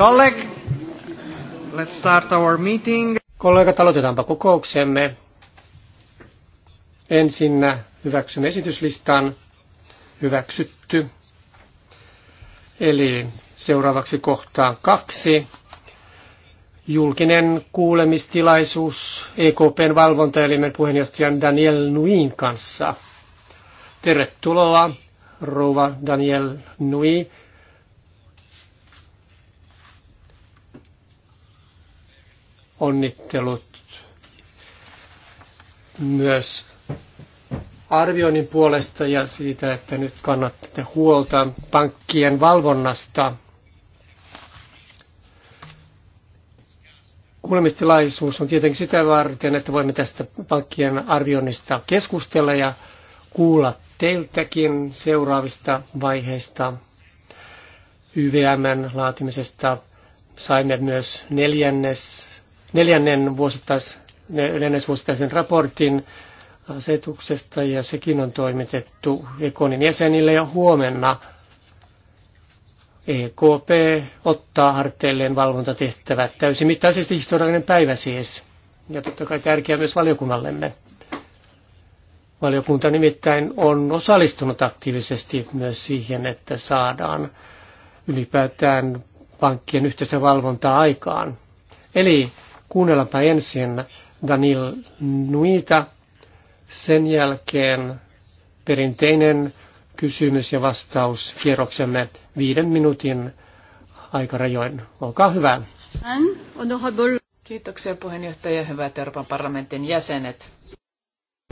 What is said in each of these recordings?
Kolleg, let's start our meeting. Kollegat, aloitetaanpa kokouksemme. Ensinnä hyväksyn esityslistan. Hyväksytty. Eli seuraavaksi kohtaan kaksi. Julkinen kuulemistilaisuus EKPn valvontaelimen puheenjohtajan Daniel Nuin kanssa. Tervetuloa, rouva Daniel Nui onnittelut myös arvioinnin puolesta ja siitä, että nyt kannatte huolta pankkien valvonnasta. Kuulemistilaisuus on tietenkin sitä varten, että voimme tästä pankkien arvioinnista keskustella ja kuulla teiltäkin seuraavista vaiheista YVMn laatimisesta. Saimme myös neljännes neljännen vuosittaisen raportin asetuksesta ja sekin on toimitettu Ekonin jäsenille ja huomenna EKP ottaa harteilleen valvontatehtävät. Täysimittaisesti historiallinen päivä siis. Ja totta kai tärkeää myös valiokunnallemme. Valiokunta nimittäin on osallistunut aktiivisesti myös siihen, että saadaan ylipäätään pankkien yhteistä valvontaa aikaan. Eli Kuunnellaanpa ensin Daniel Nuita, sen jälkeen perinteinen kysymys- ja vastauskierroksemme viiden minuutin aikarajoin. Olkaa hyvä. Kiitoksia puheenjohtaja hyvät Euroopan parlamentin jäsenet.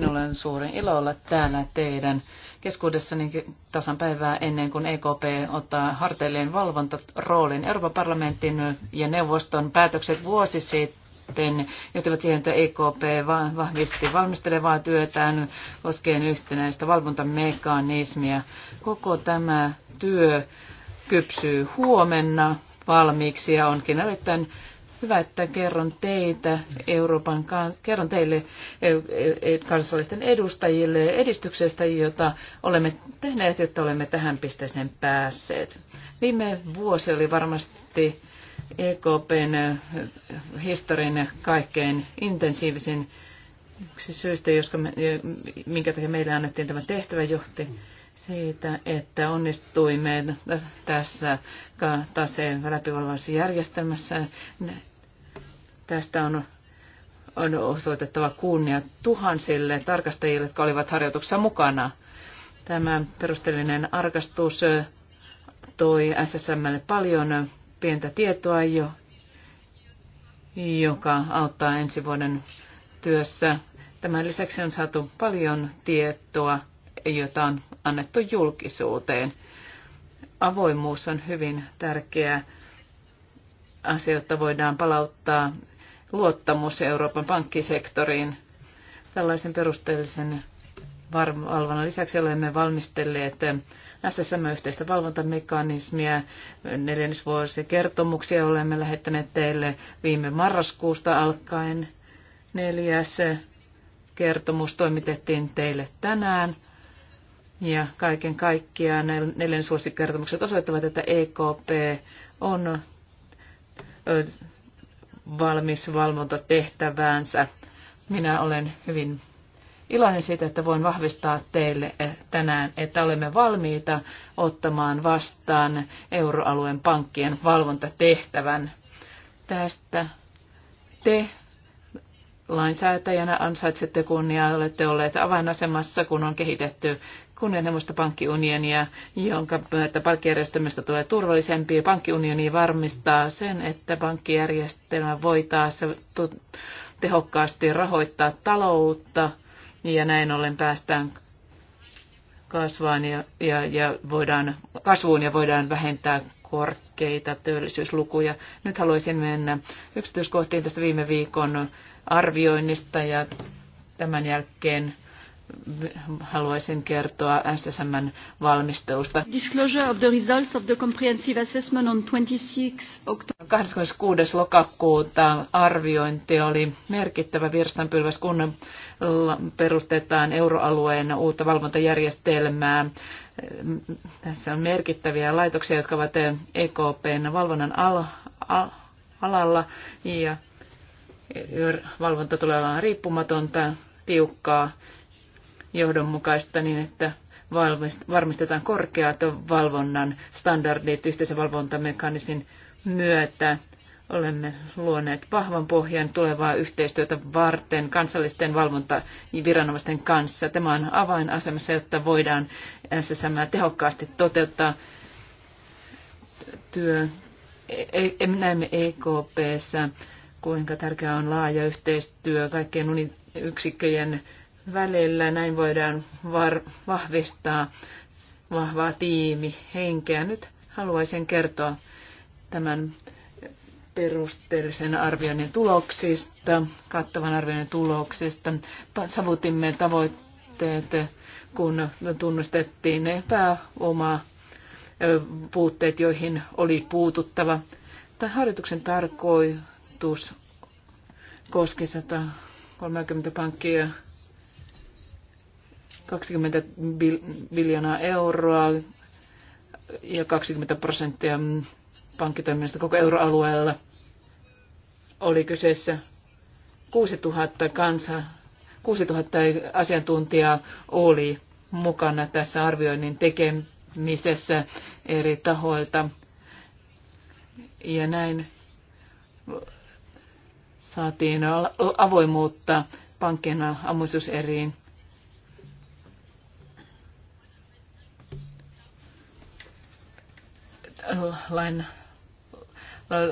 Minulla on suuri ilo olla täällä teidän keskuudessani tasan päivää ennen kuin EKP ottaa harteilleen valvontaroolin. Euroopan parlamentin ja neuvoston päätökset vuosi sitten sitten johtivat siihen, että EKP vahvisti valmistelevaa työtään koskien yhtenäistä valvontamekanismia. Koko tämä työ kypsyy huomenna valmiiksi ja onkin erittäin hyvä, että kerron teitä Euroopan, kerron teille e, e, kansallisten edustajille edistyksestä, jota olemme tehneet, jotta olemme tähän pisteeseen päässeet. Viime vuosi oli varmasti EKPn historian kaikkein intensiivisin yksi syystä, joska me, minkä takia meille annettiin tämä tehtävä, johti siitä, että onnistuimme tässä taseen läpivalvausjärjestelmässä. Tästä on, on osoitettava kunnia tuhansille tarkastajille, jotka olivat harjoituksessa mukana. Tämä perusteellinen arkastus toi SSMlle paljon pientä tietoa jo, joka auttaa ensi vuoden työssä. Tämän lisäksi on saatu paljon tietoa, jota on annettu julkisuuteen. Avoimuus on hyvin tärkeä asia, jotta voidaan palauttaa luottamus Euroopan pankkisektoriin. Tällaisen perusteellisen valvonnan lisäksi olemme valmistelleet SSM-yhteistä valvontamekanismia. kertomuksia olemme lähettäneet teille viime marraskuusta alkaen. Neljäs kertomus toimitettiin teille tänään. Ja kaiken kaikkiaan neljän suosikertomukset osoittavat, että EKP on valmis valvontatehtäväänsä. Minä olen hyvin iloinen siitä, että voin vahvistaa teille eh, tänään, että olemme valmiita ottamaan vastaan euroalueen pankkien valvontatehtävän. Tästä te lainsäätäjänä ansaitsette kunniaa, olette olleet avainasemassa, kun on kehitetty kunnianhimoista pankkiunionia, jonka myötä pankkijärjestelmästä tulee turvallisempi. Pankkiunioni varmistaa sen, että pankkijärjestelmä voi taas tehokkaasti rahoittaa taloutta – ja näin ollen päästään kasvaan ja, ja, ja voidaan, kasvuun ja voidaan vähentää korkeita työllisyyslukuja. Nyt haluaisin mennä yksityiskohtiin tästä viime viikon arvioinnista ja tämän jälkeen haluaisin kertoa SSMn valmistelusta. Disclosure of the results of the comprehensive assessment on 26 October. 26. lokakuuta arviointi oli merkittävä virstanpylväs, kun perustetaan euroalueen uutta valvontajärjestelmää. Tässä on merkittäviä laitoksia, jotka ovat EKPn valvonnan al- al- alalla ja valvonta tulee olemaan riippumatonta, tiukkaa johdonmukaista niin, että varmistetaan korkeat valvonnan standardit yhteisen valvontamekanismin myötä. Olemme luoneet vahvan pohjan tulevaa yhteistyötä varten kansallisten valvontaviranomaisten kanssa. Tämä on avainasemassa, jotta voidaan SSM tehokkaasti toteuttaa työ. E-, e-, näemme EKPssä, kuinka tärkeää on laaja yhteistyö kaikkien yksikköjen välillä. Näin voidaan var- vahvistaa vahvaa tiimi henkeä. Nyt haluaisin kertoa tämän perusteellisen arvioinnin tuloksista, kattavan arvioinnin tuloksista. Savutimme tavoitteet, kun tunnustettiin epäoma puutteet, joihin oli puututtava. Tämä harjoituksen tarkoitus koski 130 pankkia 20 biljoonaa euroa ja 20 prosenttia pankkitoiminnasta koko euroalueella oli kyseessä 6000 kansa, 6000 asiantuntijaa oli mukana tässä arvioinnin tekemisessä eri tahoilta. Ja näin saatiin avoimuutta pankkien ammuisuuseriin. lain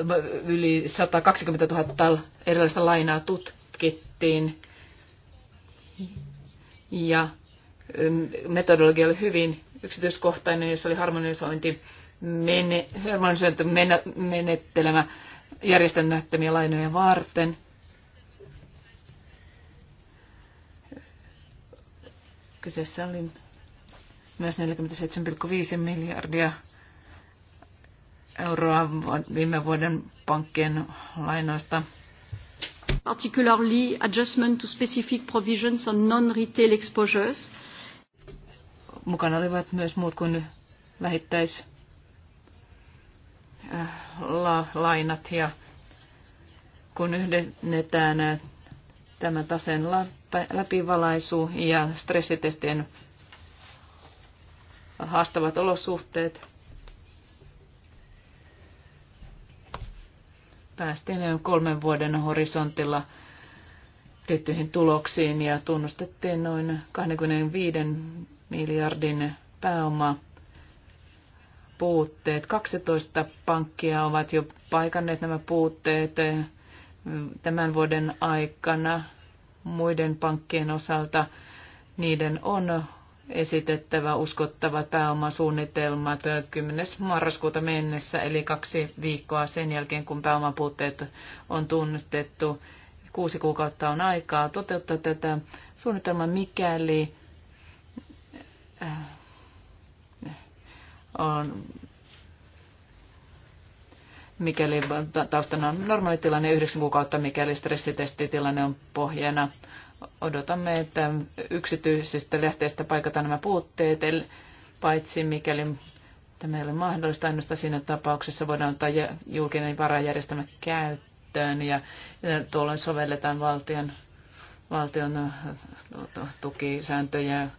äh, yli 120 000 erilaista lainaa tutkittiin ja ähm, metodologia oli hyvin yksityiskohtainen, jossa oli harmonisointi, menettelemä järjestelmättömiä lainoja varten. Kyseessä oli myös 47,5 miljardia euroa viime vuoden pankkien lainoista. Particularly adjustment to specific provisions on non-retail exposures. Mukana olivat myös muut kuin vähittäislainat äh, lainat ja kun yhdennetään äh, tämä taseen läpivalaisu ja stressitestien haastavat olosuhteet, päästiin kolmen vuoden horisontilla tiettyihin tuloksiin ja tunnustettiin noin 25 miljardin pääoma puutteet. 12 pankkia ovat jo paikanneet nämä puutteet tämän vuoden aikana muiden pankkien osalta. Niiden on esitettävä uskottavat pääomasuunnitelmat 10. marraskuuta mennessä, eli kaksi viikkoa sen jälkeen, kun pääomapuutteet on tunnistettu. Kuusi kuukautta on aikaa toteuttaa tätä suunnitelmaa, mikäli äh, on mikäli taustana on normaalitilanne, yhdeksän kuukautta, mikäli stressitestitilanne on pohjana. Odotamme, että yksityisistä lähteistä paikataan nämä puutteet, paitsi mikäli tämä ei ole mahdollista, ainoastaan siinä tapauksessa voidaan ottaa julkinen varajärjestelmä käyttöön ja tuolloin sovelletaan valtion, valtion äh, tukisääntöjä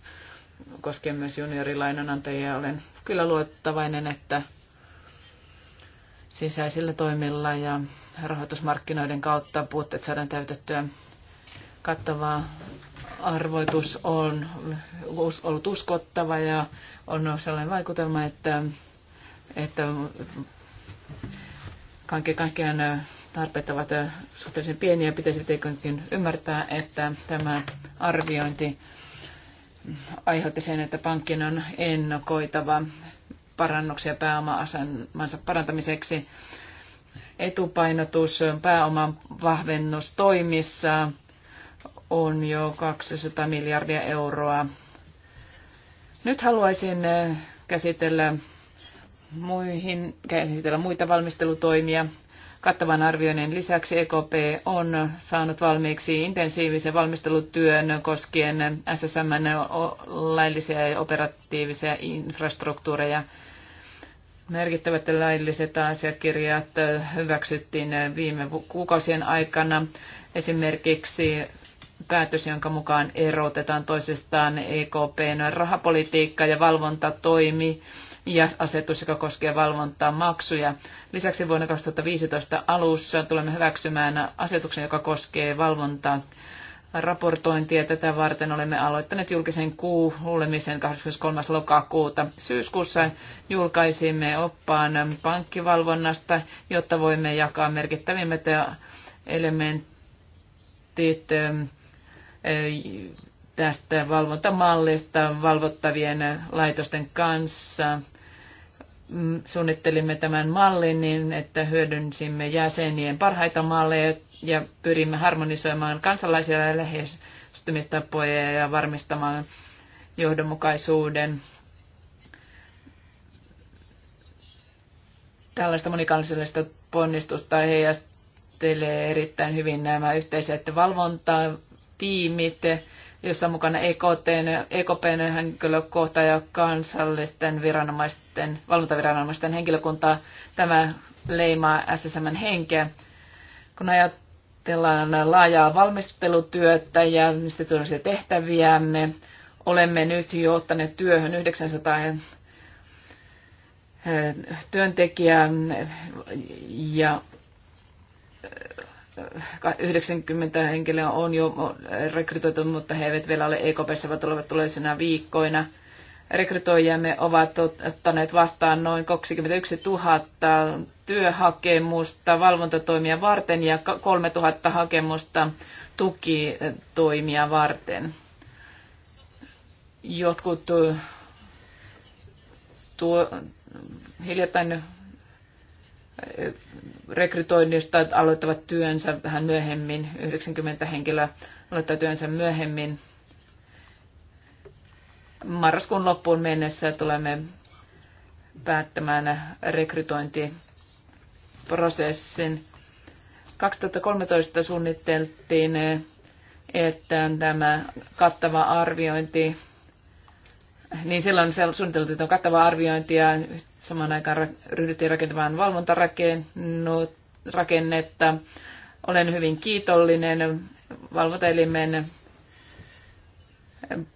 koskien myös juniorilainanantajia. Olen kyllä luottavainen, että sisäisillä toimilla ja rahoitusmarkkinoiden kautta puutteet saadaan täytettyä kattava arvoitus on ollut uskottava ja on sellainen vaikutelma, että, että kaiken kaikkiaan tarpeet ovat suhteellisen pieniä. Pitäisi tietenkin ymmärtää, että tämä arviointi aiheutti sen, että pankkin on ennakoitava parannuksia pääoma-asemansa parantamiseksi. Etupainotus pääoman vahvennustoimissa toimissa on jo 200 miljardia euroa. Nyt haluaisin eh, käsitellä, muihin, käsitellä muita valmistelutoimia. Kattavan arvioinnin lisäksi EKP on saanut valmiiksi intensiivisen valmistelutyön koskien SSMn laillisia ja operatiivisia infrastruktuureja. Merkittävät lailliset asiakirjat eh, hyväksyttiin eh, viime kuukausien aikana. Esimerkiksi päätös, jonka mukaan erotetaan toisistaan EKPn rahapolitiikka ja valvontatoimi ja asetus, joka koskee valvontaa maksuja. Lisäksi vuonna 2015 alussa tulemme hyväksymään asetuksen, joka koskee valvontaa raportointia. Tätä varten olemme aloittaneet julkisen kuulemisen 23. lokakuuta. Syyskuussa julkaisimme oppaan pankkivalvonnasta, jotta voimme jakaa merkittävimmät elementit tästä valvontamallista valvottavien laitosten kanssa. Mm, suunnittelimme tämän mallin niin, että hyödynsimme jäsenien parhaita malleja ja pyrimme harmonisoimaan kansalaisia lähestymistapoja ja varmistamaan johdonmukaisuuden. Tällaista monikansallista ponnistusta heijastelee erittäin hyvin nämä yhteiset valvontaa tiimit, jossa on mukana EKPn e henkilökohta ja kansallisten viranomaisten, valvontaviranomaisten henkilökuntaa. Tämä leimaa SSMn henkeä. Kun ajatellaan laajaa valmistelutyötä ja instituutioisia tehtäviämme, olemme nyt jo ottaneet työhön 900 eh, työntekijää ja 90 henkilöä on jo rekrytoitu, mutta he eivät vielä ole EKPssä, vaan tulevat tulevina viikkoina. Rekrytoijamme ovat ottaneet vastaan noin 21 000 työhakemusta valvontatoimia varten ja 3 000 hakemusta tukitoimia varten. Jotkut tuo, hiljattain rekrytoinnista aloittavat työnsä vähän myöhemmin, 90 henkilöä aloittaa työnsä myöhemmin. Marraskuun loppuun mennessä tulemme päättämään rekrytointiprosessin. 2013 suunniteltiin, että tämä kattava arviointi, niin silloin suunniteltiin, että on kattava arviointi ja Samaan aikaan ryhdyttiin rakentamaan valvontarakennetta. No, Olen hyvin kiitollinen valvontaelimen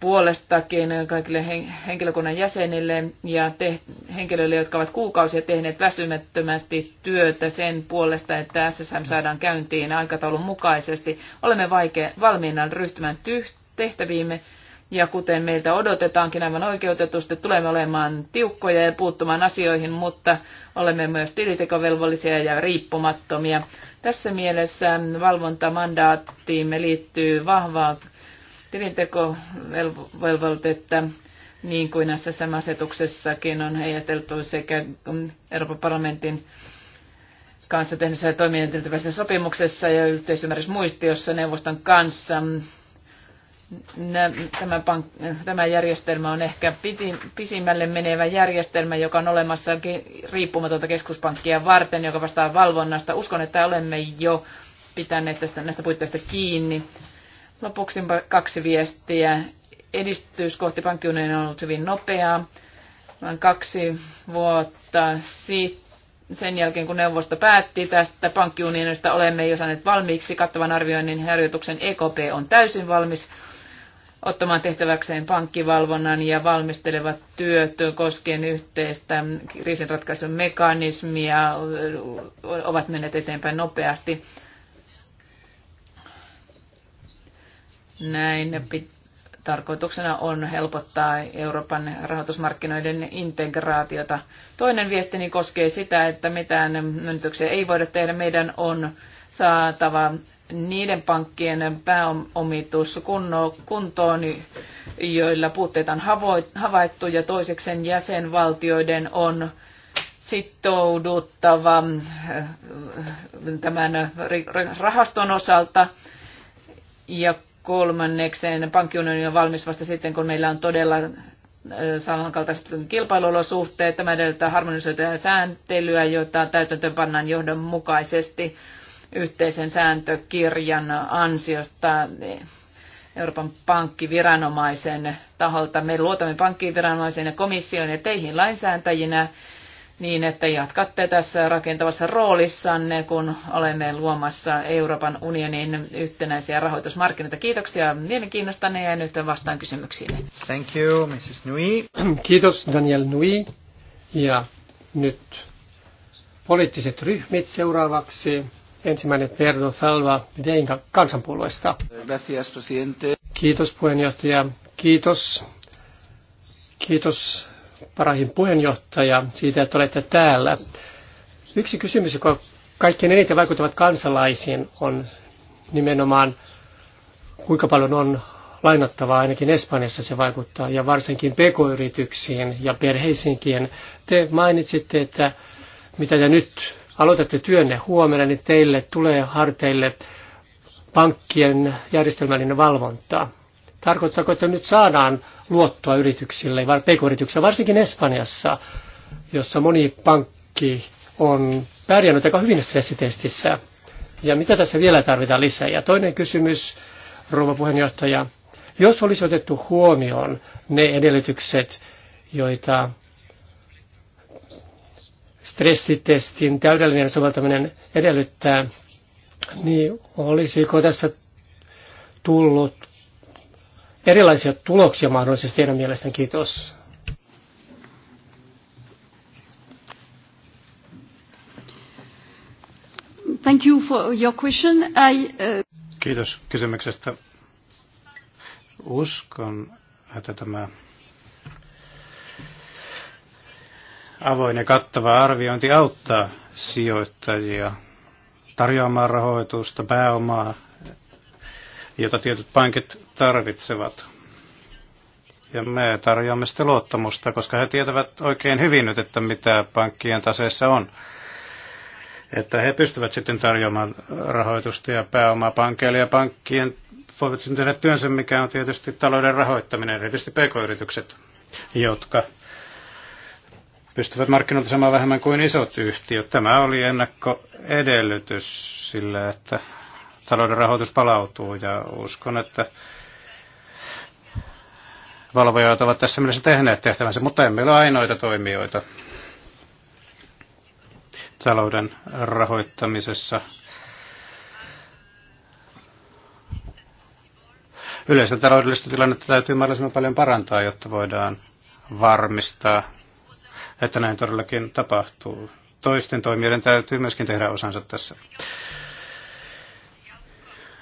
puolestakin kaikille henkilökunnan jäsenille ja te, henkilöille, jotka ovat kuukausia tehneet väsymättömästi työtä sen puolesta, että SSM saadaan käyntiin aikataulun mukaisesti. Olemme vaike- valmiina ryhtymään tyh- tehtäviimme ja kuten meiltä odotetaankin aivan oikeutetusti, tulemme olemaan tiukkoja ja puuttumaan asioihin, mutta olemme myös tilitekovelvollisia ja riippumattomia. Tässä mielessä valvontamandaattiimme liittyy vahvaa tilintekovelvoitetta, niin kuin näissä SSM-asetuksessakin on heijasteltu sekä Euroopan parlamentin kanssa ja toimintatyvässä sopimuksessa ja yhteisymmärrysmuistiossa neuvoston kanssa tämä, pank- tämä järjestelmä on ehkä piti, pisimmälle menevä järjestelmä, joka on olemassa riippumatonta keskuspankkia varten, joka vastaa valvonnasta. Uskon, että olemme jo pitäneet tästä, näistä puitteista kiinni. Lopuksi kaksi viestiä. Edistys kohti pankkiunionia on ollut hyvin nopeaa. Noin kaksi vuotta sitten sen jälkeen, kun neuvosto päätti tästä pankkiunionista, olemme jo saaneet valmiiksi kattavan arvioinnin harjoituksen EKP on täysin valmis ottamaan tehtäväkseen pankkivalvonnan ja valmistelevat työt koskien yhteistä kriisinratkaisun mekanismia ovat menneet eteenpäin nopeasti. Näin tarkoituksena on helpottaa Euroopan rahoitusmarkkinoiden integraatiota. Toinen viestini koskee sitä, että mitään myönnytyksiä ei voida tehdä. Meidän on saatava niiden pankkien pääomitus kuntoon, joilla puutteita on havaittu, ja toisekseen jäsenvaltioiden on sitouduttava äh, tämän rahaston osalta, ja kolmannekseen pankkiunioni on valmis vasta sitten, kun meillä on todella äh, samankaltaiset kilpailuolosuhteet. Tämä edellyttää harmonisoitua sääntelyä, jota täytäntöön pannaan johdonmukaisesti yhteisen sääntökirjan ansiosta Euroopan pankkiviranomaisen taholta. Me luotamme pankkiviranomaisen ja komission ja teihin lainsääntäjinä niin, että jatkatte tässä rakentavassa roolissanne, kun olemme luomassa Euroopan unionin yhtenäisiä rahoitusmarkkinoita. Kiitoksia mielenkiinnostanne ja nyt vastaan kysymyksiin. Thank you, Mrs. Nui. Kiitos, Daniel Nui. Ja nyt poliittiset ryhmät seuraavaksi. Ensimmäinen Pedro Salva Deinka kansanpuolueesta. Gracias, presidente. Kiitos puheenjohtaja. Kiitos. Kiitos parahin puheenjohtaja siitä, että olette täällä. Yksi kysymys, joka kaikkein eniten vaikuttavat kansalaisiin, on nimenomaan kuinka paljon on lainattavaa, ainakin Espanjassa se vaikuttaa, ja varsinkin pk-yrityksiin ja perheisiinkin. Te mainitsitte, että mitä te nyt aloitatte työnne huomenna, niin teille tulee harteille pankkien järjestelmällinen valvonta. Tarkoittaako, että nyt saadaan luottoa yrityksille, pk-yrityksille, varsinkin Espanjassa, jossa moni pankki on pärjännyt aika hyvin stressitestissä. Ja mitä tässä vielä tarvitaan lisää? Ja toinen kysymys, rouva puheenjohtaja, jos olisi otettu huomioon ne edellytykset, joita stressitestin täydellinen soveltaminen edellyttää, niin olisiko tässä tullut erilaisia tuloksia mahdollisesti teidän mielestänne? Kiitos. Thank you for your question. I, uh... Kiitos kysymyksestä. Uskon, että tämä Avoin ja kattava arviointi auttaa sijoittajia tarjoamaan rahoitusta, pääomaa, jota tietyt pankit tarvitsevat. Ja me tarjoamme sitten luottamusta, koska he tietävät oikein hyvin nyt, että mitä pankkien taseessa on. Että he pystyvät sitten tarjoamaan rahoitusta ja pääomaa pankeille ja pankkien voivat sitten tehdä työnsä, mikä on tietysti talouden rahoittaminen, erityisesti pk-yritykset, jotka pystyvät markkinoilta saamaan vähemmän kuin isot yhtiöt. Tämä oli ennakkoedellytys sille, että talouden rahoitus palautuu ja uskon, että valvojat ovat tässä mielessä tehneet tehtävänsä, mutta emme ole ainoita toimijoita talouden rahoittamisessa. Yleistä taloudellista tilannetta täytyy mahdollisimman paljon parantaa, jotta voidaan varmistaa että näin todellakin tapahtuu. Toisten toimijoiden täytyy myöskin tehdä osansa tässä.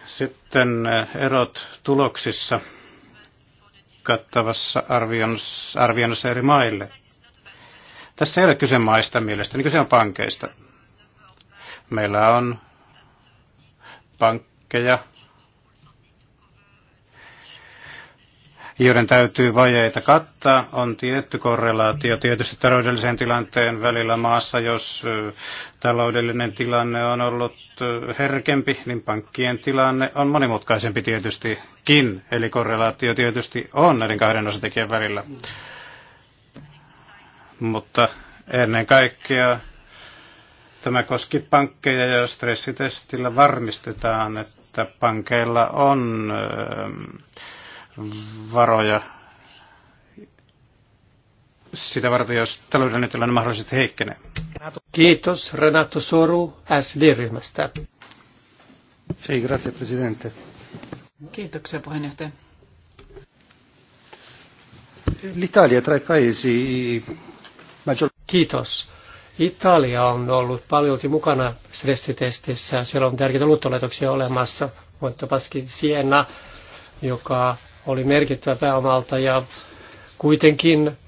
Sitten eh, erot tuloksissa kattavassa arvioinnissa eri maille. Tässä ei ole kyse maista mielestäni, niin kyse on pankeista. Meillä on pankkeja, joiden täytyy vajeita kattaa, on tietty korrelaatio tietysti taloudelliseen tilanteen välillä maassa. Jos taloudellinen tilanne on ollut herkempi, niin pankkien tilanne on monimutkaisempi tietystikin. Eli korrelaatio tietysti on näiden kahden osatekijän välillä. Mutta ennen kaikkea Tämä koski pankkeja ja stressitestillä varmistetaan, että pankeilla on varoja sitä varten, jos taloudellinen tilanne mahdollisesti heikkenee. Kiitos Renato Soru SD-ryhmästä. grazie Presidente. Kiitoksia puheenjohtaja. L'Italia tra i paesi Kiitos. Italia on ollut paljon mukana stressitestissä. Siellä on tärkeitä luottolaitoksia olemassa. paski Siena, joka oli merkittävä pääomalta ja kuitenkin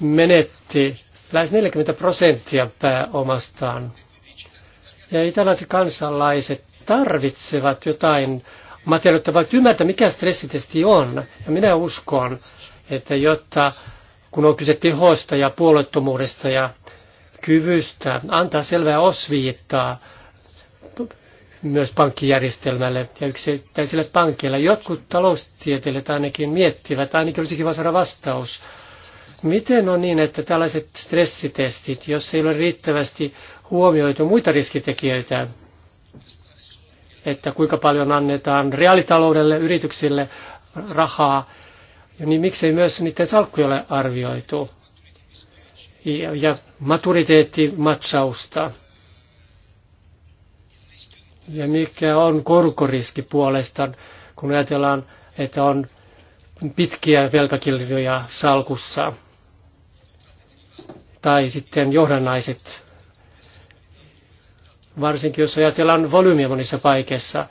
menetti lähes 40 prosenttia pääomastaan. Ja italaiset kansalaiset tarvitsevat jotain materiaalia, vaikka ymmärtää, mikä stressitesti on. Ja minä uskon, että jotta kun on kyse tehosta ja puolettomuudesta ja kyvystä antaa selvää osviittaa myös pankkijärjestelmälle ja yksittäisille pankeille. Jotkut taloustieteilijät ainakin miettivät, ainakin olisi kiva saada vastaus. Miten on niin, että tällaiset stressitestit, jos ei ole riittävästi huomioitu muita riskitekijöitä, että kuinka paljon annetaan reaalitaloudelle, yrityksille rahaa, niin miksei myös niiden salkkuja ole arvioitu ja maturiteettimatsausta. Ja mikä on korkoriski puolestaan, kun ajatellaan, että on pitkiä velkakirjoja salkussa. Tai sitten johdannaiset, varsinkin jos ajatellaan volyymiä monissa paikassa.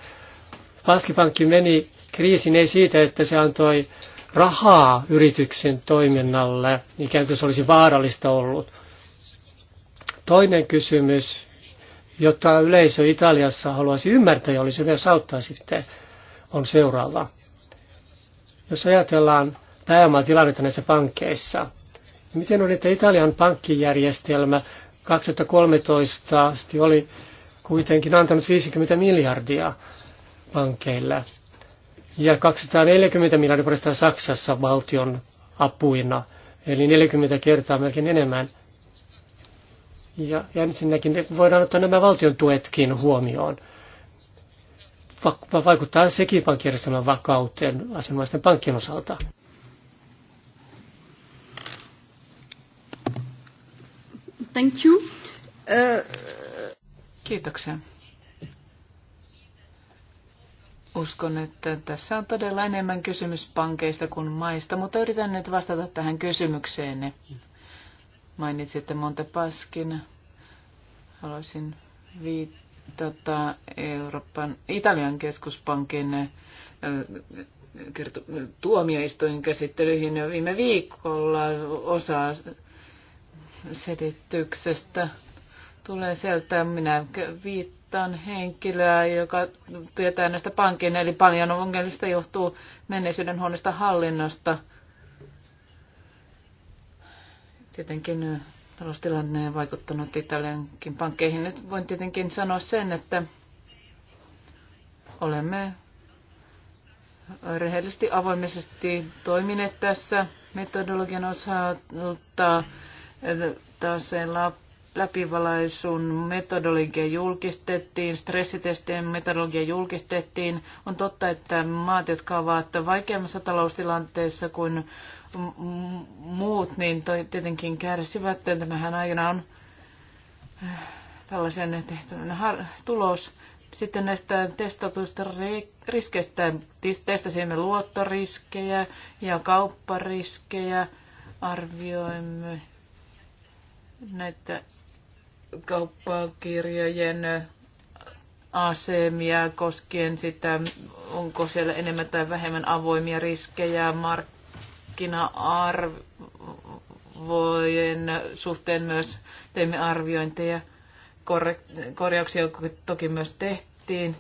Paskipankki meni kriisin ei siitä, että se antoi rahaa yrityksen toiminnalle, ikään kuin se olisi vaarallista ollut. Toinen kysymys jota yleisö Italiassa haluaisi ymmärtää ja olisi myös auttaa sitten, on seuraava. Jos ajatellaan tilannetta näissä pankkeissa, niin miten on, että Italian pankkijärjestelmä 2013 asti oli kuitenkin antanut 50 miljardia pankeille ja 240 miljardia vuodesta Saksassa valtion apuina, eli 40 kertaa melkein enemmän – ja, ja ensinnäkin voidaan ottaa nämä valtion tuetkin huomioon. Va- vaikuttaa sekin pankkijärjestelmän vakauteen asianomaisten pankkien osalta. Thank you. Uh... Kiitoksia. Uskon, että tässä on todella enemmän kysymys pankeista kuin maista, mutta yritän nyt vastata tähän kysymykseenne. Mainitsitte Paskin. Haluaisin viitata Euroopan, Italian keskuspankin tuomioistuin käsittelyihin viime viikolla osa selityksestä tulee sieltä. Minä viittaan henkilöä, joka tietää näistä pankin, eli paljon ongelmista johtuu menneisyyden huonosta hallinnosta – Tietenkin taloustilanne on vaikuttanut Italiankin pankkeihin. Nyt voin tietenkin sanoa sen, että olemme rehellisesti avoimisesti toimineet tässä metodologian osalta Taas läpivalaisun metodologia julkistettiin, stressitestien metodologia julkistettiin. On totta, että maat, jotka ovat vaikeammassa taloustilanteessa kuin muut, niin toi tietenkin kärsivät. Tämähän aina on äh, tällaisen tehtävän tulos. Sitten näistä testatuista riskeistä testasimme luottoriskejä ja kauppariskejä, arvioimme näitä kauppakirjojen asemia koskien sitä, onko siellä enemmän tai vähemmän avoimia riskejä, mark- markkina-arvojen suhteen myös teimme arviointeja. Korjauksia toki myös tehtiin.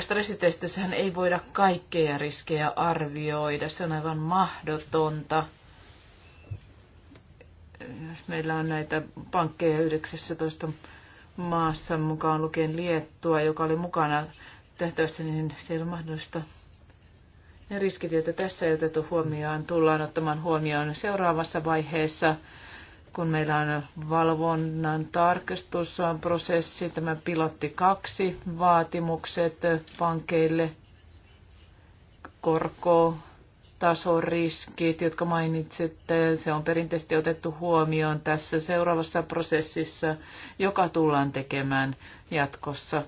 Stressitestissähän ei voida kaikkea riskejä arvioida. Se on aivan mahdotonta. Jos meillä on näitä pankkeja 19 maassa mukaan lukien Liettua, joka oli mukana tehtävässä, niin se ei ole mahdollista ne riskit, joita tässä ei otettu huomioon, tullaan ottamaan huomioon seuraavassa vaiheessa, kun meillä on valvonnan prosessi tämä pilotti kaksi vaatimukset pankeille, korko, tasoriskit, jotka mainitsitte, se on perinteisesti otettu huomioon tässä seuraavassa prosessissa, joka tullaan tekemään jatkossa.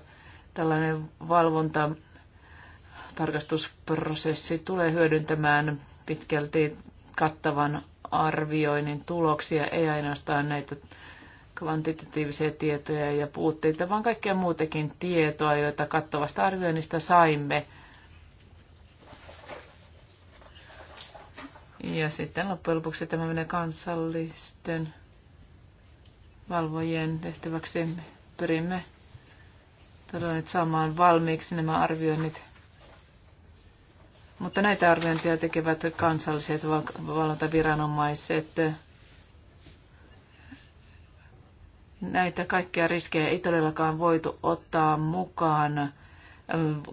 Tällainen valvonta tarkastusprosessi tulee hyödyntämään pitkälti kattavan arvioinnin tuloksia, ei ainoastaan näitä kvantitatiivisia tietoja ja puutteita, vaan kaikkea muutakin tietoa, joita kattavasta arvioinnista saimme. Ja sitten loppujen lopuksi tämä menee kansallisten valvojien tehtäväksi. Pyrimme todella nyt saamaan valmiiksi nämä arvioinnit mutta näitä arviointia tekevät kansalliset valvontaviranomaiset. Näitä kaikkia riskejä ei todellakaan voitu ottaa mukaan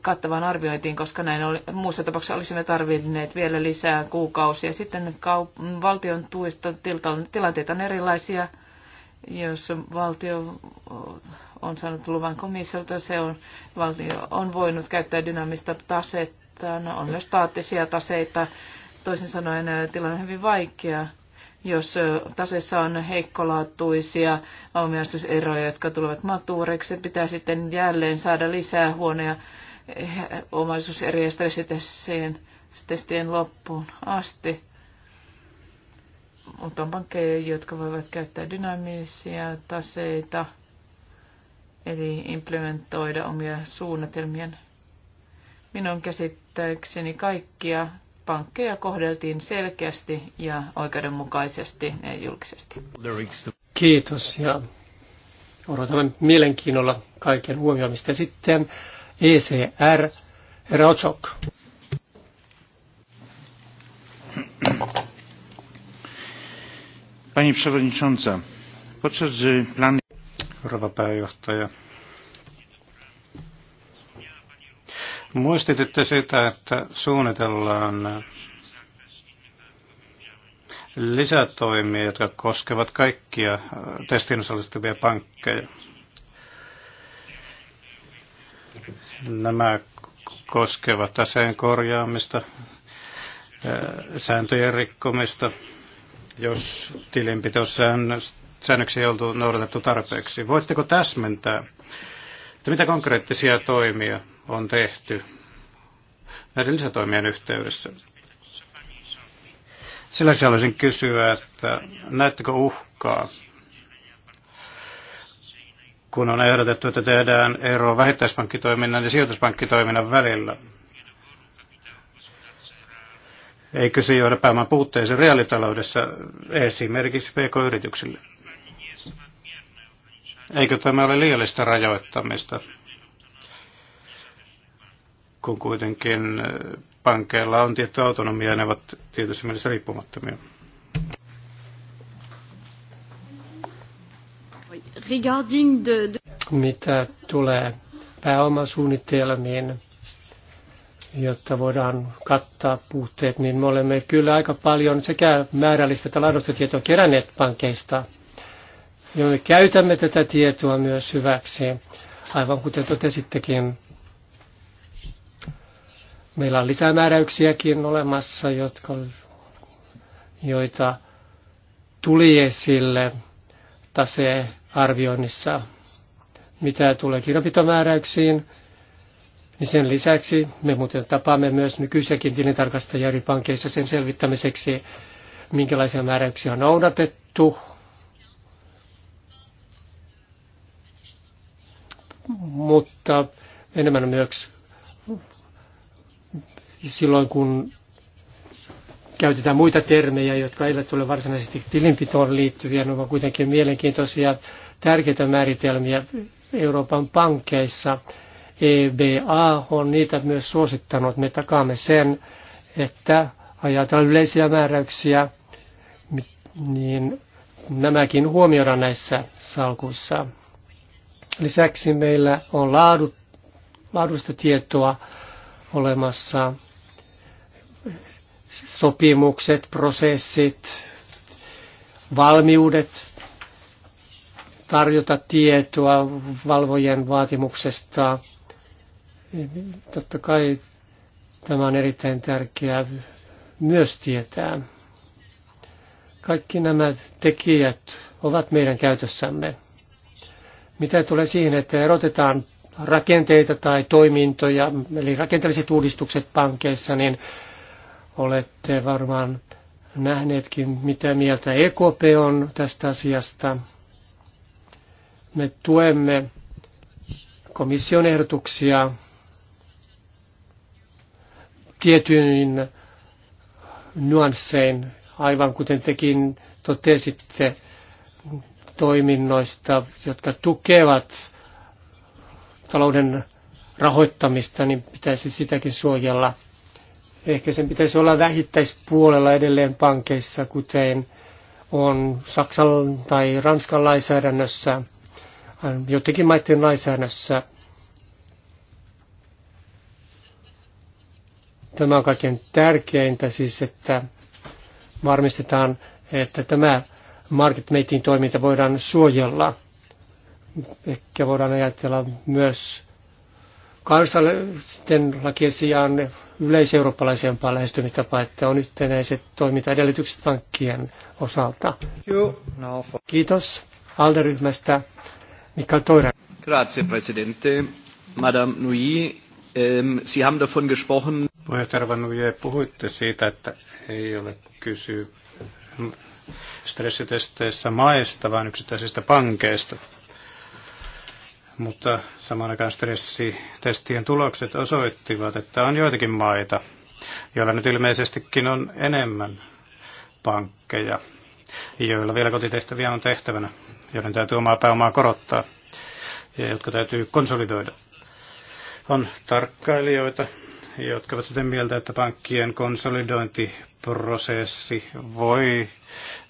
kattavaan arviointiin, koska näin oli, muussa tapauksessa olisimme tarvinneet vielä lisää kuukausia. Sitten valtion tuista tilanteita on erilaisia. Jos valtio on saanut luvan komissiolta, se on, valtio on voinut käyttää dynaamista tasetta vastaan. On myös staattisia taseita. Toisin sanoen tilanne on hyvin vaikea, jos taseissa on heikkolaatuisia omistuseroja, jotka tulevat matuureiksi. Pitää sitten jälleen saada lisää huoneja eh, omaisuuseriä testien loppuun asti. Mutta on pankkeja, jotka voivat käyttää dynaamisia taseita, eli implementoida omia suunnitelmien. Minun käsit käsittääkseni kaikkia pankkeja kohdeltiin selkeästi ja oikeudenmukaisesti ja julkisesti. Kiitos ja odotamme mielenkiinnolla kaiken huomioimista. Sitten ECR, herra Otsok. Pani przewodnicząca, podczas plany... Rowa pääjohtaja, Muistititte sitä, että suunnitellaan lisätoimia, jotka koskevat kaikkia testin osallistuvia pankkeja. Nämä koskevat aseen korjaamista, sääntöjen rikkomista, jos tilinpitosäännöksiä ei oltu noudatettu tarpeeksi. Voitteko täsmentää, että mitä konkreettisia toimia on tehty näiden lisätoimien yhteydessä? Sillä haluaisin kysyä, että näettekö uhkaa, kun on ehdotettu, että tehdään ero vähittäispankkitoiminnan ja sijoituspankkitoiminnan välillä? Eikö se johda pääoman puutteeseen reaalitaloudessa esimerkiksi pk-yrityksille? Eikö tämä ole liiallista rajoittamista, kun kuitenkin pankeilla on tietty autonomia ja ne ovat tietysti mielessä riippumattomia? Regarding the... Mitä tulee pääomasuunnitelmiin, jotta voidaan kattaa puutteet, niin me olemme kyllä aika paljon sekä määrällistä että laadusta tietoa keränneet pankeista – ja me käytämme tätä tietoa myös hyväksi, aivan kuten totesittekin. Meillä on lisämääräyksiäkin olemassa, jotka, joita tuli esille tasearvioinnissa, mitä tulee kirjanpitomääräyksiin. Niin sen lisäksi me muuten tapaamme myös nykyisiäkin tilintarkastajia eri pankeissa sen selvittämiseksi, minkälaisia määräyksiä on noudatettu, mutta enemmän myös silloin, kun käytetään muita termejä, jotka eivät ole varsinaisesti tilinpitoon liittyviä, ne ovat kuitenkin mielenkiintoisia tärkeitä määritelmiä Euroopan pankeissa. EBA on niitä myös suosittanut. Me takaamme sen, että ajatellaan yleisiä määräyksiä, niin nämäkin huomioidaan näissä salkuissa. Lisäksi meillä on laadut, laadusta tietoa olemassa, sopimukset, prosessit, valmiudet tarjota tietoa valvojen vaatimuksesta. Totta kai tämä on erittäin tärkeää myös tietää. Kaikki nämä tekijät ovat meidän käytössämme. Mitä tulee siihen, että erotetaan rakenteita tai toimintoja, eli rakenteelliset uudistukset pankeissa, niin olette varmaan nähneetkin, mitä mieltä EKP on tästä asiasta. Me tuemme komission ehdotuksia tietyin nuanssein, aivan kuten tekin totesitte toiminnoista, jotka tukevat talouden rahoittamista, niin pitäisi sitäkin suojella. Ehkä sen pitäisi olla vähittäispuolella edelleen pankeissa, kuten on Saksan tai Ranskan lainsäädännössä, jotenkin maiden lainsäädännössä. Tämä on kaiken tärkeintä siis, että varmistetaan, että tämä market toiminta voidaan suojella. Ehkä voidaan ajatella myös kansallisten lakien sijaan yleiseurooppalaisempaa lähestymistapaa, että on yhtenäiset toimintaedellytykset pankkien osalta. Kiitos ALDE-ryhmästä. Mikael Toira. Grazie, Presidente. Madame Nui, ähm, Sie haben davon gesprochen. Puheenjohtaja Nui, puhuitte siitä, että ei ole kysy stressitesteissä maista, vaan yksittäisistä pankeista. Mutta samaan aikaan stressitestien tulokset osoittivat, että on joitakin maita, joilla nyt ilmeisestikin on enemmän pankkeja, joilla vielä kotitehtäviä on tehtävänä, joiden täytyy omaa pääomaa korottaa ja jotka täytyy konsolidoida. On tarkkailijoita, jotka ovat sitä mieltä, että pankkien konsolidointiprosessi voi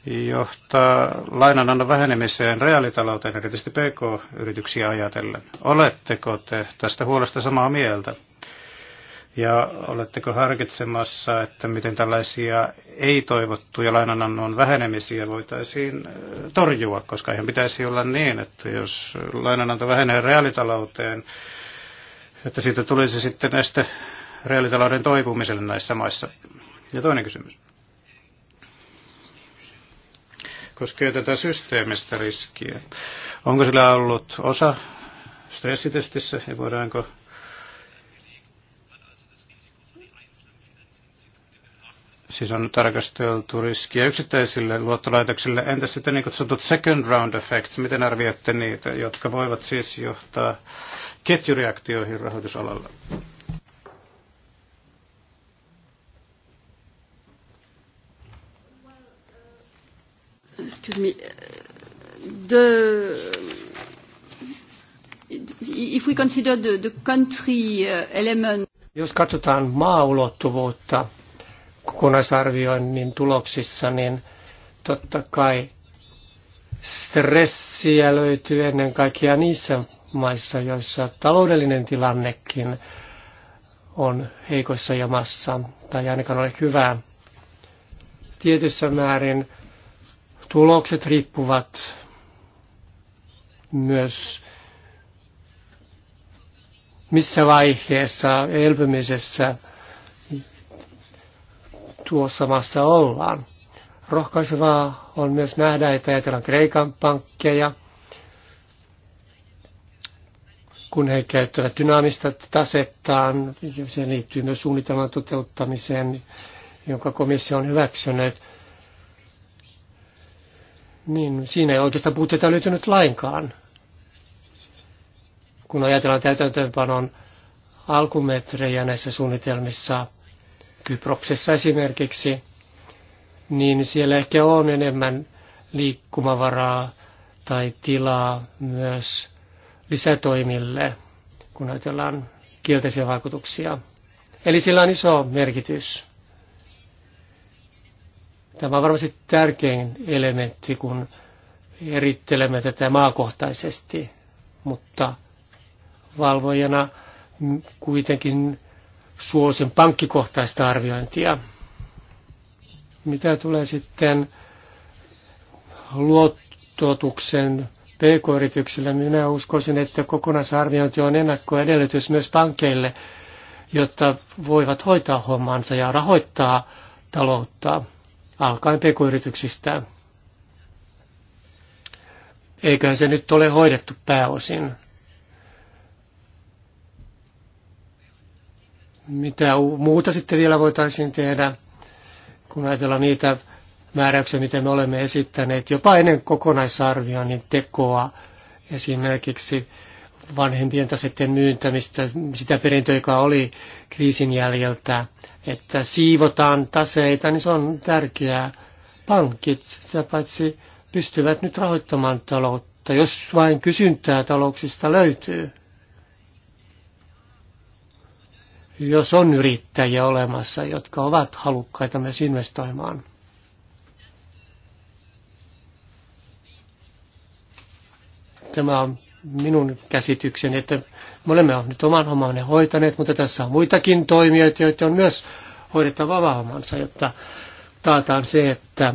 johtaa lainanannon vähenemiseen reaalitalouteen, erityisesti PK-yrityksiä ajatellen. Oletteko te tästä huolesta samaa mieltä? Ja oletteko harkitsemassa, että miten tällaisia ei-toivottuja lainanannon vähenemisiä voitaisiin äh, torjua, koska eihän pitäisi olla niin, että jos lainananto vähenee reaalitalouteen, että siitä tulisi sitten näistä reaalitalouden toipumiselle näissä maissa? Ja toinen kysymys koskee tätä systeemistä riskiä. Onko sillä ollut osa stressitestissä ja voidaanko Siis on tarkasteltu riskiä yksittäisille luottolaitoksille. Entä sitten niin kutsutut second round effects, miten arvioitte niitä, jotka voivat siis johtaa ketjureaktioihin rahoitusalalla? excuse me, the if we consider the, the country uh, element. Jos katsotaan maaulottuvuutta kokonaisarvioinnin tuloksissa, niin totta kai stressiä löytyy ennen kaikkea niissä maissa, joissa taloudellinen tilannekin on heikossa jamassa tai ainakaan ole hyvää. Tietyssä määrin Tulokset riippuvat myös missä vaiheessa elpymisessä tuossa maassa ollaan. Rohkaisevaa on myös nähdä, että ajatellaan Kreikan pankkeja, kun he käyttävät dynaamista tasettaan, se liittyy myös suunnitelman toteuttamiseen, jonka komissio on hyväksynyt niin siinä ei oikeastaan puutteita löytynyt lainkaan. Kun ajatellaan täytäntöönpanon alkumetrejä näissä suunnitelmissa, Kyproksessa esimerkiksi, niin siellä ehkä on enemmän liikkumavaraa tai tilaa myös lisätoimille, kun ajatellaan kielteisiä vaikutuksia. Eli sillä on iso merkitys. Tämä on varmasti tärkein elementti, kun erittelemme tätä maakohtaisesti, mutta valvojana kuitenkin suosin pankkikohtaista arviointia. Mitä tulee sitten luottotuksen pk-yrityksille, minä uskoisin, että kokonaisarviointi on ennakkoedellytys myös pankeille, jotta voivat hoitaa hommansa ja rahoittaa taloutta alkaen pekoyrityksistä. Eiköhän se nyt ole hoidettu pääosin. Mitä muuta sitten vielä voitaisiin tehdä, kun ajatellaan niitä määräyksiä, mitä me olemme esittäneet, jopa ennen kokonaisarvioinnin tekoa esimerkiksi vanhempien tasetten myyntämistä, sitä perintöä, joka oli kriisin jäljeltä, että siivotaan taseita, niin se on tärkeää. Pankit sitä paitsi pystyvät nyt rahoittamaan taloutta, jos vain kysyntää talouksista löytyy. Jos on yrittäjiä olemassa, jotka ovat halukkaita myös investoimaan. Tämä on minun käsitykseni, että me olemme nyt oman hommamme hoitaneet, mutta tässä on muitakin toimijoita, joita on myös hoidettava vahvamansa, jotta taataan se, että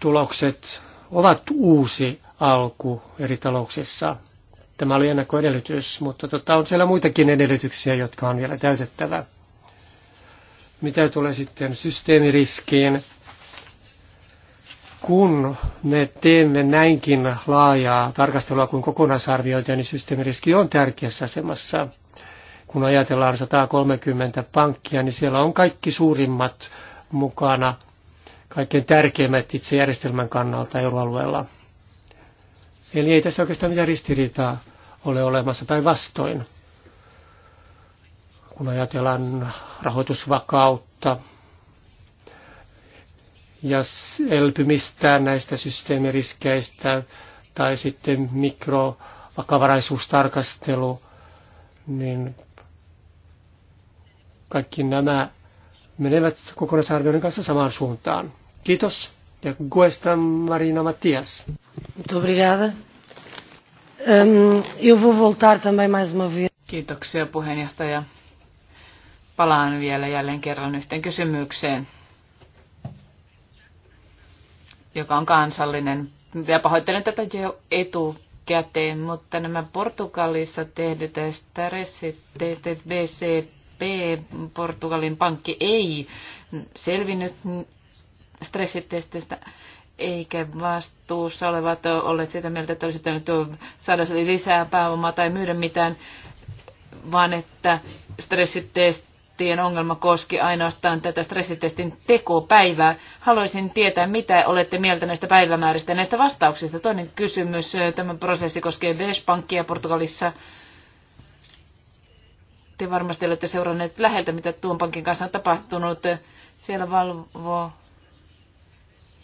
tulokset ovat uusi alku eri talouksissa. Tämä oli ennakkoedellytys, mutta tota, on siellä muitakin edellytyksiä, jotka on vielä täytettävä. Mitä tulee sitten systeemiriskiin, kun me teemme näinkin laajaa tarkastelua kuin kokonaisarviointia, niin systeemiriski on tärkeässä asemassa. Kun ajatellaan 130 pankkia, niin siellä on kaikki suurimmat mukana, kaikkein tärkeimmät itse järjestelmän kannalta euroalueella. Eli ei tässä oikeastaan mitään ristiriitaa ole olemassa tai vastoin, Kun ajatellaan rahoitusvakautta, ja elpymistään näistä systeemiriskeistä tai sitten mikrovakavaraisuustarkastelu, niin kaikki nämä menevät kokonaisarvioiden kanssa samaan suuntaan. Kiitos ja Guesta Marina Matias. Muito obrigada. Um, eu vou voltar também mais uma vez. Kiitoksia puheenjohtaja. Palaan vielä jälleen kerran yhteen kysymykseen joka on kansallinen. Ja pahoittelen tätä jo etukäteen, mutta nämä Portugalissa tehdyt stressit, BCP, Portugalin pankki, ei selvinnyt stressitestistä eikä vastuussa olevat olleet sitä mieltä, että olisi pitänyt saada lisää pääomaa tai myydä mitään, vaan että stressitest testien ongelma koski ainoastaan tätä stressitestin tekopäivää. Haluaisin tietää, mitä olette mieltä näistä päivämääristä ja näistä vastauksista. Toinen kysymys, tämä prosessi koskee bes Portugalissa. Te varmasti olette seuranneet läheltä, mitä tuon pankin kanssa on tapahtunut. Siellä valvoo,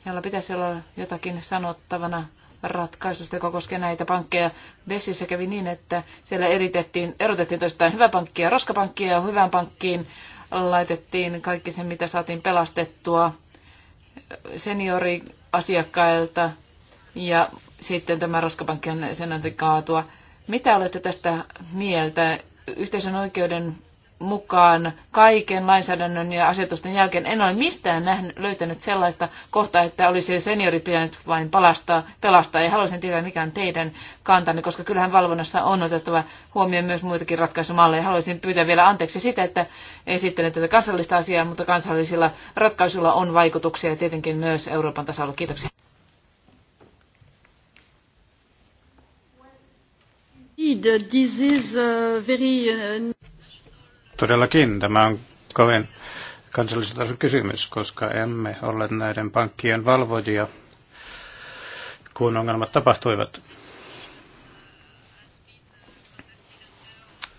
jolla pitäisi olla jotakin sanottavana ratkaisusta, joka koskee näitä pankkeja. Vessissä kävi niin, että siellä eritettiin, erotettiin toistaan hyvä pankki ja roskapankki ja hyvään pankkiin laitettiin kaikki se, mitä saatiin pelastettua senioriasiakkailta ja sitten tämä roskapankki on sen kaatua. Mitä olette tästä mieltä? Yhteisön oikeuden mukaan kaiken lainsäädännön ja asetusten jälkeen. En ole mistään nähnyt, löytänyt sellaista kohtaa, että olisi seniori pitänyt vain palastaa, pelastaa. Ja haluaisin tietää, mikä on teidän kantanne, koska kyllähän valvonnassa on otettava huomioon myös muitakin ratkaisumalleja. Haluaisin pyytää vielä anteeksi sitä, että esittelen tätä kansallista asiaa, mutta kansallisilla ratkaisuilla on vaikutuksia ja tietenkin myös Euroopan tasolla. Kiitoksia. Indeed, this is uh, very uh, Todellakin tämä on kovin kansallisen tason kysymys, koska emme ole näiden pankkien valvojia, kun ongelmat tapahtuivat.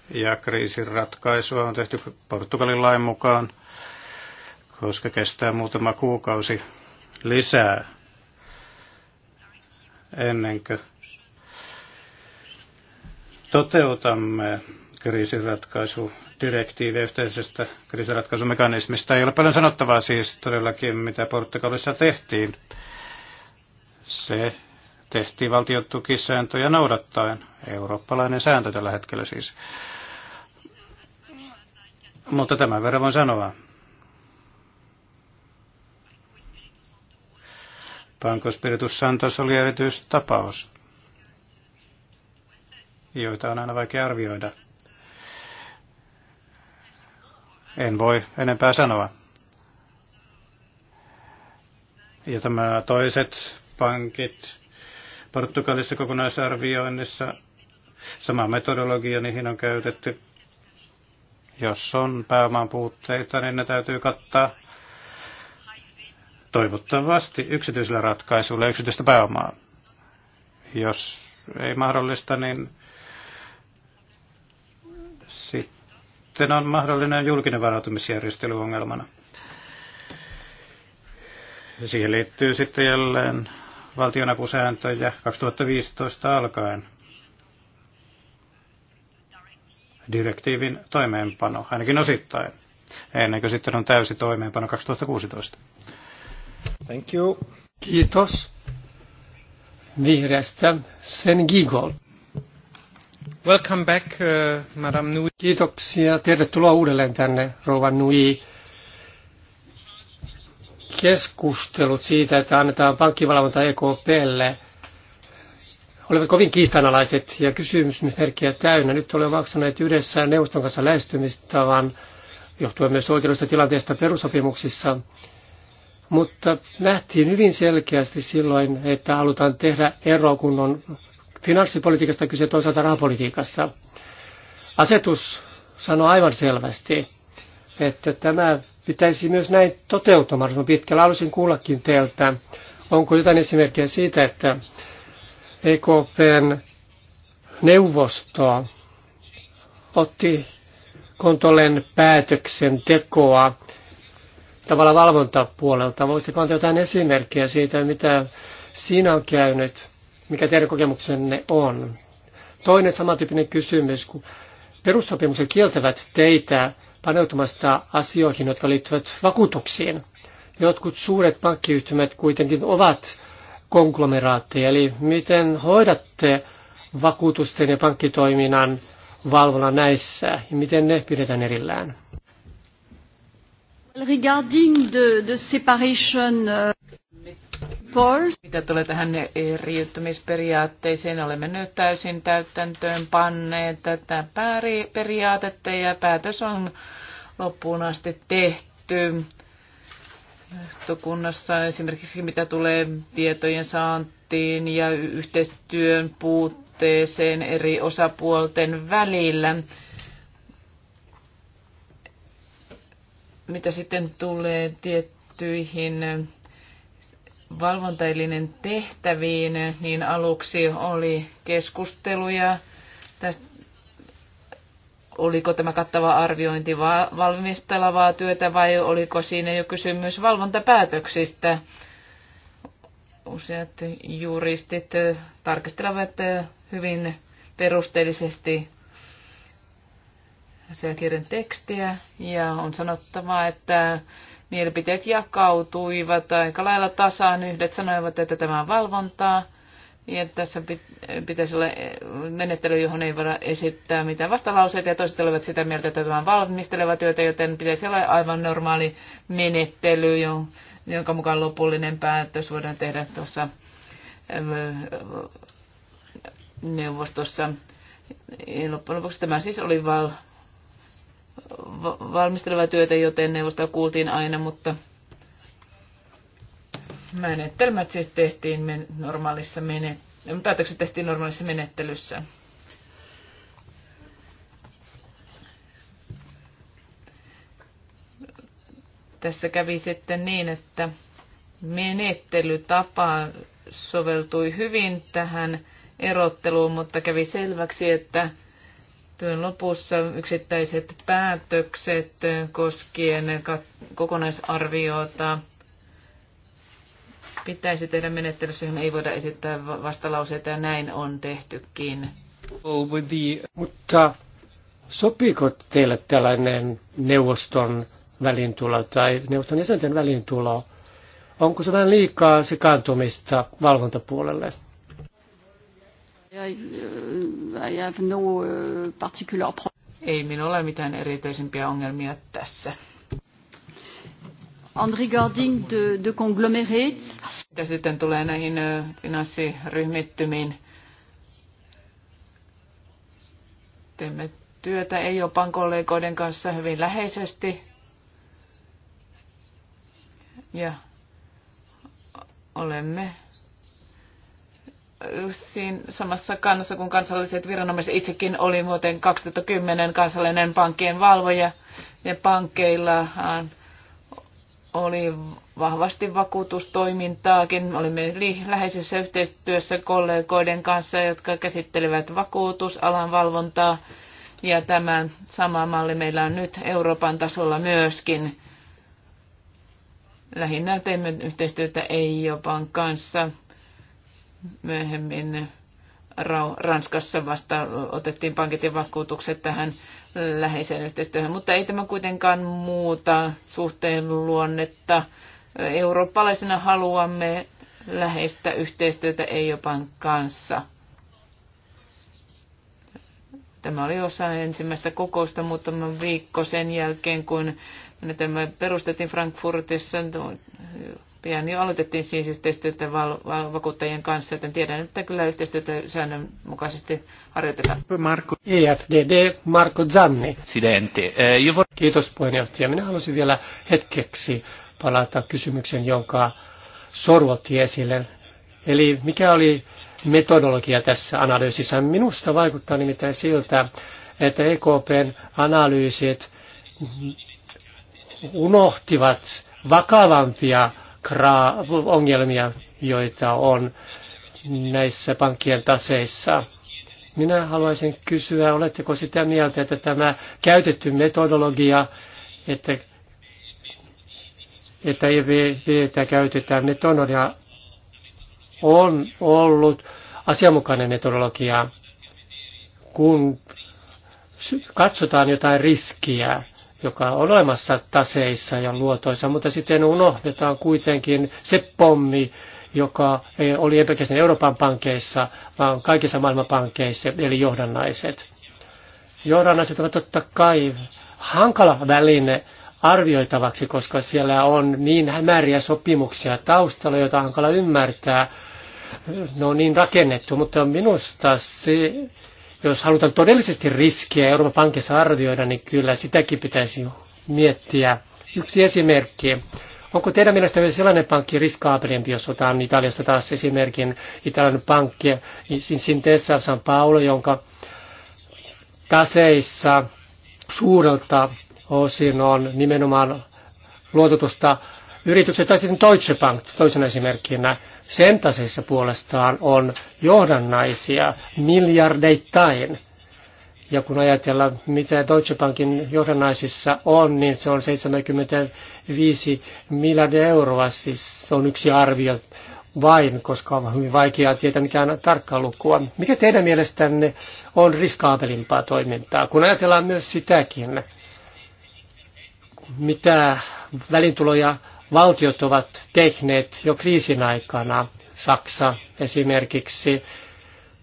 Ja kriisin ratkaisua on tehty Portugalin lain mukaan, koska kestää muutama kuukausi lisää ennen kuin toteutamme ratkaisu direktiivi yhteisestä kriisiratkaisumekanismista. Ei ole paljon sanottavaa siis todellakin, mitä Portugalissa tehtiin. Se tehtiin valtiotukisääntöjä noudattaen. Eurooppalainen sääntö tällä hetkellä siis. Mutta tämän verran voin sanoa. Banco Spiritus Santos oli erityistapaus, joita on aina vaikea arvioida. En voi enempää sanoa. Ja tämä toiset pankit Portugalissa kokonaisarvioinnissa sama metodologia niihin on käytetty. Jos on pääomaan puutteita, niin ne täytyy kattaa toivottavasti yksityisillä ratkaisuilla yksityistä pääomaa. Jos ei mahdollista, niin Sitten on mahdollinen julkinen varautumisjärjestely ongelmana. Siihen liittyy sitten jälleen valtionapusääntöjä 2015 alkaen. Direktiivin toimeenpano, ainakin osittain, ennen kuin sitten on täysi toimeenpano 2016. Thank you. Kiitos. Vihreästä Sen Gigol. Welcome back, uh, Madame Nui. Kiitoksia. Tervetuloa uudelleen tänne, Rouva Nui. Keskustelut siitä, että annetaan pankkivalvonta EKPlle, olivat kovin kiistanalaiset ja kysymysmerkkiä täynnä. Nyt olemme maksaneet yhdessä neuvoston kanssa lähestymistavan, johtuen myös oikeudellisesta tilanteesta perusopimuksissa. Mutta nähtiin hyvin selkeästi silloin, että halutaan tehdä ero, kun on finanssipolitiikasta kyse, toisaalta rahapolitiikasta. Asetus sanoo aivan selvästi, että tämä pitäisi myös näin toteuttaa mahdollisimman pitkällä. Haluaisin kuullakin teiltä, onko jotain esimerkkiä siitä, että EKPn neuvosto otti kontollen päätöksen tekoa tavalla valvontapuolelta. Voitteko antaa jotain esimerkkiä siitä, mitä siinä on käynyt? mikä teidän kokemuksenne on. Toinen samantyyppinen kysymys, kun perussopimukset kieltävät teitä paneutumasta asioihin, jotka liittyvät vakuutuksiin. Jotkut suuret pankkiyhtymät kuitenkin ovat konglomeraatteja, eli miten hoidatte vakuutusten ja pankkitoiminnan valvona näissä ja miten ne pidetään erillään? Regarding the, the separation, uh, course. Mitä tulee tähän eriyttämisperiaatteeseen, olemme nyt täysin täyttäntöön panneet tätä periaatetta ja päätös on loppuun asti tehty. Johtokunnassa esimerkiksi mitä tulee tietojen saantiin ja yhteistyön puutteeseen eri osapuolten välillä. Mitä sitten tulee tiettyihin valvontaelinen tehtäviin, niin aluksi oli keskusteluja tästä oliko tämä kattava arviointi valmistelavaa työtä vai oliko siinä jo kysymys valvontapäätöksistä. Useat juristit tarkistelevat hyvin perusteellisesti asiakirjan tekstiä ja on sanottava, että mielipiteet jakautuivat aika lailla tasaan. Yhdet sanoivat, että tämä on valvontaa, ja tässä pitäisi olla menettely, johon ei voida esittää mitään vastalauseita, ja toiset olivat sitä mieltä, että tämä on valmisteleva työtä, joten pitäisi olla aivan normaali menettely, jonka mukaan lopullinen päätös voidaan tehdä tuossa ähm, neuvostossa. Ja loppujen lopuksi tämä siis oli val, valmistelevaa työtä, joten neuvosta kuultiin aina, mutta menettelmät siis tehtiin men- normaalissa menet- päätökset tehtiin normaalissa menettelyssä. Tässä kävi sitten niin, että menettelytapa soveltui hyvin tähän erotteluun, mutta kävi selväksi, että työn lopussa yksittäiset päätökset koskien kokonaisarviota pitäisi tehdä menettelyssä, johon ei voida esittää vastalauseita ja näin on tehtykin. Mutta sopiiko teille tällainen neuvoston välintulo tai neuvoston jäsenten välintulo? Onko se vähän liikaa sekaantumista valvontapuolelle? Äh, äh, Ei minulla ole mitään erityisempiä ongelmia tässä. And regarding the, de conglomerates. Mitä sitten tulee näihin äh, finanssiryhmittymiin? Teemme työtä EIOPan kollegoiden kanssa hyvin läheisesti. Ja olemme siinä samassa kannassa kuin kansalliset viranomaiset. Itsekin oli muuten 2010 kansallinen pankkien valvoja ja pankkeillahan oli vahvasti vakuutustoimintaakin. Olimme läheisessä yhteistyössä kollegoiden kanssa, jotka käsittelevät vakuutusalan valvontaa. Ja tämä sama malli meillä on nyt Euroopan tasolla myöskin. Lähinnä teemme yhteistyötä EIOPan kanssa Myöhemmin Ranskassa vasta otettiin pankit ja vakuutukset tähän läheiseen yhteistyöhön, mutta ei tämä kuitenkaan muuta suhteen luonnetta. Eurooppalaisena haluamme läheistä yhteistyötä EIOPan kanssa. Tämä oli osa ensimmäistä kokousta muutama viikko sen jälkeen, kun menetelmä perustettiin Frankfurtissa pian jo aloitettiin siis yhteistyötä val- val- vakuuttajien kanssa, joten tiedän, että kyllä yhteistyötä säännönmukaisesti harjoitetaan. Marko EFDD, Marko Zanni. Sidenti. Eh, Kiitos puheenjohtaja. Minä haluaisin vielä hetkeksi palata kysymykseen, jonka sorvotti esille. Eli mikä oli metodologia tässä analyysissä? Minusta vaikuttaa nimittäin siltä, että EKPn analyysit unohtivat vakavampia ongelmia, joita on näissä pankkien taseissa. Minä haluaisin kysyä, oletteko sitä mieltä, että tämä käytetty metodologia, että, että EVVtä käytetään metodologia, on ollut asianmukainen metodologia, kun katsotaan jotain riskiä joka on olemassa taseissa ja luotoissa, mutta sitten unohdetaan kuitenkin se pommi, joka oli ei pelkästään Euroopan pankeissa, vaan kaikissa maailman pankeissa, eli johdannaiset. Johdannaiset ovat totta kai hankala väline arvioitavaksi, koska siellä on niin hämäriä sopimuksia taustalla, joita on hankala ymmärtää. Ne on niin rakennettu, mutta minusta se jos halutaan todellisesti riskiä Euroopan pankissa arvioida, niin kyllä sitäkin pitäisi miettiä. Yksi esimerkki. Onko teidän myös sellainen pankki riskaabelimpi, jos otan Italiasta taas esimerkin italian pankki Sintessa San Paolo, jonka taseissa suurelta osin on nimenomaan luototusta yritykset, tai sitten Deutsche Bank toisena esimerkkinä, sen taseissa puolestaan on johdannaisia miljardeittain. Ja kun ajatellaan, mitä Deutsche Bankin johdannaisissa on, niin se on 75 miljardia euroa. Siis se on yksi arvio vain, koska on hyvin vaikeaa tietää mikään tarkkaa lukua. Mikä teidän mielestänne on riskaabelimpaa toimintaa, kun ajatellaan myös sitäkin, mitä välintuloja valtiot ovat tehneet jo kriisin aikana. Saksa esimerkiksi,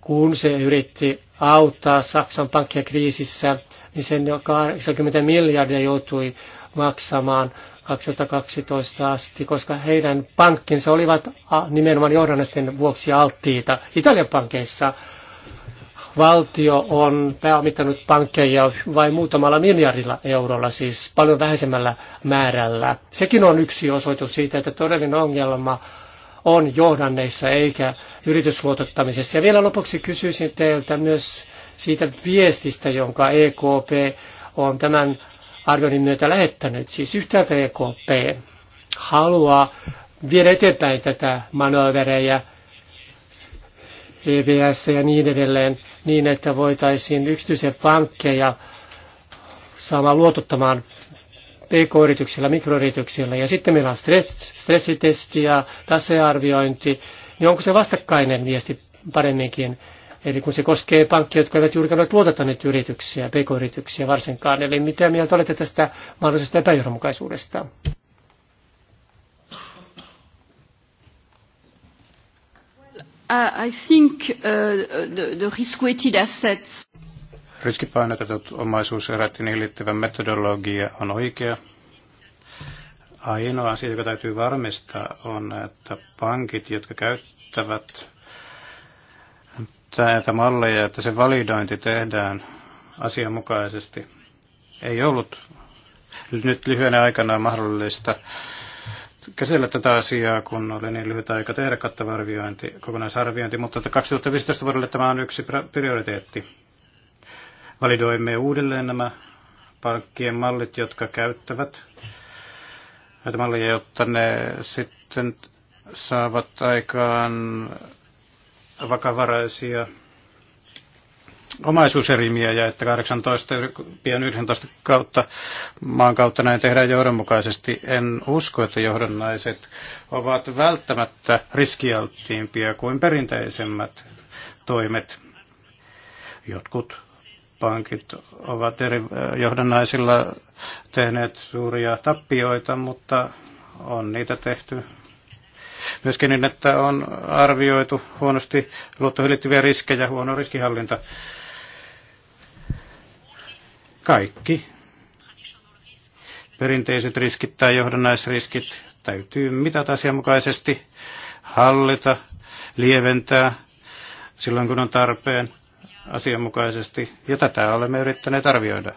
kun se yritti auttaa Saksan pankkia kriisissä, niin sen jo 80 miljardia joutui maksamaan 2012 asti, koska heidän pankkinsa olivat nimenomaan johdannasten vuoksi alttiita. Italian pankeissa valtio on pääomittanut pankkeja vain muutamalla miljardilla eurolla, siis paljon vähäisemmällä määrällä. Sekin on yksi osoitus siitä, että todellinen ongelma on johdanneissa eikä yritysluotottamisessa. Ja vielä lopuksi kysyisin teiltä myös siitä viestistä, jonka EKP on tämän arvioinnin myötä lähettänyt. Siis yhtäältä EKP haluaa viedä eteenpäin tätä manöverejä, EVS ja niin edelleen niin, että voitaisiin yksityisiä pankkeja saamaan luotottamaan pk-yrityksillä, mikroyrityksillä. Ja sitten meillä on stress, stressitesti ja tasearviointi. Niin onko se vastakkainen viesti paremminkin? Eli kun se koskee pankkia, jotka eivät juurikaan ole luotottaneet yrityksiä, pk-yrityksiä varsinkaan. Eli mitä mieltä olette tästä mahdollisesta epäjohdonmukaisuudesta? I think uh, the, the risk-weighted assets. Riskipainotetut omaisuuserät liittyvä metodologia on oikea. Ainoa asia, joka täytyy varmistaa, on, että pankit, jotka käyttävät tätä malleja, että se validointi tehdään asianmukaisesti. Ei ollut nyt lyhyenä aikana mahdollista käsitellä tätä asiaa, kun oli niin lyhyt aika tehdä kattava arviointi, kokonaisarviointi, mutta 2015 vuodelle tämä on yksi prioriteetti. Validoimme uudelleen nämä pankkien mallit, jotka käyttävät näitä malleja, jotta ne sitten saavat aikaan vakavaraisia omaisuuserimiä ja että 18, pian 19 kautta, maan kautta näin tehdään johdonmukaisesti. En usko, että johdonnaiset ovat välttämättä riskialttiimpia kuin perinteisemmät toimet. Jotkut pankit ovat eri äh, johdannaisilla tehneet suuria tappioita, mutta on niitä tehty myöskin niin, että on arvioitu huonosti luottohylittyviä riskejä, huono riskihallinta kaikki perinteiset riskit tai johdannaisriskit täytyy mitata asianmukaisesti, hallita, lieventää silloin kun on tarpeen asianmukaisesti. Ja tätä olemme yrittäneet arvioida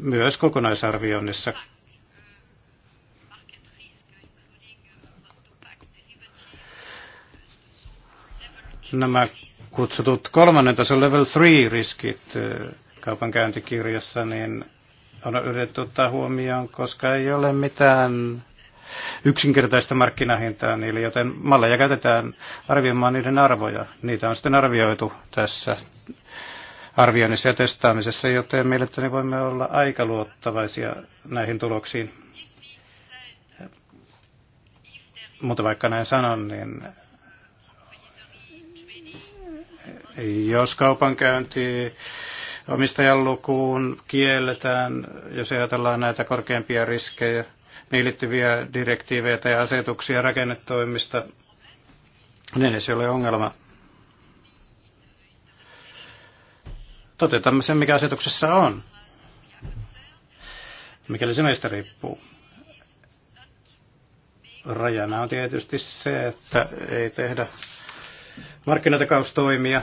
myös kokonaisarvioinnissa. Nämä kutsutut kolmannen tason level 3 riskit kaupankäyntikirjassa, niin on yritetty ottaa huomioon, koska ei ole mitään yksinkertaista markkinahintaa niille, joten malleja käytetään arvioimaan niiden arvoja. Niitä on sitten arvioitu tässä arvioinnissa ja testaamisessa, joten mielestäni voimme olla aika luottavaisia näihin tuloksiin. Mutta vaikka näin sanon, niin Jos kaupankäynti omistajan lukuun kielletään, jos ajatellaan näitä korkeampia riskejä, niin liittyviä direktiivejä tai asetuksia rakennetoimista, niin ei se ole ongelma. Toteutamme sen, mikä asetuksessa on, mikäli se meistä riippuu. Rajana on tietysti se, että ei tehdä markkinatakaustoimia,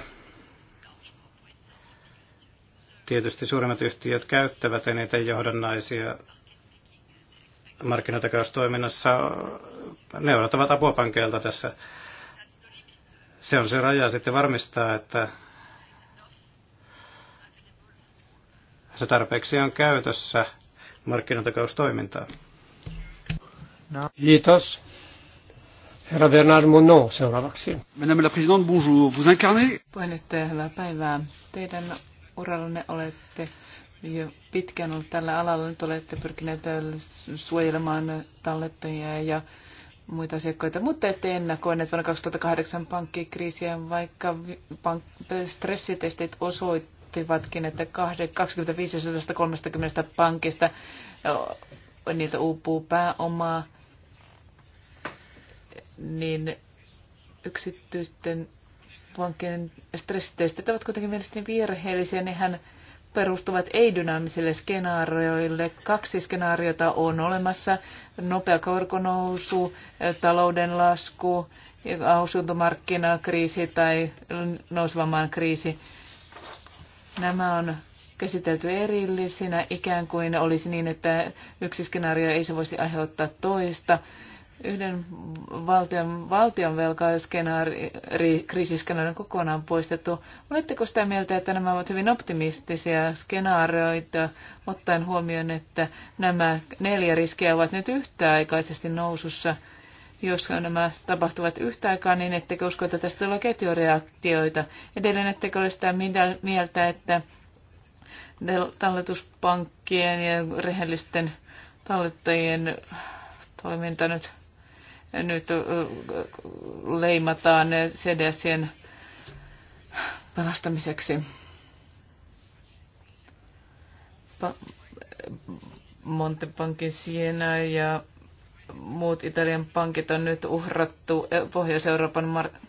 Tietysti suuremmat yhtiöt käyttävät eniten johdannaisia markkinatakaustoiminnassa. Ne odottavat pankeilta tässä. Se on se raja sitten varmistaa, että se tarpeeksi on käytössä markkinatakaustoimintaa. No. Kiitos. Herra Bernard Monod seuraavaksi. Madame la Présidente, bonjour. Vous incarnez... Puheenjohtaja, hyvää päivää. Teidän urallanne olette jo pitkään ollut tällä alalla. Nyt olette pyrkineet suojelemaan tallettajia ja muita asiakkaita, mutta ette ennakoineet vuonna 2008 pankkikriisiä, vaikka pank- stressitestit osoittivatkin, että 25-30 pankista niiltä uupuu pääomaa, niin yksityisten vankien stressitestit ovat kuitenkin mielestäni virheellisiä. Nehän perustuvat ei-dynaamisille skenaarioille. Kaksi skenaariota on olemassa. Nopea korkonousu, talouden lasku, asuntomarkkinakriisi tai nousvamaan kriisi. Nämä on käsitelty erillisinä, ikään kuin olisi niin, että yksi skenaario ei se voisi aiheuttaa toista yhden valtion, valtion velkakriisiskenaarion kokonaan poistettu. Oletteko sitä mieltä, että nämä ovat hyvin optimistisia skenaarioita, ottaen huomioon, että nämä neljä riskiä ovat nyt yhtäaikaisesti nousussa? Jos nämä tapahtuvat yhtä aikaa, niin ettekö usko, että tästä tulee ketjureaktioita? Edelleen ettekö ole sitä mieltä, että talletuspankkien ja rehellisten tallettajien toiminta nyt nyt leimataan CDSien pelastamiseksi. Montepankin Siena ja muut Italian pankit on nyt uhrattu Pohjois-Euroopan mar-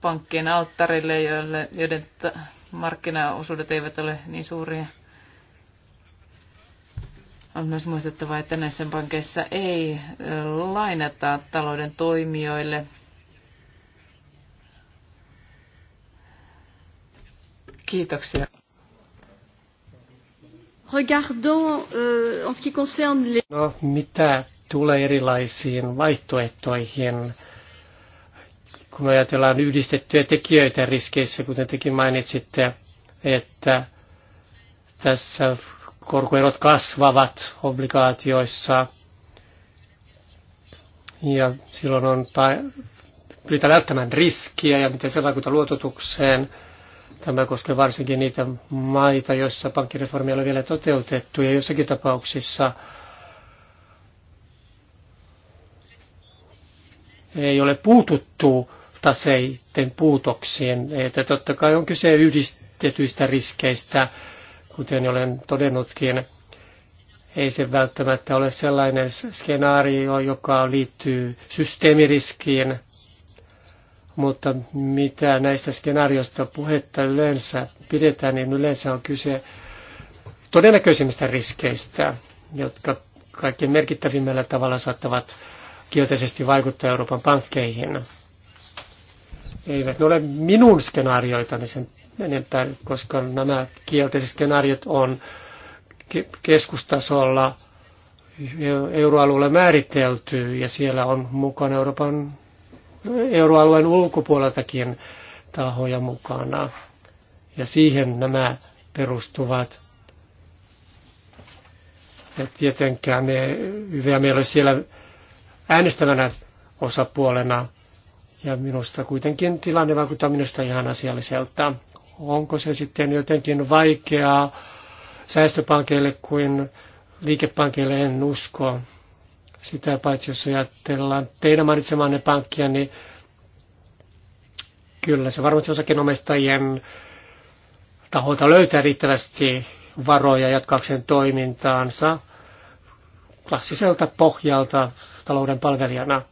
pankkien alttarille, joiden markkinaosuudet eivät ole niin suuria. On myös muistettava, että näissä pankeissa ei lainata talouden toimijoille. Kiitoksia. Regardons, euh, en ce qui concerne les... No, mitä tulee erilaisiin vaihtoehtoihin, kun ajatellaan yhdistettyjä tekijöitä riskeissä, kuten tekin mainitsitte, että tässä korkoerot kasvavat obligaatioissa. Ja silloin on tai, pyritään välttämään riskiä ja miten se vaikuttaa luototukseen. Tämä koskee varsinkin niitä maita, joissa pankkireformia ei ole vielä toteutettu ja jossakin tapauksissa ei ole puututtu taseiden puutoksiin. Että totta kai on kyse yhdistetyistä riskeistä, Kuten olen todennutkin, ei se välttämättä ole sellainen skenaario, joka liittyy systeemiriskiin, mutta mitä näistä skenaarioista puhetta yleensä pidetään, niin yleensä on kyse todennäköisimmistä riskeistä, jotka kaikkein merkittävimmällä tavalla saattavat kielteisesti vaikuttaa Euroopan pankkeihin. Eivät ne ole minun skenaarioitani sen enempää, koska nämä kielteiset skenaariot on keskustasolla Euroalueelle määritelty ja siellä on mukana Euroopan euroalueen ulkopuoleltakin tahoja mukana. Ja siihen nämä perustuvat. Ja tietenkään me, YVM meillä olisi siellä äänestävänä osapuolena. Ja minusta kuitenkin tilanne vaikuttaa minusta ihan asialliselta onko se sitten jotenkin vaikeaa säästöpankeille kuin liikepankeille, en usko. Sitä paitsi jos ajatellaan teidän mainitsemanne pankkia, niin kyllä se varmasti osakkeenomistajien taholta löytää riittävästi varoja jatkaakseen toimintaansa klassiselta pohjalta talouden palvelijana.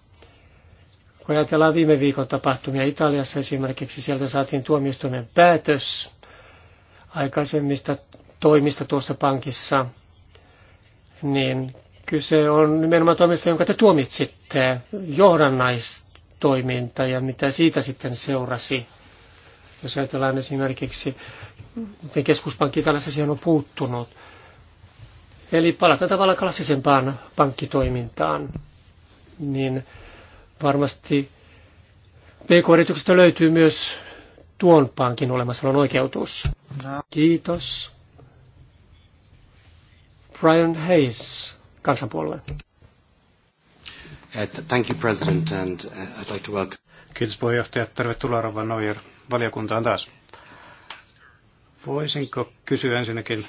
Kun ajatellaan viime viikon tapahtumia Italiassa esimerkiksi, sieltä saatiin tuomioistuimen päätös aikaisemmista toimista tuossa pankissa, niin kyse on nimenomaan toimista, jonka te tuomitsitte, johdannaistoiminta ja mitä siitä sitten seurasi. Jos ajatellaan esimerkiksi, miten keskuspankki Italiassa siihen on puuttunut. Eli palata tavallaan klassisempaan pankkitoimintaan, niin Varmasti PK-yrityksestä löytyy myös tuon pankin olemassaolon oikeutus. No. Kiitos. Brian Hayes, kansanpuolue. Uh, thank you, President, and uh, I'd like to welcome... Kiitos puheenjohtaja. Tervetuloa Rova Neuer valiokuntaan taas. Voisinko kysyä ensinnäkin?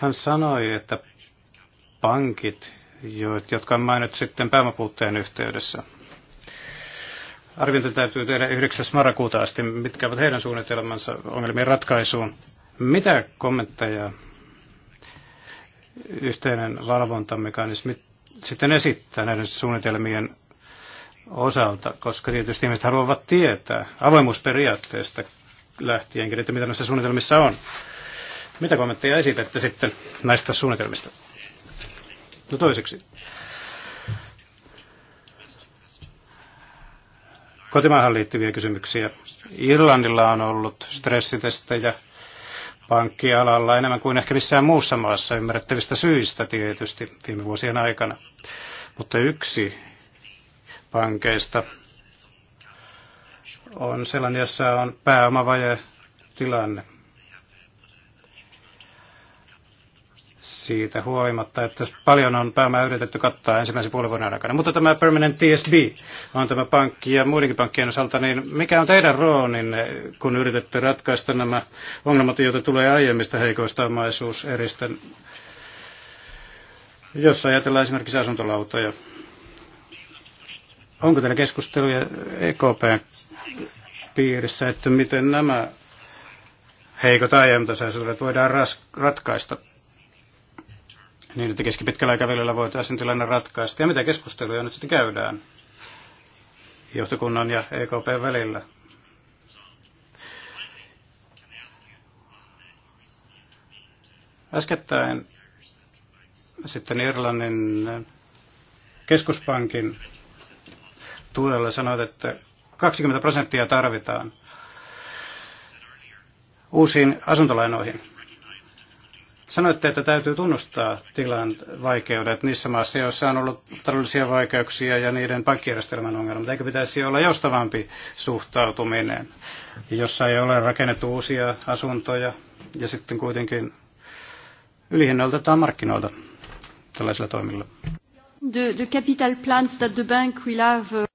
Hän sanoi, että pankit jotka on mainittu sitten pääomapuutteen yhteydessä. Arviointi täytyy tehdä 9. marraskuuta asti, mitkä ovat heidän suunnitelmansa ongelmien ratkaisuun. Mitä kommentteja yhteinen valvontamekanismi sitten esittää näiden suunnitelmien osalta, koska tietysti ihmiset haluavat tietää avoimuusperiaatteesta lähtienkin, että mitä näissä suunnitelmissa on. Mitä kommentteja esitätte sitten näistä suunnitelmista? No toiseksi. Kotimaahan liittyviä kysymyksiä. Irlannilla on ollut stressitestejä pankkialalla enemmän kuin ehkä missään muussa maassa ymmärrettävistä syistä tietysti viime vuosien aikana. Mutta yksi pankeista on sellainen, jossa on pääomavaje tilanne. siitä huolimatta, että paljon on pääomaa yritetty kattaa ensimmäisen puolen vuoden aikana. Mutta tämä Permanent TSB on tämä pankki ja muidenkin pankkien osalta, niin mikä on teidän roolin, kun yritätte ratkaista nämä ongelmat, joita tulee aiemmista heikoista omaisuuseristä? Jos ajatellaan esimerkiksi asuntolautoja, onko teillä keskusteluja EKPn piirissä, että miten nämä heikot aiemmat osaisuudet voidaan ratkaista? niin, että keskipitkällä aikavälillä voitaisiin tilanne ratkaista. Ja mitä keskusteluja nyt sitten käydään johtokunnan ja EKP välillä? Äskettäin sitten Irlannin keskuspankin tuella sanoit, että 20 prosenttia tarvitaan uusiin asuntolainoihin. Sanoitte, että täytyy tunnustaa tilan vaikeudet niissä maissa, joissa on ollut taloudellisia vaikeuksia ja niiden pankkijärjestelmän ongelmat. Eikö pitäisi olla joustavampi suhtautuminen, jossa ei ole rakennettu uusia asuntoja ja sitten kuitenkin ylihinnoitetaan markkinoilta tällaisilla toimilla? capital plans that the bank will have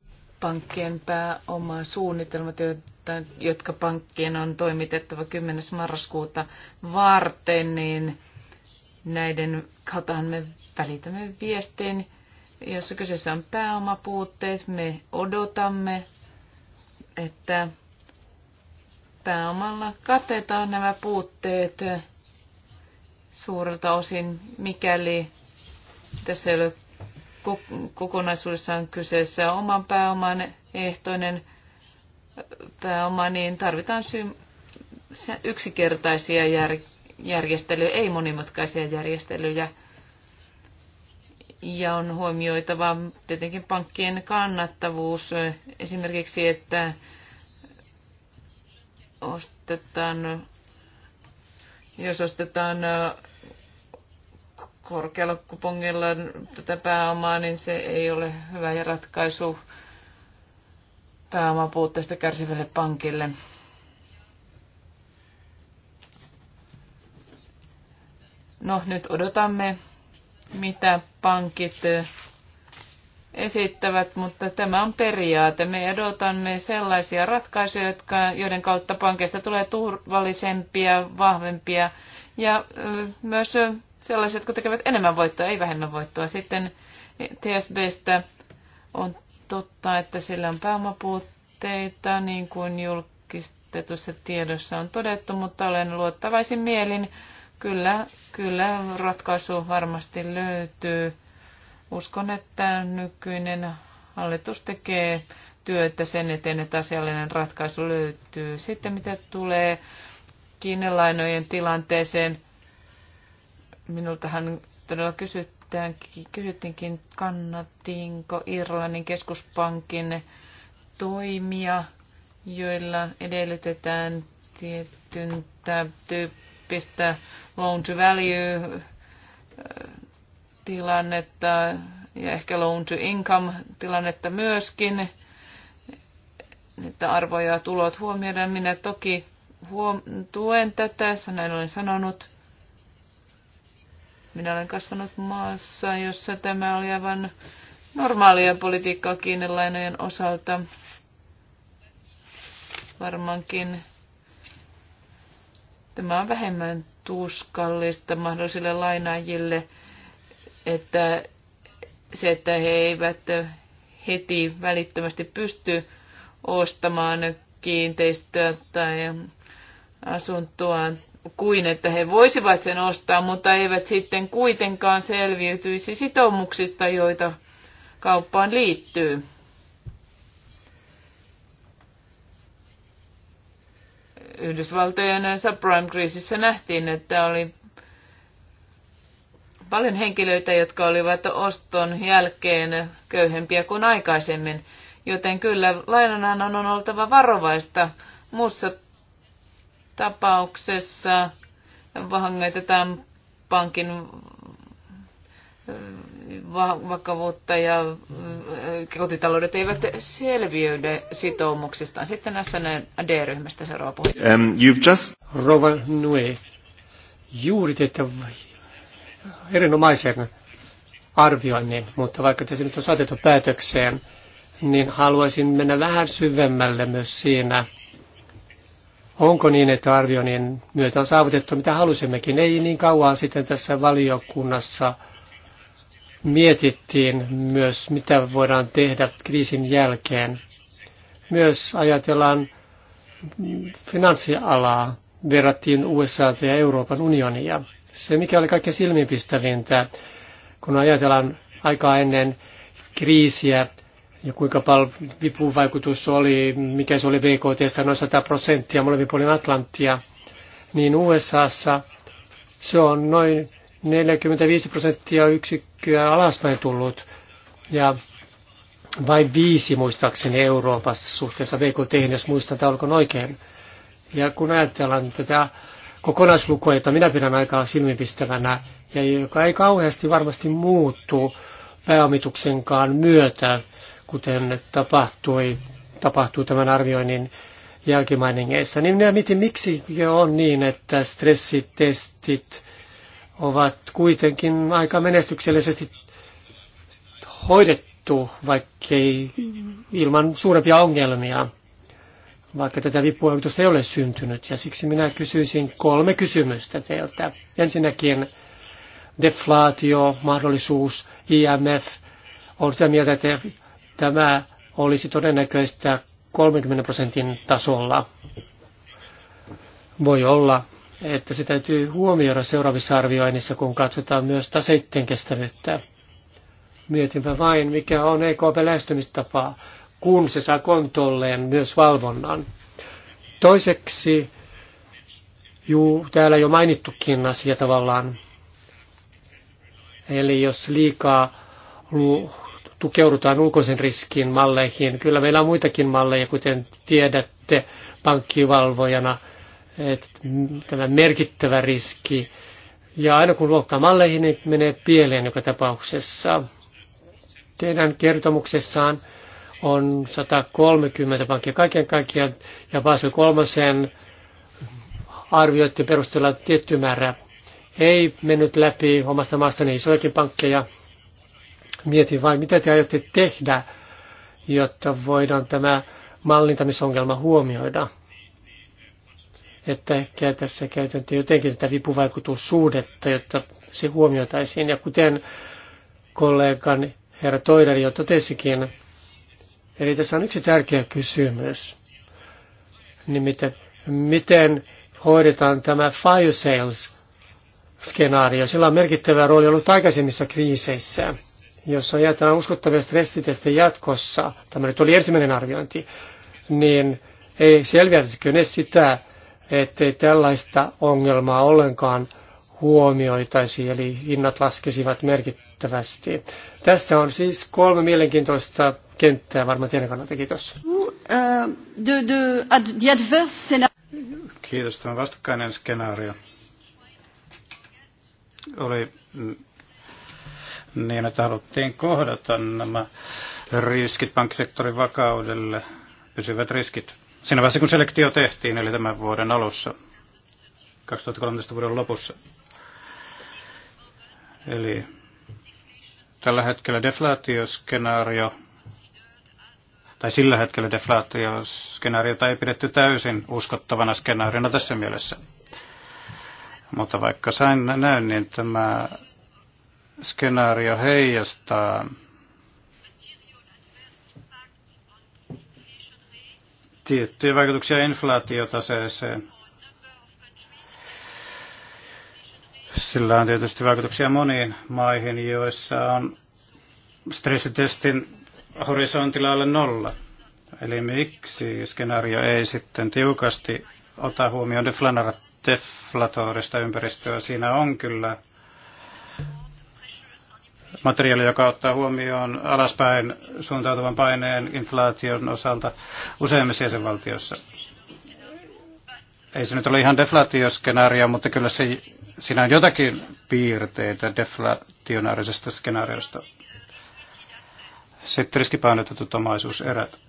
pankkien suunnitelmat, jotka pankkien on toimitettava 10. marraskuuta varten, niin näiden kauttahan me välitämme viestin, jossa kyseessä on pääomapuutteet. Me odotamme, että pääomalla katetaan nämä puutteet suurelta osin, mikäli tässä ei ole kokonaisuudessaan kyseessä oman pääoman ehtoinen pääoma, niin tarvitaan sy- yksinkertaisia jär- järjestelyjä, ei monimutkaisia järjestelyjä. Ja on huomioitava tietenkin pankkien kannattavuus. Esimerkiksi, että ostetaan, jos ostetaan korkealla kupongilla tätä pääomaa, niin se ei ole hyvä ja ratkaisu pääomapuutteesta kärsivälle pankille. No, nyt odotamme, mitä pankit esittävät, mutta tämä on periaate. Me odotamme sellaisia ratkaisuja, jotka, joiden kautta pankeista tulee turvallisempia, vahvempia ja myös sellaisia, jotka tekevät enemmän voittoa, ei vähemmän voittoa. Sitten TSBstä on totta, että sillä on pääomapuutteita, niin kuin julkistetussa tiedossa on todettu, mutta olen luottavaisin mielin. Kyllä, kyllä ratkaisu varmasti löytyy. Uskon, että nykyinen hallitus tekee työtä sen eteen, että asiallinen ratkaisu löytyy. Sitten mitä tulee kiinnelainojen tilanteeseen, Minultahan todella kysyttiinkin, kannattiinko Irlannin keskuspankin toimia, joilla edellytetään tietyn tyyppistä loan to value eh, tilannetta ja ehkä loan to income tilannetta myöskin, että arvoja ja tulot huomioidaan. Minä toki huom- tuen tätä, näin olen sanonut, minä olen kasvanut maassa, jossa tämä oli aivan normaalia politiikkaa kiinnelainojen osalta. Varmaankin tämä on vähemmän tuskallista mahdollisille lainaajille, että se, että he eivät heti välittömästi pysty ostamaan kiinteistöä tai asuntoa kuin että he voisivat sen ostaa, mutta eivät sitten kuitenkaan selviytyisi sitoumuksista, joita kauppaan liittyy. Yhdysvaltojen subprime-kriisissä nähtiin, että oli paljon henkilöitä, jotka olivat oston jälkeen köyhempiä kuin aikaisemmin, joten kyllä lainanhan on oltava varovaista. Muussa tapauksessa hangaitetaan pankin äh, vakavuutta ja äh, kotitaloudet eivät selviydy sitoumuksistaan. Sitten SND-ryhmästä seuraava puhe. Um, you've just... Rova Nue, juuri teitä erinomaisen arvioinnin, mutta vaikka te nyt on saatettu päätökseen, niin haluaisin mennä vähän syvemmälle myös siinä, Onko niin, että arvioinnin myötä on saavutettu mitä halusimmekin? Ei niin kauan sitten tässä valiokunnassa mietittiin myös, mitä voidaan tehdä kriisin jälkeen. Myös ajatellaan finanssialaa, verrattiin USA ja Euroopan unionia. Se, mikä oli kaikkein silmiinpistävintä, kun ajatellaan aikaa ennen kriisiä, ja kuinka paljon vipun vaikutus oli, mikä se oli BKT, noin 100 prosenttia molemmin puolin Atlanttia, niin USAssa se on noin 45 prosenttia yksikköä alaspäin tullut ja vain viisi muistaakseni Euroopassa suhteessa BKT, jos muistan taulukon oikein. Ja kun ajatellaan tätä kokonaislukua, jota minä pidän aikaa silmipistävänä ja joka ei kauheasti varmasti muuttu pääomituksenkaan myötä, kuten tapahtui, tapahtui tämän arvioinnin jälkimainingeissa. Niin minä mietin, miksi on niin, että stressitestit ovat kuitenkin aika menestyksellisesti hoidettu, vaikkei ilman suurempia ongelmia, vaikka tätä vipuvaikutusta ei ole syntynyt. Ja siksi minä kysyisin kolme kysymystä teiltä. Ensinnäkin deflaatio, mahdollisuus, IMF on sitä mieltä, että Tämä olisi todennäköistä 30 prosentin tasolla. Voi olla, että se täytyy huomioida seuraavissa arvioinnissa, kun katsotaan myös taseitten kestävyyttä. Mietinpä vain, mikä on EKP-lähestymistapa, kun se saa kontolleen myös valvonnan. Toiseksi, juu, täällä jo mainittukin asia tavallaan, eli jos liikaa tukeudutaan ulkoisen riskin malleihin. Kyllä meillä on muitakin malleja, kuten tiedätte pankkivalvojana, että tämä merkittävä riski. Ja aina kun luottaa malleihin, niin menee pieleen joka tapauksessa. Teidän kertomuksessaan on 130 pankkia kaiken kaikkiaan ja Basel kolmosen arvioitte perusteella tietty määrä ei mennyt läpi omasta maastani isojakin pankkeja, Mietin vain, mitä te aiotte tehdä, jotta voidaan tämä mallintamisongelma huomioida. Että ehkä tässä käytäntö jotenkin tätä vipuvaikutussuhdetta, jotta se huomioitaisiin. Ja kuten kollegan herra Toidari jo totesikin, eli tässä on yksi tärkeä kysymys. Nimittäin, miten hoidetaan tämä fire sales skenaario. Sillä on merkittävä rooli ollut aikaisemmissa kriiseissä. Jos ajatellaan uskottavia stressitestejä jatkossa, tämä nyt oli ensimmäinen arviointi, niin ei selviäisikö ne sitä, ettei tällaista ongelmaa ollenkaan huomioitaisi, eli hinnat laskisivat merkittävästi. Tässä on siis kolme mielenkiintoista kenttää varmaan teidän kannalta. Kiitos. Kiitos. Tämä vastakkainen skenaario oli niin että haluttiin kohdata nämä riskit pankkisektorin vakaudelle, pysyvät riskit. Siinä vaiheessa kun selektio tehtiin, eli tämän vuoden alussa, 2013 vuoden lopussa. Eli tällä hetkellä deflaatioskenaario, tai sillä hetkellä deflaatioskenaariota ei pidetty täysin uskottavana skenaariona tässä mielessä. Mutta vaikka sain näyn, niin tämä skenaario heijastaa tiettyjä vaikutuksia inflaatiotaseeseen. Sillä on tietysti vaikutuksia moniin maihin, joissa on stressitestin horisontilla alle nolla. Eli miksi skenaario ei sitten tiukasti ota huomioon deflatorista ympäristöä? Siinä on kyllä materiaali, joka ottaa huomioon alaspäin suuntautuvan paineen inflaation osalta useimmissa jäsenvaltioissa. Ei se nyt ole ihan deflaatioskenaario, mutta kyllä se, siinä on jotakin piirteitä deflaationaarisesta skenaariosta. Sitten riskipainotetut omaisuuserät.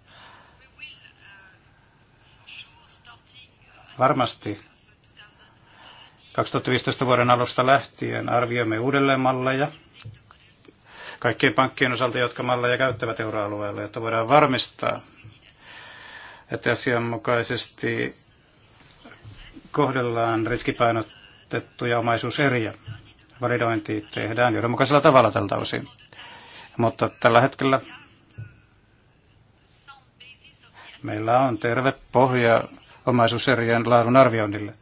Varmasti 2015 vuoden alusta lähtien arvioimme uudelleen malleja kaikkien pankkien osalta, jotka malleja käyttävät euroalueella, jotta voidaan varmistaa, että asianmukaisesti kohdellaan riskipainotettuja omaisuuseriä. Validointi tehdään johdonmukaisella tavalla tältä osin. Mutta tällä hetkellä meillä on terve pohja omaisuuserien laadun arvioinnille.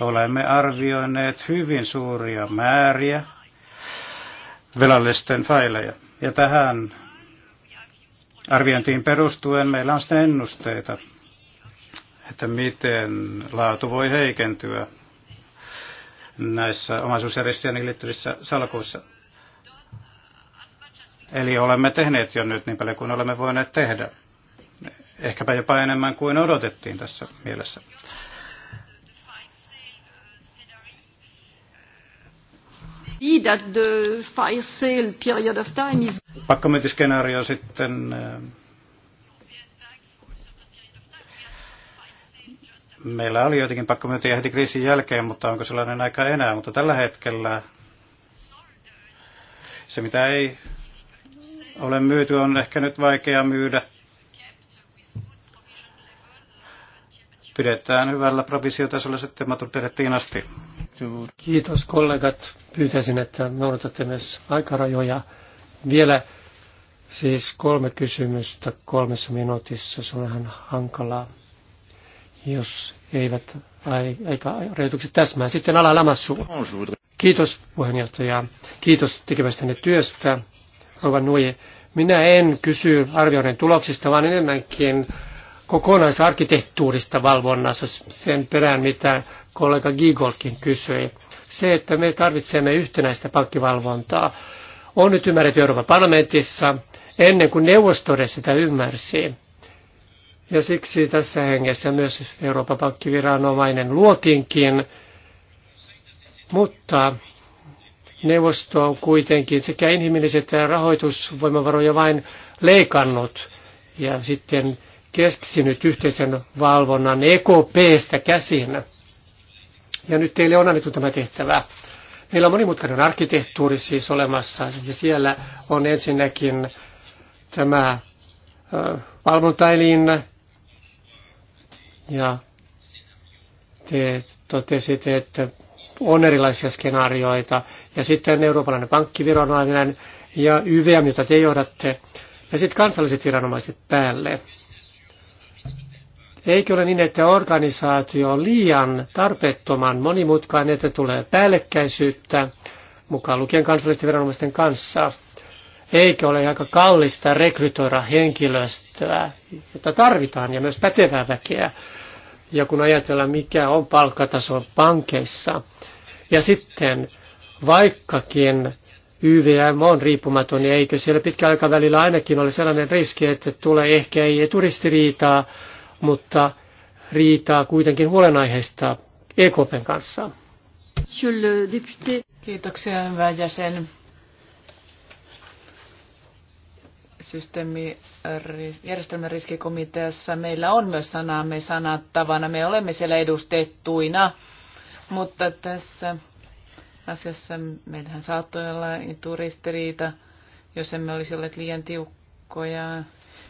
Olemme arvioineet hyvin suuria määriä velallisten faileja. Ja tähän arviointiin perustuen meillä on sitten ennusteita, että miten laatu voi heikentyä näissä omaisuusjärjestelmiin liittyvissä salkuissa. Eli olemme tehneet jo nyt niin paljon kuin olemme voineet tehdä. Ehkäpä jopa enemmän kuin odotettiin tässä mielessä. Pakkomyyntiskenaario sitten eh, meillä oli joitakin pakkomyyntiä heti kriisin jälkeen, mutta onko sellainen aika enää? Mutta tällä hetkellä se, mitä ei ole myyty, on ehkä nyt vaikea myydä. Pidetään hyvällä provisiotasolla sitten maturiteettiin asti. Kiitos kollegat. Pyytäisin, että noudatatte myös aikarajoja. Vielä siis kolme kysymystä kolmessa minuutissa. Se on vähän hankalaa, jos eivät ai, aika rajoitukset täsmää. Sitten ala lamassu. Kiitos puheenjohtaja. Kiitos tekemästänne työstä. Rova Nuije. Minä en kysy arvioiden tuloksista, vaan enemmänkin kokonaisarkkitehtuurista valvonnassa sen perään, mitä kollega Gigolkin kysyi. Se, että me tarvitsemme yhtenäistä pankkivalvontaa, on nyt ymmärretty Euroopan parlamentissa ennen kuin neuvosto sitä ymmärsi. Ja siksi tässä hengessä myös Euroopan pankkiviranomainen luotiinkin, mutta neuvosto on kuitenkin sekä inhimilliset että rahoitusvoimavaroja vain leikannut ja sitten keksinyt yhteisen valvonnan EKPstä käsin. Ja nyt teille on annettu tämä tehtävä. Meillä on monimutkainen arkkitehtuuri siis olemassa, ja siellä on ensinnäkin tämä valvontaelin, ja te totesitte, että on erilaisia skenaarioita, ja sitten eurooppalainen pankkiviranomainen ja YVM, jota te johdatte, ja sitten kansalliset viranomaiset päälle. Eikö ole niin, että organisaatio on liian tarpeettoman monimutkainen, että tulee päällekkäisyyttä mukaan lukien kansallisten viranomaisten kanssa? Eikö ole aika kallista rekrytoida henkilöstöä, jota tarvitaan, ja myös pätevää väkeä? Ja kun ajatellaan, mikä on palkkataso pankeissa, ja sitten vaikkakin YVM on riippumaton, niin eikö siellä pitkällä aikavälillä ainakin ole sellainen riski, että tulee ehkä ei turistiriitaa, mutta riitaa kuitenkin huolenaiheista EKPn kanssa. Kiitoksia, hyvä jäsen. systeemi, järjestelmäriskikomiteassa meillä on myös sanaamme sanattavana. Me olemme siellä edustettuina, mutta tässä asiassa meillähän saattoi olla turistiriita, jos emme olisi olleet liian tiukkoja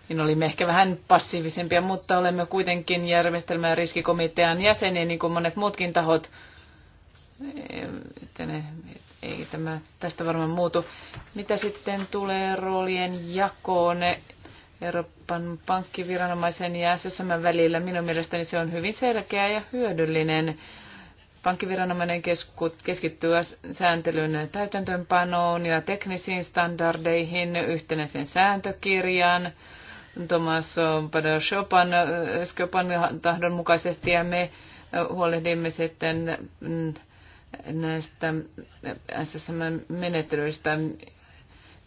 niin olimme ehkä vähän passiivisempia, mutta olemme kuitenkin järjestelmä- ja riskikomitean jäseniä, niin kuin monet muutkin tahot. Ei tämä tästä varmaan muutu. Mitä sitten tulee roolien jakoon Euroopan pankkiviranomaisen ja SSM välillä? Minun mielestäni se on hyvin selkeä ja hyödyllinen. Pankkiviranomainen keskittyy sääntelyn täytäntöönpanoon ja teknisiin standardeihin, yhtenäisen sääntökirjaan, Tomas Chopin, Chopin tahdon mukaisesti ja me huolehdimme sitten näistä SSM-menettelyistä.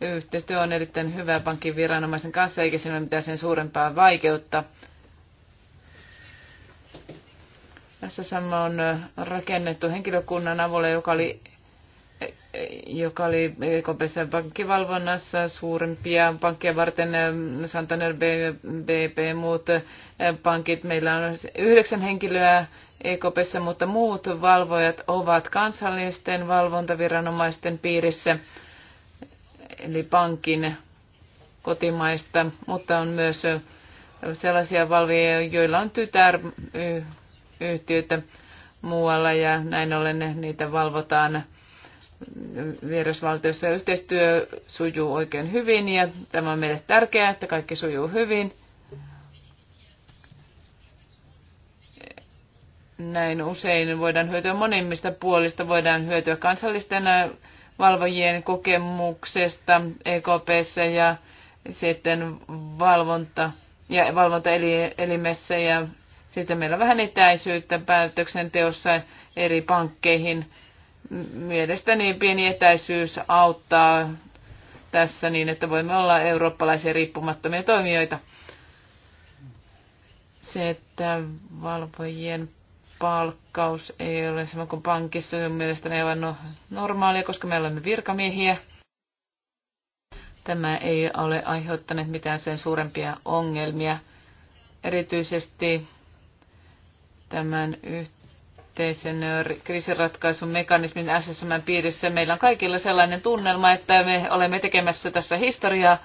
Yhteistyö on erittäin hyvä pankin viranomaisen kanssa, eikä siinä ole mitään sen suurempaa vaikeutta. SSM on rakennettu henkilökunnan avulla, joka oli joka oli EKPssä pankkivalvonnassa suurimpia pankkia varten, Santander, BP, muut eh, pankit. Meillä on yhdeksän henkilöä EKPssä, mutta muut valvojat ovat kansallisten valvontaviranomaisten piirissä, eli pankin kotimaista, mutta on myös sellaisia valvojia, joilla on tytäryhtiöitä muualla ja näin ollen niitä valvotaan vierasvaltiossa ja yhteistyö sujuu oikein hyvin ja tämä on meille tärkeää, että kaikki sujuu hyvin. Näin usein voidaan hyötyä monimmista puolista, voidaan hyötyä kansallisten valvojien kokemuksesta EKPssä ja sitten valvonta ja valvontaelimessä ja sitten meillä on vähän etäisyyttä päätöksenteossa eri pankkeihin Mielestäni pieni etäisyys auttaa tässä niin, että voimme olla eurooppalaisia riippumattomia toimijoita. Se, että valvojien palkkaus ei ole sama kuin pankissa, on mielestäni aivan no- normaalia, koska me olemme virkamiehiä. Tämä ei ole aiheuttanut mitään sen suurempia ongelmia. Erityisesti tämän yhteydessä yhteisen kriisiratkaisun mekanismin SSM piirissä. Meillä on kaikilla sellainen tunnelma, että me olemme tekemässä tässä historiaa.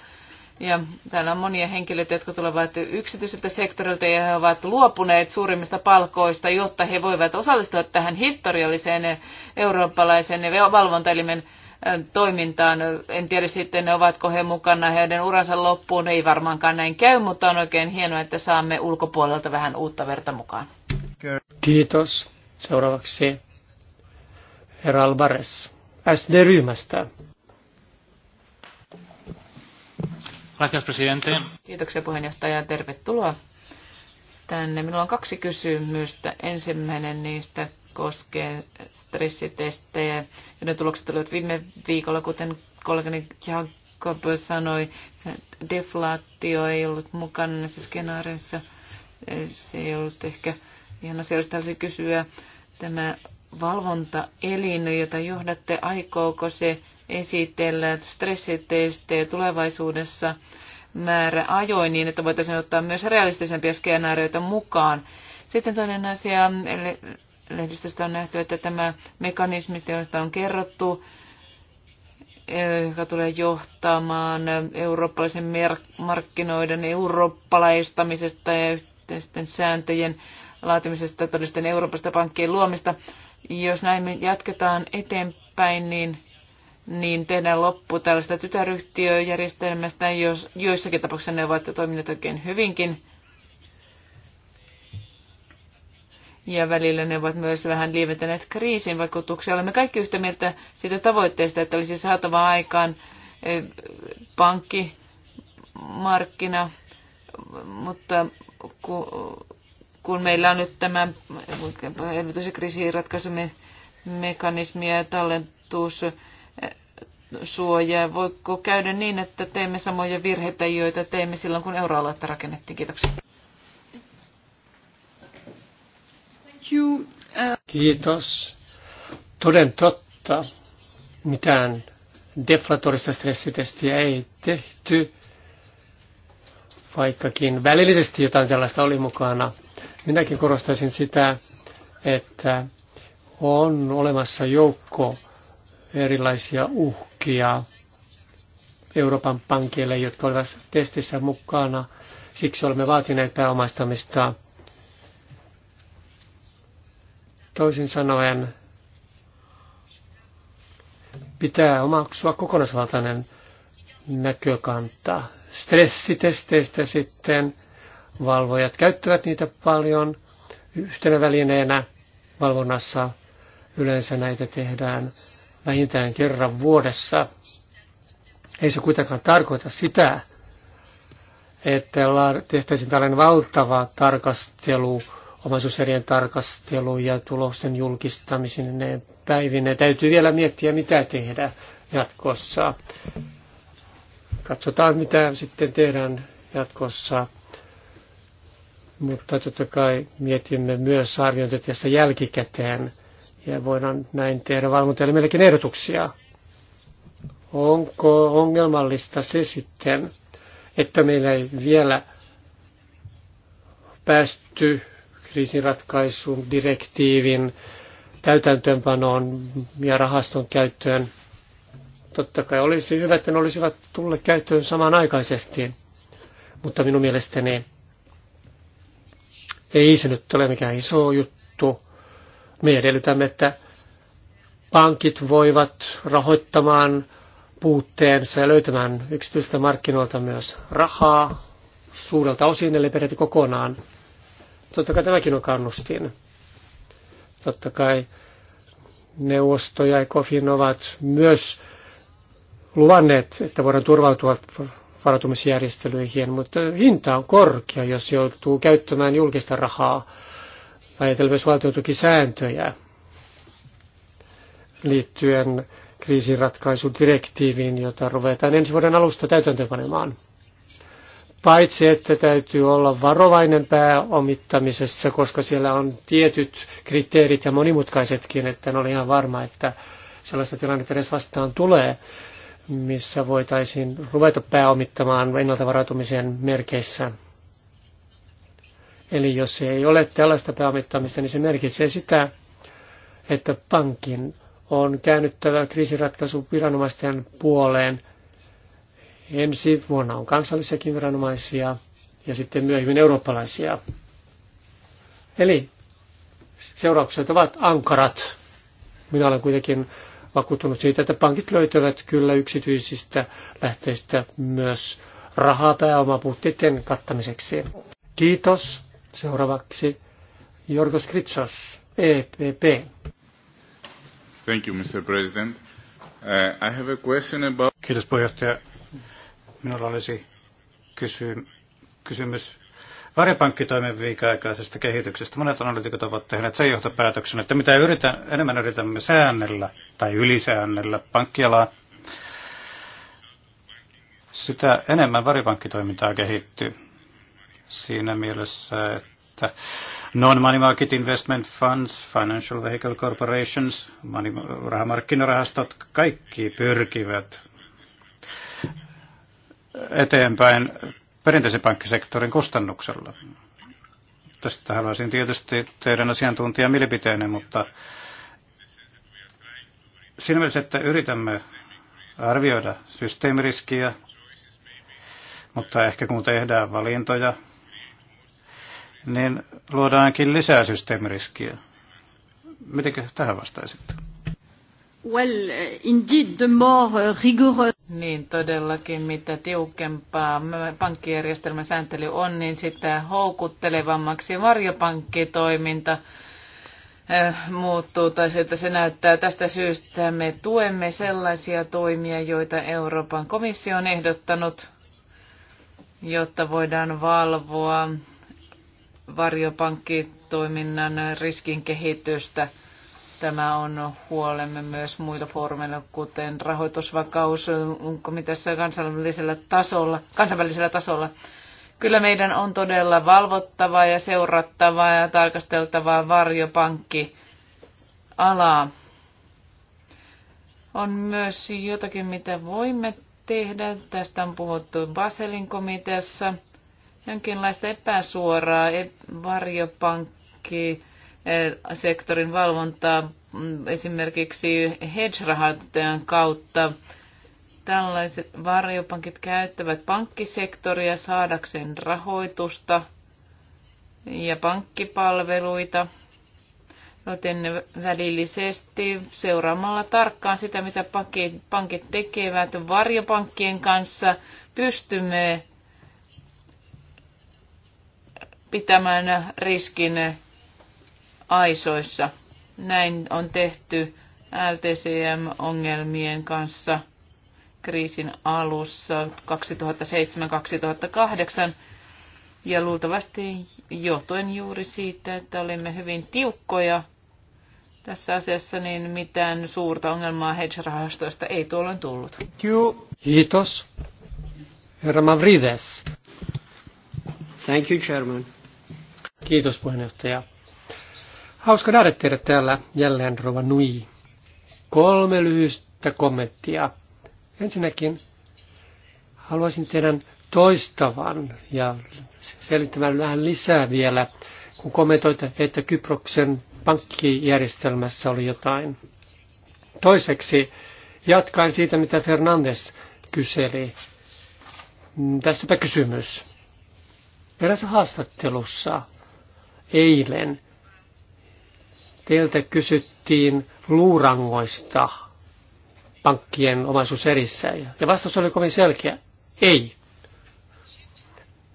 Ja täällä on monia henkilöitä, jotka tulevat yksityiseltä sektorilta ja he ovat luopuneet suurimmista palkoista, jotta he voivat osallistua tähän historialliseen eurooppalaisen valvontaelimen toimintaan. En tiedä sitten, ovatko he mukana heidän uransa loppuun. Ei varmaankaan näin käy, mutta on oikein hienoa, että saamme ulkopuolelta vähän uutta verta mukaan. Kiitos. Seuraavaksi herra Alvarez SD-ryhmästä. Kiitoksia puheenjohtaja ja tervetuloa tänne. Minulla on kaksi kysymystä. Ensimmäinen niistä koskee stressitestejä, joiden tulokset olivat viime viikolla, kuten kollegani Jakob sanoi, se deflaatio ei ollut mukana näissä skenaarioissa. Se ei ollut ehkä ihan asiallista kysyä, Tämä valvontaelin, jota johdatte, aikooko se esitellä stressitestejä tulevaisuudessa määrä ajoin niin, että voitaisiin ottaa myös realistisempia skenaarioita mukaan. Sitten toinen asia, lehdistöstä on nähty, että tämä mekanismi, josta on kerrottu, eh, joka tulee johtamaan eurooppalaisen markkinoiden eurooppalaistamisesta ja yhteisten sääntöjen laatimisesta, todisten Euroopasta pankkien luomista. Jos näin me jatketaan eteenpäin, niin, niin tehdään loppu tällaista tytäryhtiöjärjestelmästä, jos joissakin tapauksissa ne ovat toimineet oikein hyvinkin. ja välillä ne ovat myös vähän lieventäneet kriisin vaikutuksia. Olemme kaikki yhtä mieltä siitä tavoitteesta, että olisi saatava aikaan e, pankkimarkkina, mutta kun meillä on nyt tämä elvytys- ja kriisiratkaisumekanismi ja tallentuus suojaa. Voiko käydä niin, että teemme samoja virheitä, joita teimme silloin, kun euroaluetta rakennettiin? Kiitoksia. Uh, Kiitos. Toden totta, mitään deflatorista stressitestiä ei tehty, vaikkakin välillisesti jotain tällaista oli mukana – Minäkin korostaisin sitä, että on olemassa joukko erilaisia uhkia Euroopan pankille, jotka olivat testissä mukana. Siksi olemme vaatineet pääomaistamista. Toisin sanoen, pitää omaksua kokonaisvaltainen näkökanta. Stressitesteistä sitten valvojat käyttävät niitä paljon yhtenä välineenä valvonnassa. Yleensä näitä tehdään vähintään kerran vuodessa. Ei se kuitenkaan tarkoita sitä, että tehtäisiin tällainen valtava tarkastelu, omaisuuserien tarkastelu ja tulosten julkistamisen ne niin päivinä. Täytyy vielä miettiä, mitä tehdä jatkossa. Katsotaan, mitä sitten tehdään jatkossa mutta totta kai mietimme myös arviointia jälkikäteen ja voidaan näin tehdä valvontaelimillekin ehdotuksia. Onko ongelmallista se sitten, että meillä ei vielä päästy kriisinratkaisun direktiivin, täytäntöönpanoon ja rahaston käyttöön. Totta kai olisi hyvä, että ne olisivat tulleet käyttöön samanaikaisesti, mutta minun mielestäni ei se nyt ole mikään iso juttu. Me edellytämme, että pankit voivat rahoittamaan puutteensa ja löytämään yksityistä markkinoilta myös rahaa suurelta osin, eli peräti kokonaan. Totta kai tämäkin on kannustin. Totta kai neuvosto ja ECOFIN ovat myös luvanneet, että voidaan turvautua varautumisjärjestelyihin, mutta hinta on korkea, jos joutuu käyttämään julkista rahaa. Ajatellaan myös valtiotukisääntöjä liittyen kriisinratkaisudirektiiviin, jota ruvetaan ensi vuoden alusta täytäntöönpanemaan. Paitsi, että täytyy olla varovainen pääomittamisessa, koska siellä on tietyt kriteerit ja monimutkaisetkin, että en ole ihan varma, että sellaista tilannetta edes vastaan tulee missä voitaisiin ruveta pääomittamaan ennalta varautumisen merkeissä. Eli jos ei ole tällaista pääomittamista, niin se merkitsee sitä, että pankin on käännyttävä viranomaisten puoleen. Ensi vuonna on kansallisiakin viranomaisia ja sitten myöhemmin eurooppalaisia. Eli seuraukset ovat ankarat. Minä olen kuitenkin vakuuttunut siitä, että pankit löytävät kyllä yksityisistä lähteistä myös rahaa pääomapuutteiden kattamiseksi. Kiitos. Seuraavaksi Jorgos Kritsos, EPP. Thank you, Mr. President. Uh, I have a question about... Kiitos puheenjohtaja. Minulla olisi kysy- kysymys varjopankkitoimen viikeaikaisesta kehityksestä. Monet analytikot ovat tehneet sen johtopäätöksen, että mitä yritän, enemmän yritämme säännellä tai ylisäännellä pankkialaa, sitä enemmän varipankkitoimintaa kehittyy. Siinä mielessä, että non-money market investment funds, financial vehicle corporations, money, rahamarkkinarahastot, kaikki pyrkivät eteenpäin perinteisen pankkisektorin kustannuksella. Tästä haluaisin tietysti teidän asiantuntijan mielipiteenne, mutta siinä mielessä, että yritämme arvioida systeemiriskiä, mutta ehkä kun tehdään valintoja, niin luodaankin lisää systeemiriskiä. Miten tähän vastaisitte? Well, indeed, the more uh, rigorous... Niin todellakin, mitä tiukempaa pankkijärjestelmän sääntely on, niin sitä houkuttelevammaksi varjopankkitoiminta eh, muuttuu tai että se näyttää tästä syystä. Me tuemme sellaisia toimia, joita Euroopan komissio on ehdottanut, jotta voidaan valvoa varjopankkitoiminnan riskin kehitystä – Tämä on huolemme myös muilla foorumeilla, kuten rahoitusvakaus, onko mitässä kansainvälisellä tasolla, kansainvälisellä tasolla. Kyllä meidän on todella valvottava ja seurattava ja tarkasteltava varjopankki alaa. On myös jotakin, mitä voimme tehdä. Tästä on puhuttu Baselin komiteassa. Jonkinlaista epäsuoraa e- varjopankki Eh, sektorin valvontaa mm, esimerkiksi hedge-rahoittajan kautta. Tällaiset varjopankit käyttävät pankkisektoria saadakseen rahoitusta ja pankkipalveluita, joten välillisesti seuraamalla tarkkaan sitä, mitä pankit tekevät varjopankkien kanssa, pystymme pitämään riskin aisoissa. Näin on tehty LTCM-ongelmien kanssa kriisin alussa 2007-2008 ja luultavasti johtuen juuri siitä, että olimme hyvin tiukkoja tässä asiassa, niin mitään suurta ongelmaa hedge-rahastoista ei tuolloin tullut. Kiitos. Herra Mavrides. Thank you, Chairman. Kiitos puheenjohtaja. Hauska nähdä teidät täällä jälleen, Rova Nui. Kolme lyhyistä kommenttia. Ensinnäkin haluaisin teidän toistavan ja selittämään vähän lisää vielä, kun kommentoitte, että Kyproksen pankkijärjestelmässä oli jotain. Toiseksi jatkaen siitä, mitä Fernandes kyseli. Tässäpä kysymys. Perässä haastattelussa eilen Teiltä kysyttiin luurangoista pankkien omaisuuserissä ja vastaus oli kovin selkeä. Ei.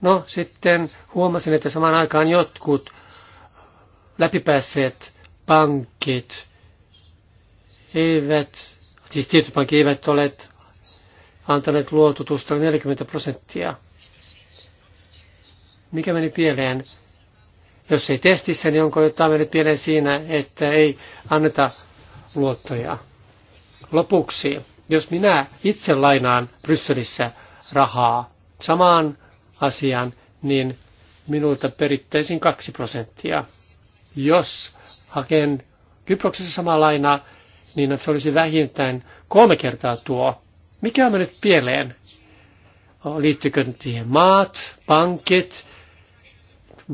No sitten huomasin, että samaan aikaan jotkut läpipäässeet pankit eivät, siis tietyt pankit eivät ole antaneet luotutusta 40 prosenttia. Mikä meni pieleen? Jos ei testissä, niin onko jotain mennyt pieleen siinä, että ei anneta luottoja. Lopuksi, jos minä itse lainaan Brysselissä rahaa samaan asiaan, niin minulta perittäisiin 2 prosenttia. Jos haken Kyproksessa samaa lainaa, niin se olisi vähintään kolme kertaa tuo. Mikä on mennyt pieleen? Liittyykö siihen maat, pankit,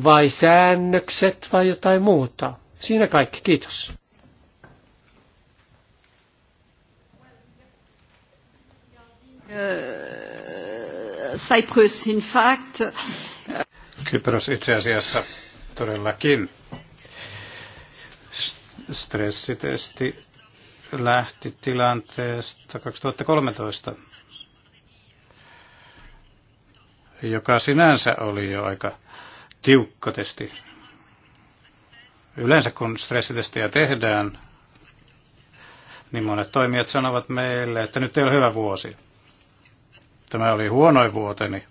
vai säännökset vai jotain muuta. Siinä kaikki, kiitos. Äh, Cyprus in fact. Kypros itse asiassa todellakin. Stressitesti lähti tilanteesta 2013, joka sinänsä oli jo aika tiukka testi. Yleensä kun stressitestejä tehdään, niin monet toimijat sanovat meille, että nyt ei ole hyvä vuosi. Tämä oli huonoin vuoteni.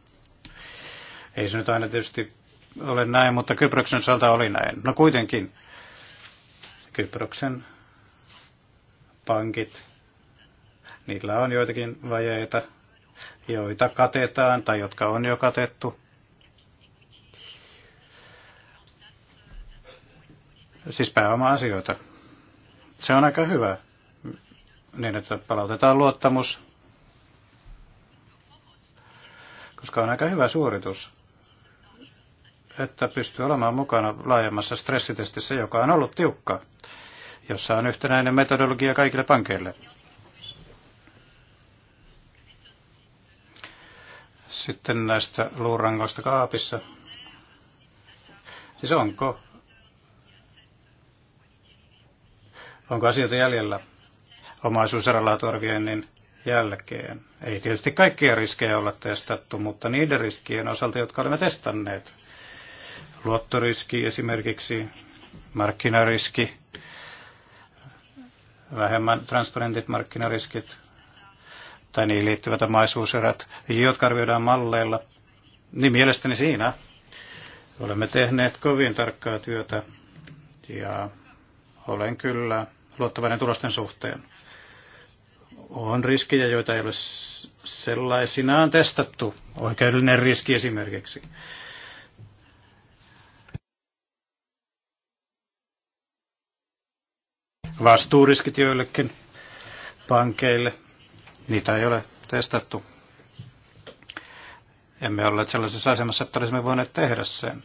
Ei se nyt aina tietysti ole näin, mutta Kyproksen salta oli näin. No kuitenkin Kyproksen pankit, niillä on joitakin vajeita, joita katetaan tai jotka on jo katettu. siis pääoma-asioita. Se on aika hyvä, niin että palautetaan luottamus, koska on aika hyvä suoritus, että pystyy olemaan mukana laajemmassa stressitestissä, joka on ollut tiukka, jossa on yhtenäinen metodologia kaikille pankeille. Sitten näistä luurangoista kaapissa. Siis onko Onko asioita jäljellä omaisuuserälaatuarvioinnin jälkeen? Ei tietysti kaikkia riskejä olla testattu, mutta niiden riskien osalta, jotka olemme testanneet, luottoriski esimerkiksi, markkinariski, vähemmän transparentit markkinariskit tai niihin liittyvät omaisuuserät, jotka arvioidaan malleilla, niin mielestäni siinä olemme tehneet kovin tarkkaa työtä ja olen kyllä luottavainen tulosten suhteen. On riskejä, joita ei ole sellaisinaan testattu. Oikeudellinen riski esimerkiksi. Vastuuriskit joillekin pankeille. Niitä ei ole testattu. Emme ole sellaisessa asemassa, että olisimme voineet tehdä sen.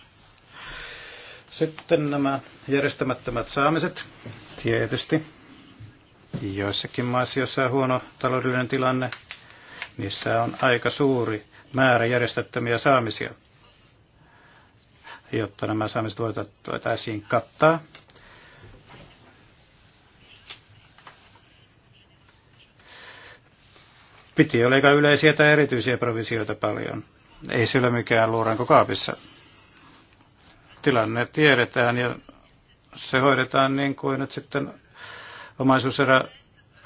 Sitten nämä järjestämättömät saamiset, tietysti. Joissakin maissa, joissa on huono taloudellinen tilanne, niissä on aika suuri määrä järjestettömiä saamisia, jotta nämä saamiset voitaisiin kattaa. Piti olla aika yleisiä tai erityisiä provisioita paljon. Ei se ole mikään luuranko kaapissa tilanne tiedetään ja se hoidetaan niin kuin nyt sitten omaisuuserä,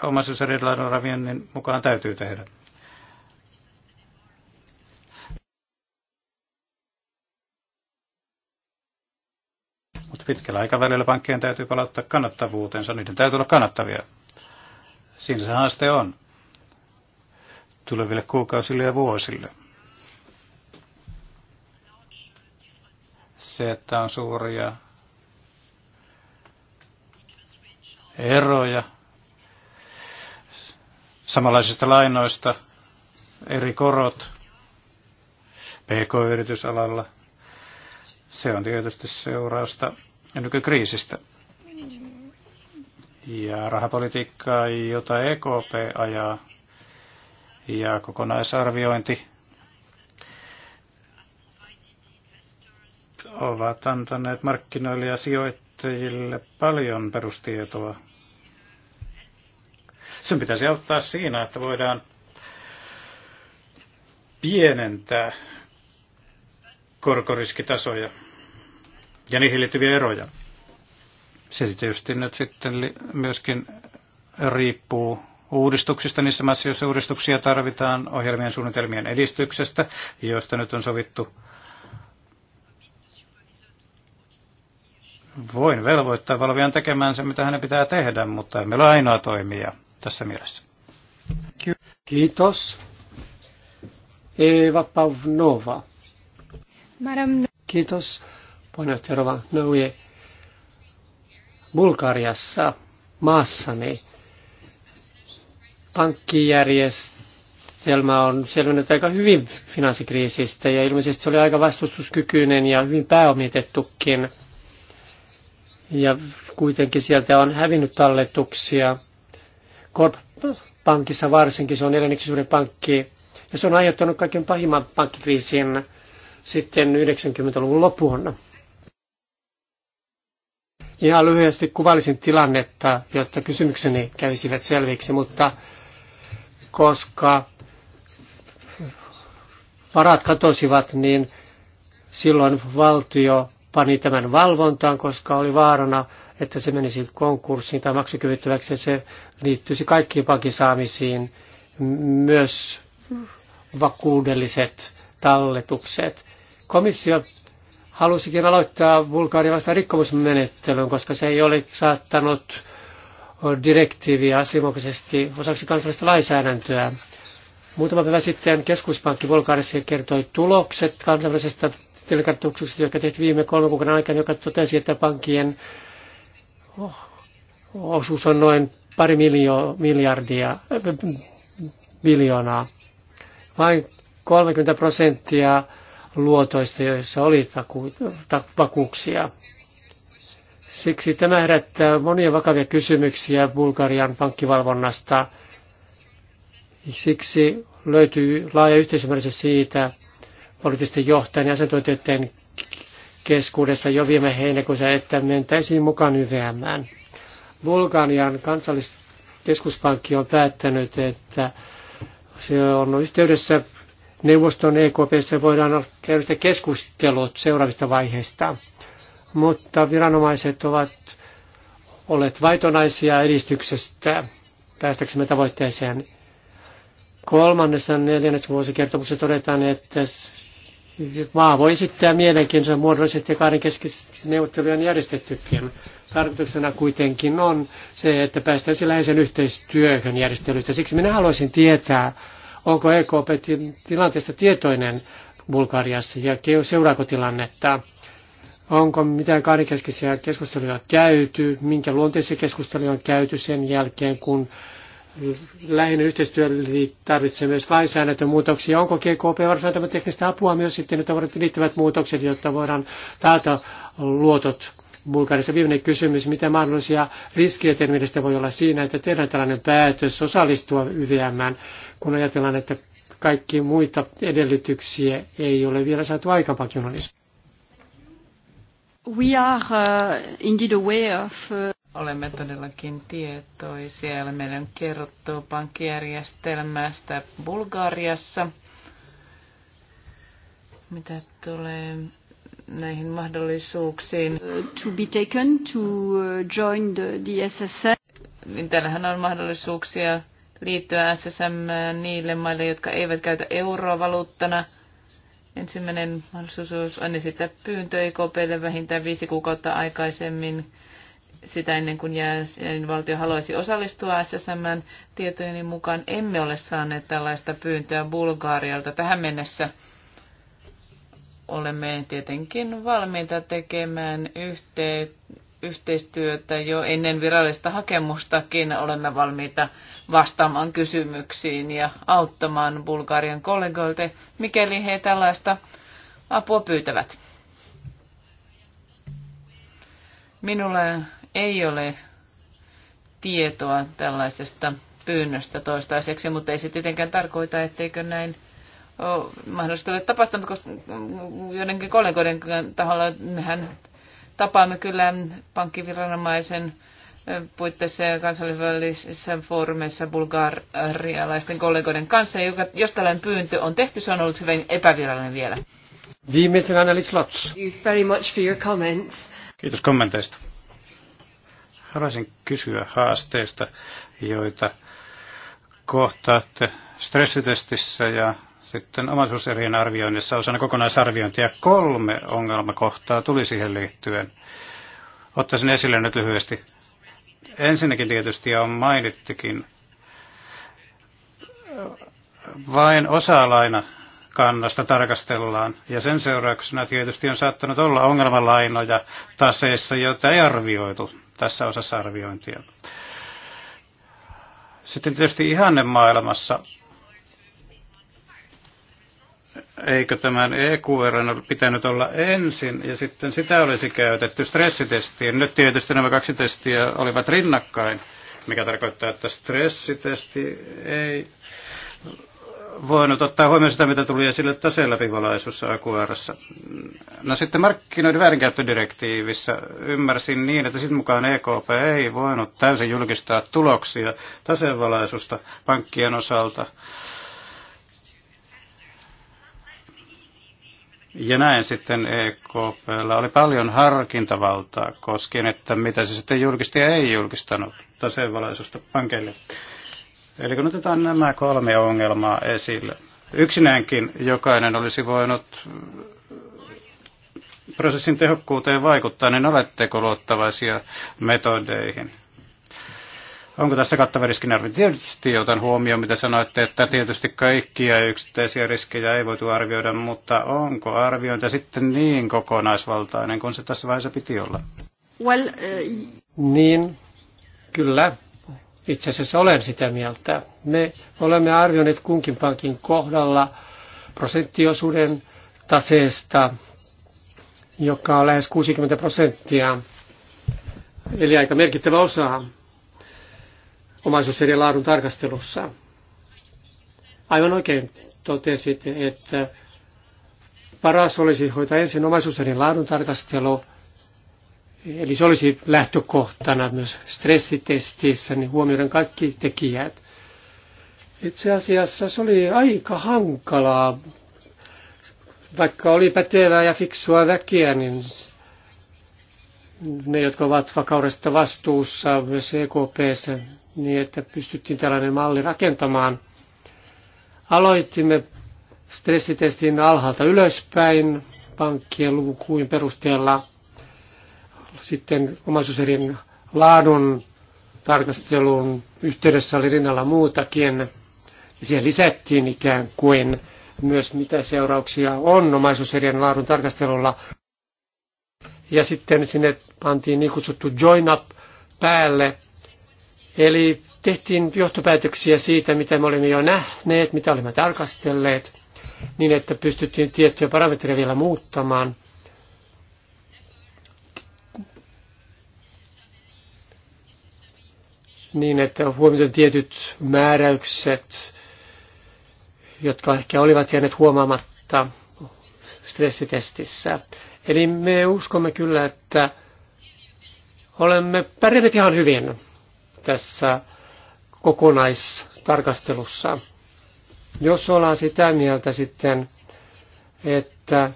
omaisuuserillä oravien niin mukaan täytyy tehdä. Mutta pitkällä aikavälillä pankkien täytyy palauttaa kannattavuutensa. Niiden täytyy olla kannattavia. Siinä se haaste on tuleville kuukausille ja vuosille. se, että on suuria eroja samanlaisista lainoista, eri korot pk-yritysalalla. Se on tietysti seurausta nykykriisistä ja rahapolitiikkaa, jota EKP ajaa, ja kokonaisarviointi ovat antaneet markkinoille ja sijoittajille paljon perustietoa. Sen pitäisi auttaa siinä, että voidaan pienentää korkoriskitasoja ja niihin liittyviä eroja. Se tietysti nyt sitten myöskin riippuu uudistuksista. Niissä maissa, joissa uudistuksia tarvitaan, ohjelmien suunnitelmien edistyksestä, joista nyt on sovittu voin velvoittaa valvojan tekemään se, mitä hänen pitää tehdä, mutta emme ole ainoa toimija tässä mielessä. Kiitos. Eva Pavnova. Madame... Kiitos. Ponjaterova Nouje. Bulgariassa, maassani, pankkijärjestelmä on selvinnyt aika hyvin finanssikriisistä ja ilmeisesti se oli aika vastustuskykyinen ja hyvin pääomitettukin – ja kuitenkin sieltä on hävinnyt talletuksia. Korp-pankissa varsinkin, se on neljänneksi suurin pankki, ja se on aiheuttanut kaiken pahimman pankkikriisin sitten 90-luvun lopuun. Ihan lyhyesti kuvailisin tilannetta, jotta kysymykseni kävisivät selviksi, mutta koska varat katosivat, niin silloin valtio pani tämän valvontaan, koska oli vaarana, että se menisi konkurssiin tai maksukyvyttömäksi ja se liittyisi kaikkiin pankisaamisiin, myös vakuudelliset talletukset. Komissio halusikin aloittaa Bulgaaria vasta rikkomusmenettelyn, koska se ei ole saattanut direktiiviä asianmukaisesti osaksi kansallista lainsäädäntöä. Muutama päivä sitten keskuspankki Bulgaarissa kertoi tulokset kansallisesta telekartoituksesta, joka tehtiin viime kolmen kuukauden aikana, joka totesi, että pankkien osuus on noin pari miljo, miljardia, miljoonaa. Vain 30 prosenttia luotoista, joissa oli taku, tak, vakuuksia. Siksi tämä herättää monia vakavia kysymyksiä Bulgarian pankkivalvonnasta. Siksi löytyy laaja yhteisymmärrys siitä, poliittisten johtajien ja asiantuntijoiden keskuudessa jo viime heinäkuussa, että mentäisiin mukaan YVMään. Bulgarian kansalliskeskuspankki on päättänyt, että se on yhteydessä neuvoston se voidaan käydä keskustelut seuraavista vaiheista. Mutta viranomaiset ovat olleet vaitonaisia edistyksestä päästäksemme tavoitteeseen. Kolmannessa neljännessä vuosikertomuksessa todetaan, että maa voi esittää mielenkiintoisen muodollisesti ja kahden neuvotteluja neuvottelujen järjestettykin. Tarkoituksena kuitenkin on se, että päästäisiin läheisen yhteistyöhön järjestelystä. Siksi minä haluaisin tietää, onko EKP tilanteesta tietoinen Bulgariassa ja seuraako tilannetta. Onko mitään kahdenkeskisiä keskusteluja käyty, minkä luonteisia keskusteluja on käyty sen jälkeen, kun lähinnä yhteistyölle tarvitsee myös lainsäädäntömuutoksia. Onko GKP varsinainen teknistä apua myös sitten, että voidaan liittyvät muutokset, jotta voidaan taata luotot Bulgarissa viimeinen kysymys, mitä mahdollisia riskejä teidän voi olla siinä, että tehdään tällainen päätös osallistua YVM, kun ajatellaan, että kaikki muita edellytyksiä ei ole vielä saatu aikaan pakionalissa? We are uh, indeed aware of... Uh, olemme todellakin tietoisia. Ja meidän on kerrottu pankkijärjestelmästä Bulgariassa. Mitä tulee näihin mahdollisuuksiin? To be taken to uh, join the, the SSM. Niin täällähän on mahdollisuuksia liittyä SSM niille maille, jotka eivät käytä euroa valuuttana. Ensimmäinen mahdollisuus on esittää pyyntö EKPlle vähintään viisi kuukautta aikaisemmin sitä ennen kuin jäsenvaltio haluaisi osallistua SSMn tietojeni mukaan, emme ole saaneet tällaista pyyntöä Bulgaarialta tähän mennessä. Olemme tietenkin valmiita tekemään yhteistyötä jo ennen virallista hakemustakin. Olemme valmiita vastaamaan kysymyksiin ja auttamaan Bulgarian kollegoilta, mikäli he tällaista apua pyytävät. Minulle ei ole tietoa tällaisesta pyynnöstä toistaiseksi, mutta ei se tietenkään tarkoita, etteikö näin mahdollisesti ole tapahtunut, koska joidenkin kollegoiden taholla mehän tapaamme kyllä pankkiviranomaisen puitteissa ja kansainvälisissä foorumeissa bulgarialaisten kollegoiden kanssa, joka, jos tällainen pyyntö on tehty, se on ollut hyvin epävirallinen vielä. Viimeisenä Anneli Slots. Kiitos kommenteista. Haluaisin kysyä haasteista, joita kohtaatte stressitestissä ja sitten omaisuuserien arvioinnissa osana kokonaisarviointia. Kolme ongelmakohtaa tuli siihen liittyen. Ottaisin esille nyt lyhyesti. Ensinnäkin tietysti on mainittikin vain osa laina kannasta tarkastellaan, ja sen seurauksena tietysti on saattanut olla ongelmalainoja taseissa, joita ei arvioitu tässä osassa arviointia. Sitten tietysti ihanne maailmassa eikö tämän EQR pitänyt olla ensin ja sitten sitä olisi käytetty stressitestiin. Nyt tietysti nämä kaksi testiä olivat rinnakkain, mikä tarkoittaa, että stressitesti ei voinut ottaa huomioon sitä, mitä tuli esille taseen läpivalaisussa AQRssa. No sitten markkinoiden väärinkäyttödirektiivissä ymmärsin niin, että sitten mukaan EKP ei voinut täysin julkistaa tuloksia taseenvalaisusta pankkien osalta. Ja näin sitten EKPllä oli paljon harkintavaltaa koskien, että mitä se sitten julkisti ja ei julkistanut taseenvalaisusta pankeille. Eli kun otetaan nämä kolme ongelmaa esille, yksinäänkin jokainen olisi voinut prosessin tehokkuuteen vaikuttaa, niin oletteko luottavaisia metodeihin? Onko tässä kattava riskinarvio? Tietysti otan huomioon, mitä sanoitte, että tietysti kaikkia yksittäisiä riskejä ei voitu arvioida, mutta onko arviointi sitten niin kokonaisvaltainen kuin se tässä vaiheessa piti olla? Well, uh... Niin, kyllä. Itse asiassa olen sitä mieltä. Me olemme arvioineet kunkin pankin kohdalla prosenttiosuuden taseesta, joka on lähes 60 prosenttia, eli aika merkittävä osa omaisuuserien laadun tarkastelussa. Aivan oikein totesit, että paras olisi hoitaa ensin omaisuuserien laadun tarkastelu Eli se olisi lähtökohtana myös stressitestissä, niin huomioiden kaikki tekijät. Itse asiassa se oli aika hankalaa. Vaikka oli pätevää ja fiksua väkeä, niin ne, jotka ovat vakaudesta vastuussa myös EKPssä, niin että pystyttiin tällainen malli rakentamaan. Aloitimme stressitestin alhaalta ylöspäin pankkien lukuin perusteella sitten omaisuuserien laadun tarkastelun yhteydessä oli rinnalla muutakin. Ja siihen lisättiin ikään kuin myös mitä seurauksia on omaisuuserien laadun tarkastelulla. Ja sitten sinne pantiin niin kutsuttu join up päälle. Eli tehtiin johtopäätöksiä siitä, mitä me olimme jo nähneet, mitä olimme tarkastelleet, niin että pystyttiin tiettyjä parametreja vielä muuttamaan. niin, että huomioon tietyt määräykset, jotka ehkä olivat jääneet huomaamatta stressitestissä. Eli me uskomme kyllä, että olemme pärjänneet ihan hyvin tässä kokonaistarkastelussa. Jos ollaan sitä mieltä sitten, että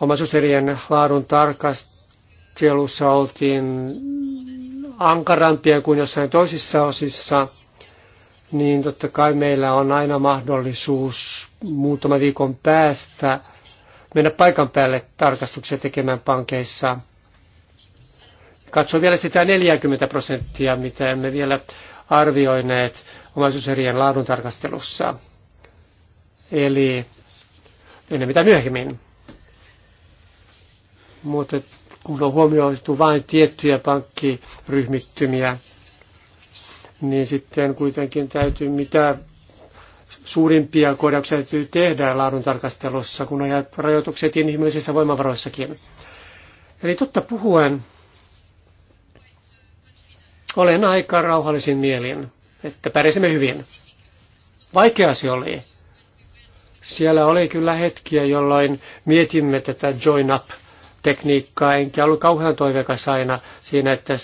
omaisuuserien laadun tarkastelussa oltiin ankarampia kuin jossain toisissa osissa, niin totta kai meillä on aina mahdollisuus muutama viikon päästä mennä paikan päälle tarkastuksia tekemään pankeissa. Katso vielä sitä 40 prosenttia, mitä emme vielä arvioineet omaisuuserien laadun tarkastelussa. Eli ennen mitä myöhemmin. Mutta kun on huomioitu vain tiettyjä pankkiryhmittymiä, niin sitten kuitenkin täytyy mitä suurimpia korjauksia täytyy tehdä tarkastelussa, kun on rajoitukset inhimillisissä voimavaroissakin. Eli totta puhuen, olen aika rauhallisin mielin, että pärjäsimme hyvin. Vaikea se oli. Siellä oli kyllä hetkiä, jolloin mietimme tätä join up tekniikkaa, enkä ollut kauhean toiveikas aina siinä, että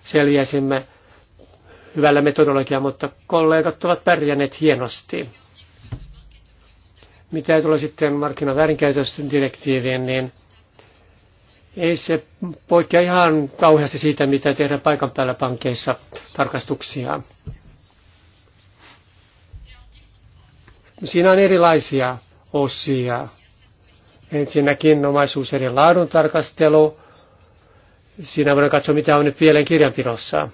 selviäisimme hyvällä metodologiaa, mutta kollegat ovat pärjänneet hienosti. Mitä tulee sitten markkinan direktiiviin, niin ei se poikkea ihan kauheasti siitä, mitä tehdään paikan päällä pankeissa tarkastuksia. Siinä on erilaisia osia. Ensinnäkin eri laadun tarkastelu. Siinä voidaan katsoa, mitä on nyt pielen kirjanpidossa.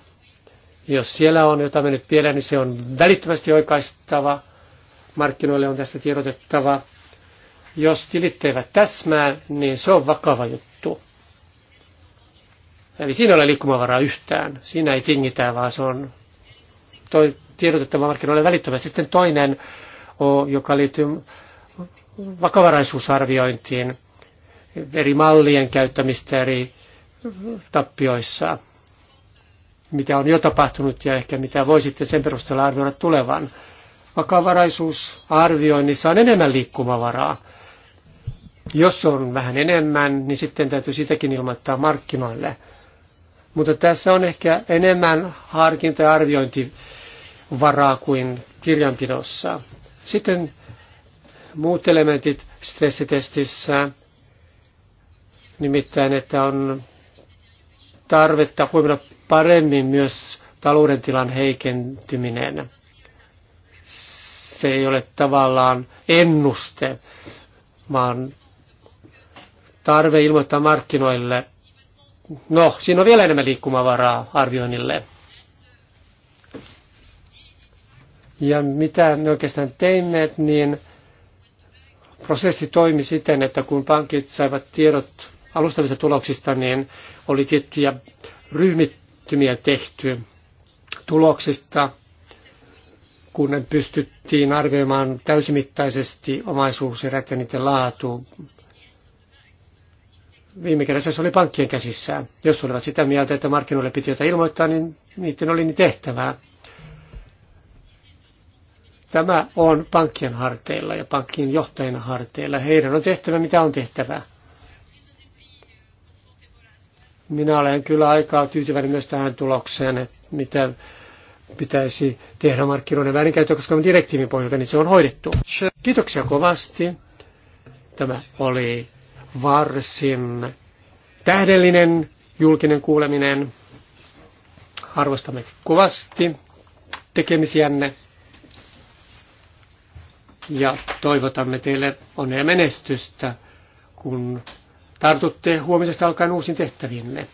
Jos siellä on jotain mennyt pieleen, niin se on välittömästi oikaistava. Markkinoille on tästä tiedotettava. Jos tilit eivät täsmää, niin se on vakava juttu. Eli siinä ei ole liikkumavaraa yhtään. Siinä ei tingitä, vaan se on toi tiedotettava markkinoille välittömästi. Sitten toinen, joka liittyy vakavaraisuusarviointiin eri mallien käyttämistä eri tappioissa, mitä on jo tapahtunut ja ehkä mitä voi sitten sen perusteella arvioida tulevan. Vakavaraisuusarvioinnissa on enemmän liikkumavaraa. Jos on vähän enemmän, niin sitten täytyy sitäkin ilmoittaa markkinoille. Mutta tässä on ehkä enemmän harkinta- ja arviointivaraa kuin kirjanpidossa. Sitten muut elementit stressitestissä, nimittäin, että on tarvetta huomioida paremmin myös talouden tilan heikentyminen. Se ei ole tavallaan ennuste, vaan tarve ilmoittaa markkinoille. No, siinä on vielä enemmän liikkumavaraa arvioinnille. Ja mitä me oikeastaan teimme, niin prosessi toimi siten, että kun pankit saivat tiedot alustavista tuloksista, niin oli tiettyjä ryhmittymiä tehty tuloksista, kun ne pystyttiin arvioimaan täysimittaisesti omaisuuserät ja niiden laatu. Viime kädessä se oli pankkien käsissään. Jos olivat sitä mieltä, että markkinoille piti jotain ilmoittaa, niin niiden oli niin tehtävää. Tämä on pankkien harteilla ja pankkien johtajien harteilla. Heidän on tehtävä, mitä on tehtävää. Minä olen kyllä aika tyytyväinen myös tähän tulokseen, että mitä pitäisi tehdä markkinoiden väärinkäyttöä on direktiivin pohjalta, niin se on hoidettu. Kiitoksia kovasti. Tämä oli varsin tähdellinen julkinen kuuleminen. Arvostamme kovasti tekemisiänne ja toivotamme teille onnea menestystä, kun tartutte huomisesta alkaen uusin tehtävinne.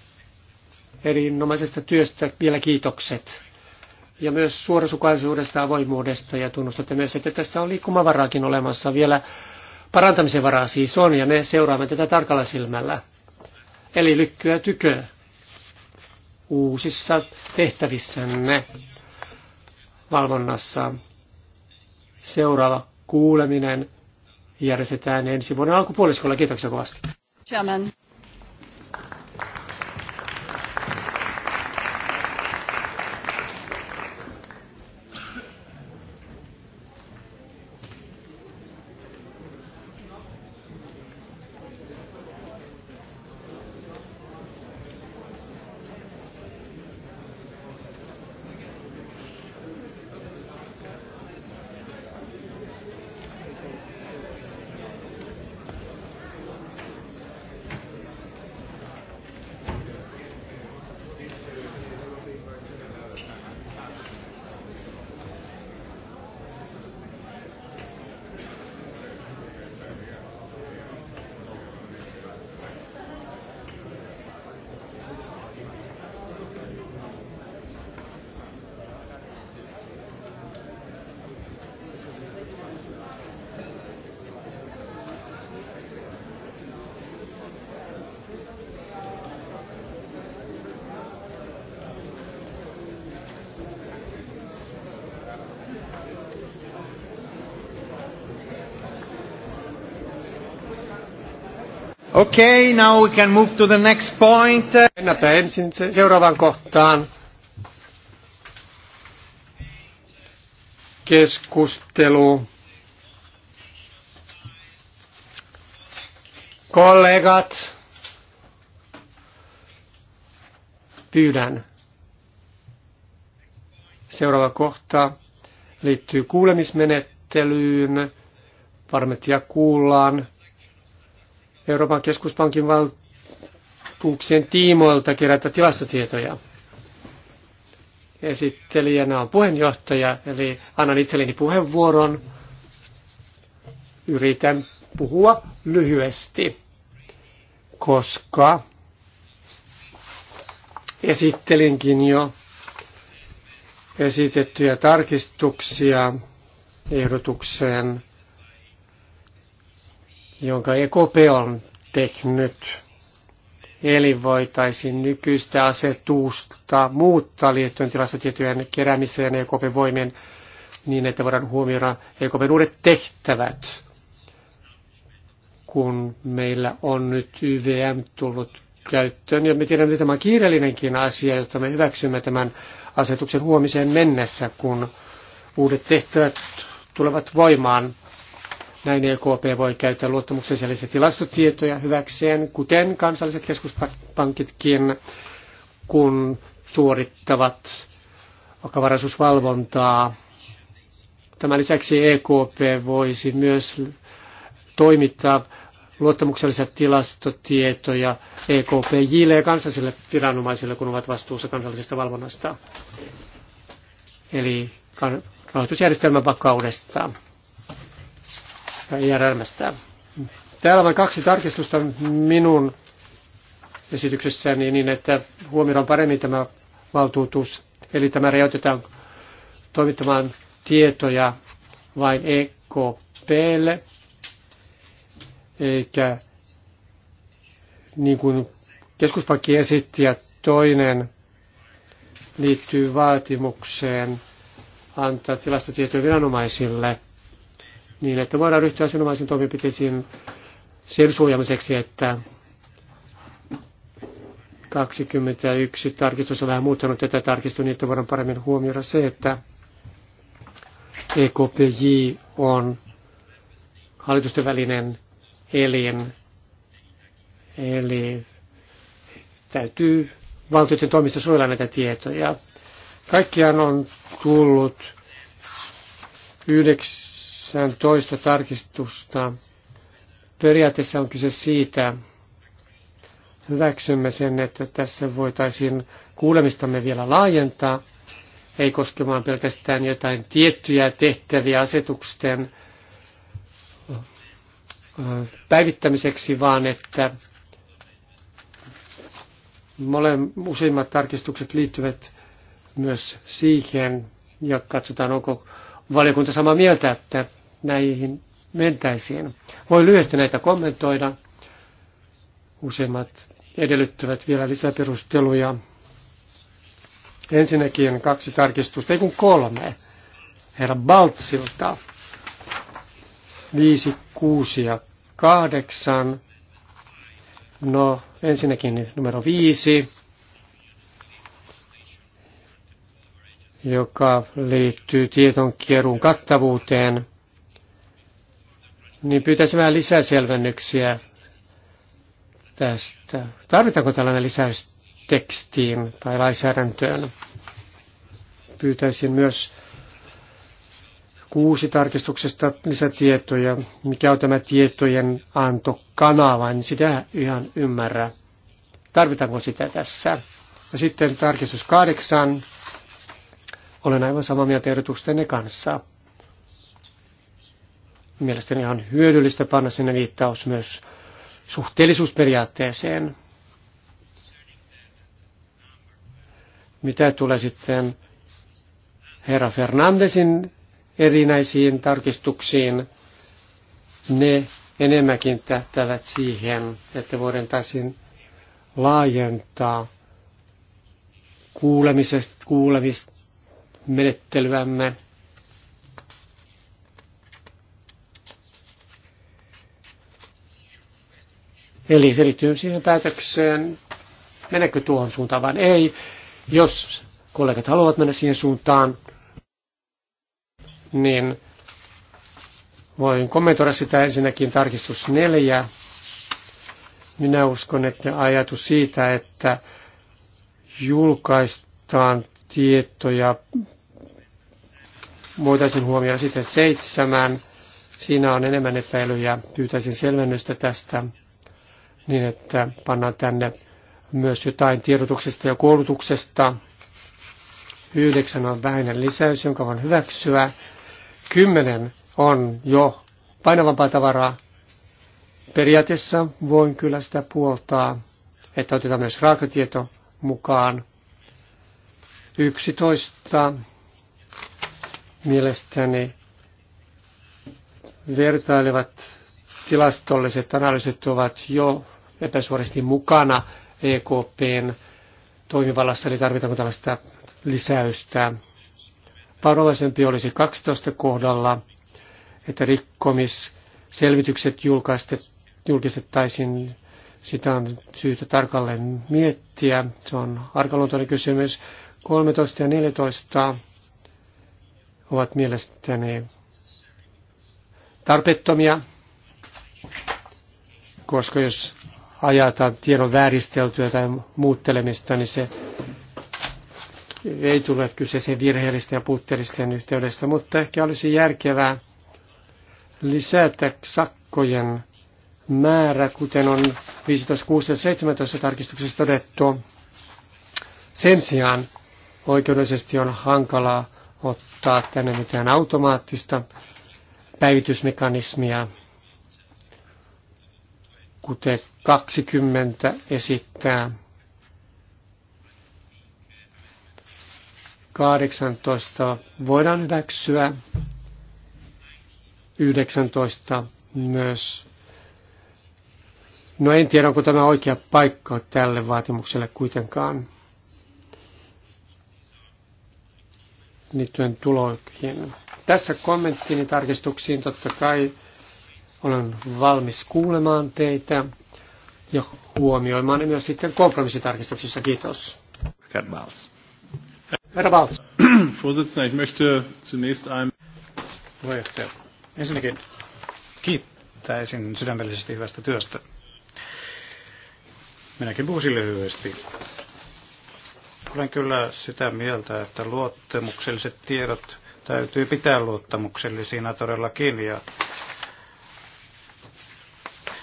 Erinomaisesta työstä vielä kiitokset. Ja myös suorasukaisuudesta, avoimuudesta ja tunnustatte myös, että tässä on liikkumavaraakin olemassa vielä parantamisen varaa siis on ja me seuraamme tätä tarkalla silmällä. Eli lykkyä tykö uusissa tehtävissänne valvonnassa. Seuraava kuuleminen järjestetään ensi vuoden alkupuoliskolla. Kiitoksia kovasti. Chairman. Okay, now we can move to the next point. Mennään ensin seuraavaan kohtaan. Keskustelu. Kollegat, pyydän. Seuraava kohta liittyy kuulemismenettelyyn. Varmet ja kuullaan Euroopan keskuspankin valtuuksien tiimoilta kerätä tilastotietoja. Esittelijänä on puheenjohtaja, eli annan itselleni puheenvuoron. Yritän puhua lyhyesti, koska esittelinkin jo esitettyjä tarkistuksia ehdotukseen jonka EKP on tehnyt. Eli voitaisiin nykyistä asetusta muuttaa liittyen tilastotietojen keräämiseen ekp voimien niin, että voidaan huomioida EKP uudet tehtävät, kun meillä on nyt YVM tullut käyttöön. Ja me tiedämme, että tämä on kiireellinenkin asia, jotta me hyväksymme tämän asetuksen huomiseen mennessä, kun uudet tehtävät tulevat voimaan näin EKP voi käyttää luottamuksellisia tilastotietoja hyväkseen, kuten kansalliset keskuspankitkin, kun suorittavat vakavaraisuusvalvontaa. Tämän lisäksi EKP voisi myös toimittaa luottamuksellisia tilastotietoja EKPJille ja kansallisille viranomaisille, kun ovat vastuussa kansallisesta valvonnasta. Eli rahoitusjärjestelmän vakaudesta järjestää. Täällä on kaksi tarkistusta minun esityksessäni niin, että huomioidaan paremmin tämä valtuutus. Eli tämä rajoitetaan toimittamaan tietoja vain EKPlle, eikä niin kuin keskuspankki esitti ja toinen liittyy vaatimukseen antaa tilastotietoja viranomaisille – niin että voidaan ryhtyä asianomaisiin toimenpiteisiin sen suojamiseksi, että 21 tarkistus on vähän muuttanut tätä tarkistusta, niin että voidaan paremmin huomioida se, että EKPJ on hallitusten välinen elin, eli täytyy valtioiden toimissa suojella näitä tietoja. Kaikkiaan on tullut yhdeksi sen toista tarkistusta. Periaatteessa on kyse siitä, hyväksymme sen, että tässä voitaisiin kuulemistamme vielä laajentaa, ei koskemaan pelkästään jotain tiettyjä tehtäviä asetuksen äh, päivittämiseksi, vaan että useimmat tarkistukset liittyvät myös siihen, ja katsotaan, onko valiokunta samaa mieltä, että näihin mentäisiin. Voi lyhyesti näitä kommentoida. Useimmat edellyttävät vielä lisäperusteluja. Ensinnäkin kaksi tarkistusta, ei kun kolme. Herra Baltsilta. 5, 6 ja 8. No, ensinnäkin numero 5, joka liittyy tietonkierun kattavuuteen niin pyytäisin vähän lisää tästä. Tarvitaanko tällainen lisäys tekstiin tai lainsäädäntöön? Pyytäisin myös kuusi tarkistuksesta lisätietoja. Mikä on tämä tietojen antokanava, niin sitä ihan ymmärrä. Tarvitaanko sitä tässä? Ja sitten tarkistus kahdeksan. Olen aivan samaa mieltä ehdotustenne kanssa mielestäni ihan hyödyllistä panna sinne viittaus myös suhteellisuusperiaatteeseen. Mitä tulee sitten herra Fernandesin erinäisiin tarkistuksiin, ne enemmänkin tähtävät siihen, että voidaan laajentaa kuulemisesta, menettelyämme Eli se liittyy siihen päätökseen, mennäkö tuohon suuntaan vai ei. Jos kollegat haluavat mennä siihen suuntaan, niin voin kommentoida sitä ensinnäkin tarkistus neljä. Minä uskon, että ajatus siitä, että julkaistaan tietoja, voitaisiin huomioida sitten seitsemän. Siinä on enemmän epäilyjä. Pyytäisin selvennystä tästä niin, että pannaan tänne myös jotain tiedotuksesta ja koulutuksesta. Yhdeksän on vähäinen lisäys, jonka voin hyväksyä. Kymmenen on jo painavampaa tavaraa. Periaatteessa voin kyllä sitä puoltaa, että otetaan myös raakatieto mukaan. Yksitoista mielestäni vertailevat tilastolliset analyysit ovat jo epäsuorasti mukana EKPn toimivallassa, eli tarvitaanko tällaista lisäystä. Varovaisempi olisi 12 kohdalla, että rikkomisselvitykset julkistettaisiin. Sitä on syytä tarkalleen miettiä. Se on arkaluontoinen kysymys. 13 ja 14 ovat mielestäni tarpeettomia koska jos ajataan tiedon vääristeltyä tai muuttelemista, niin se ei tule sen virheellisten ja puutteellisten yhteydessä, mutta ehkä olisi järkevää lisätä sakkojen määrä, kuten on 15, 16, 17 tarkistuksessa todettu. Sen sijaan oikeudellisesti on hankalaa ottaa tänne mitään automaattista päivitysmekanismia kuten 20 esittää. 18 voidaan hyväksyä, 19 myös. No en tiedä, onko tämä oikea paikka tälle vaatimukselle kuitenkaan. Liittyen tuloihin. Tässä kommenttini tarkistuksiin totta kai olen valmis kuulemaan teitä ja huomioimaan ne myös sitten kompromissitarkistuksissa. Kiitos. Herr Balz. Herra Balz. Vorsitzender, ich möchte zunächst ein... Puheenjohtaja. Ensinnäkin kiittäisin sydämellisesti hyvästä työstä. Minäkin puhuisin lyhyesti. Olen kyllä sitä mieltä, että luottamukselliset tiedot täytyy pitää luottamuksellisina todellakin ja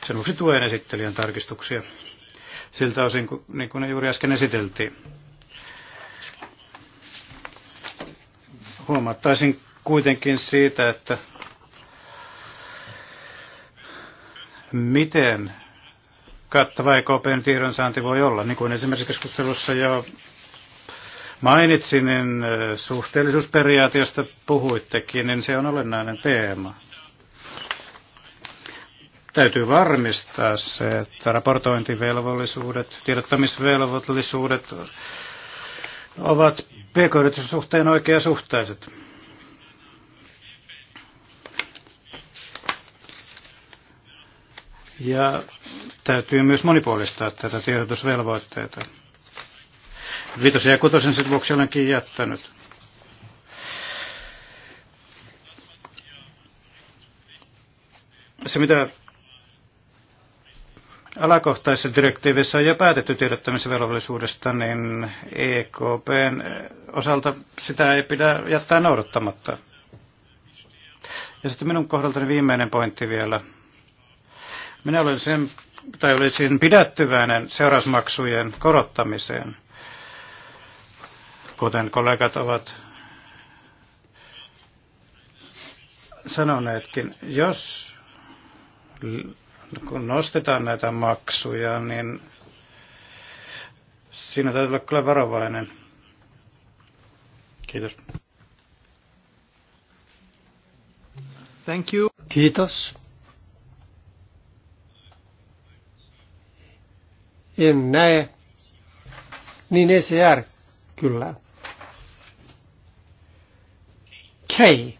sen vuoksi tuen esittelijän tarkistuksia siltä osin, kun, niin kuin ne juuri äsken esiteltiin. Huomattaisin kuitenkin siitä, että miten kattava EKPn tiedonsaanti voi olla. Niin kuin esimerkiksi keskustelussa jo mainitsin, niin suhteellisuusperiaatiosta puhuittekin, niin se on olennainen teema. Täytyy varmistaa se, että raportointivelvollisuudet, tiedottamisvelvollisuudet ovat pk suhteen oikeasuhtaiset. Ja täytyy myös monipuolistaa tätä tiedotusvelvoitteita. Viitosen ja kutosen sen vuoksi olenkin jättänyt. Se mitä alakohtaisessa direktiivissä on jo päätetty tiedottamisvelvollisuudesta, niin EKPn eh, osalta sitä ei pidä jättää noudattamatta. Ja sitten minun kohdaltani viimeinen pointti vielä. Minä olen sen, tai olisin pidättyväinen seurausmaksujen korottamiseen, kuten kollegat ovat sanoneetkin. Jos kun nostetaan näitä maksuja, niin siinä täytyy olla kyllä varovainen. Kiitos. Thank you. Kiitos. En näe. Niin jää. E kyllä. Kei.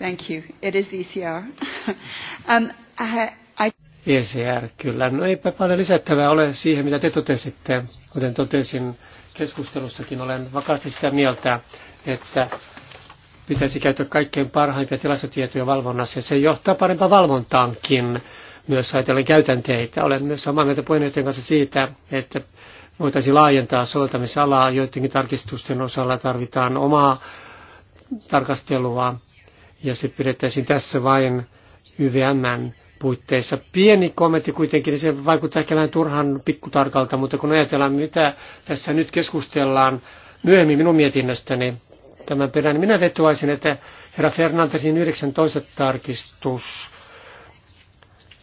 Thank you. It is ECR. um, I, I... ECR, kyllä. No eipä paljon lisättävää ole siihen, mitä te totesitte. Kuten totesin keskustelussakin, olen vakaasti sitä mieltä, että pitäisi käyttää kaikkein parhaimpia tilastotietoja valvonnassa, ja se johtaa parempaan valvontaankin myös ajatellen käytänteitä. Olen myös samaa mieltä puheenjohtajan kanssa siitä, että voitaisiin laajentaa soveltamisalaa, joidenkin tarkistusten osalla tarvitaan omaa tarkastelua ja se pidettäisiin tässä vain YVMn puitteissa. Pieni kommentti kuitenkin, niin se vaikuttaa ehkä vähän turhan pikkutarkalta, mutta kun ajatellaan, mitä tässä nyt keskustellaan myöhemmin minun mietinnöstäni tämän perään, niin minä vetoaisin, että herra Fernandesin 19 tarkistus,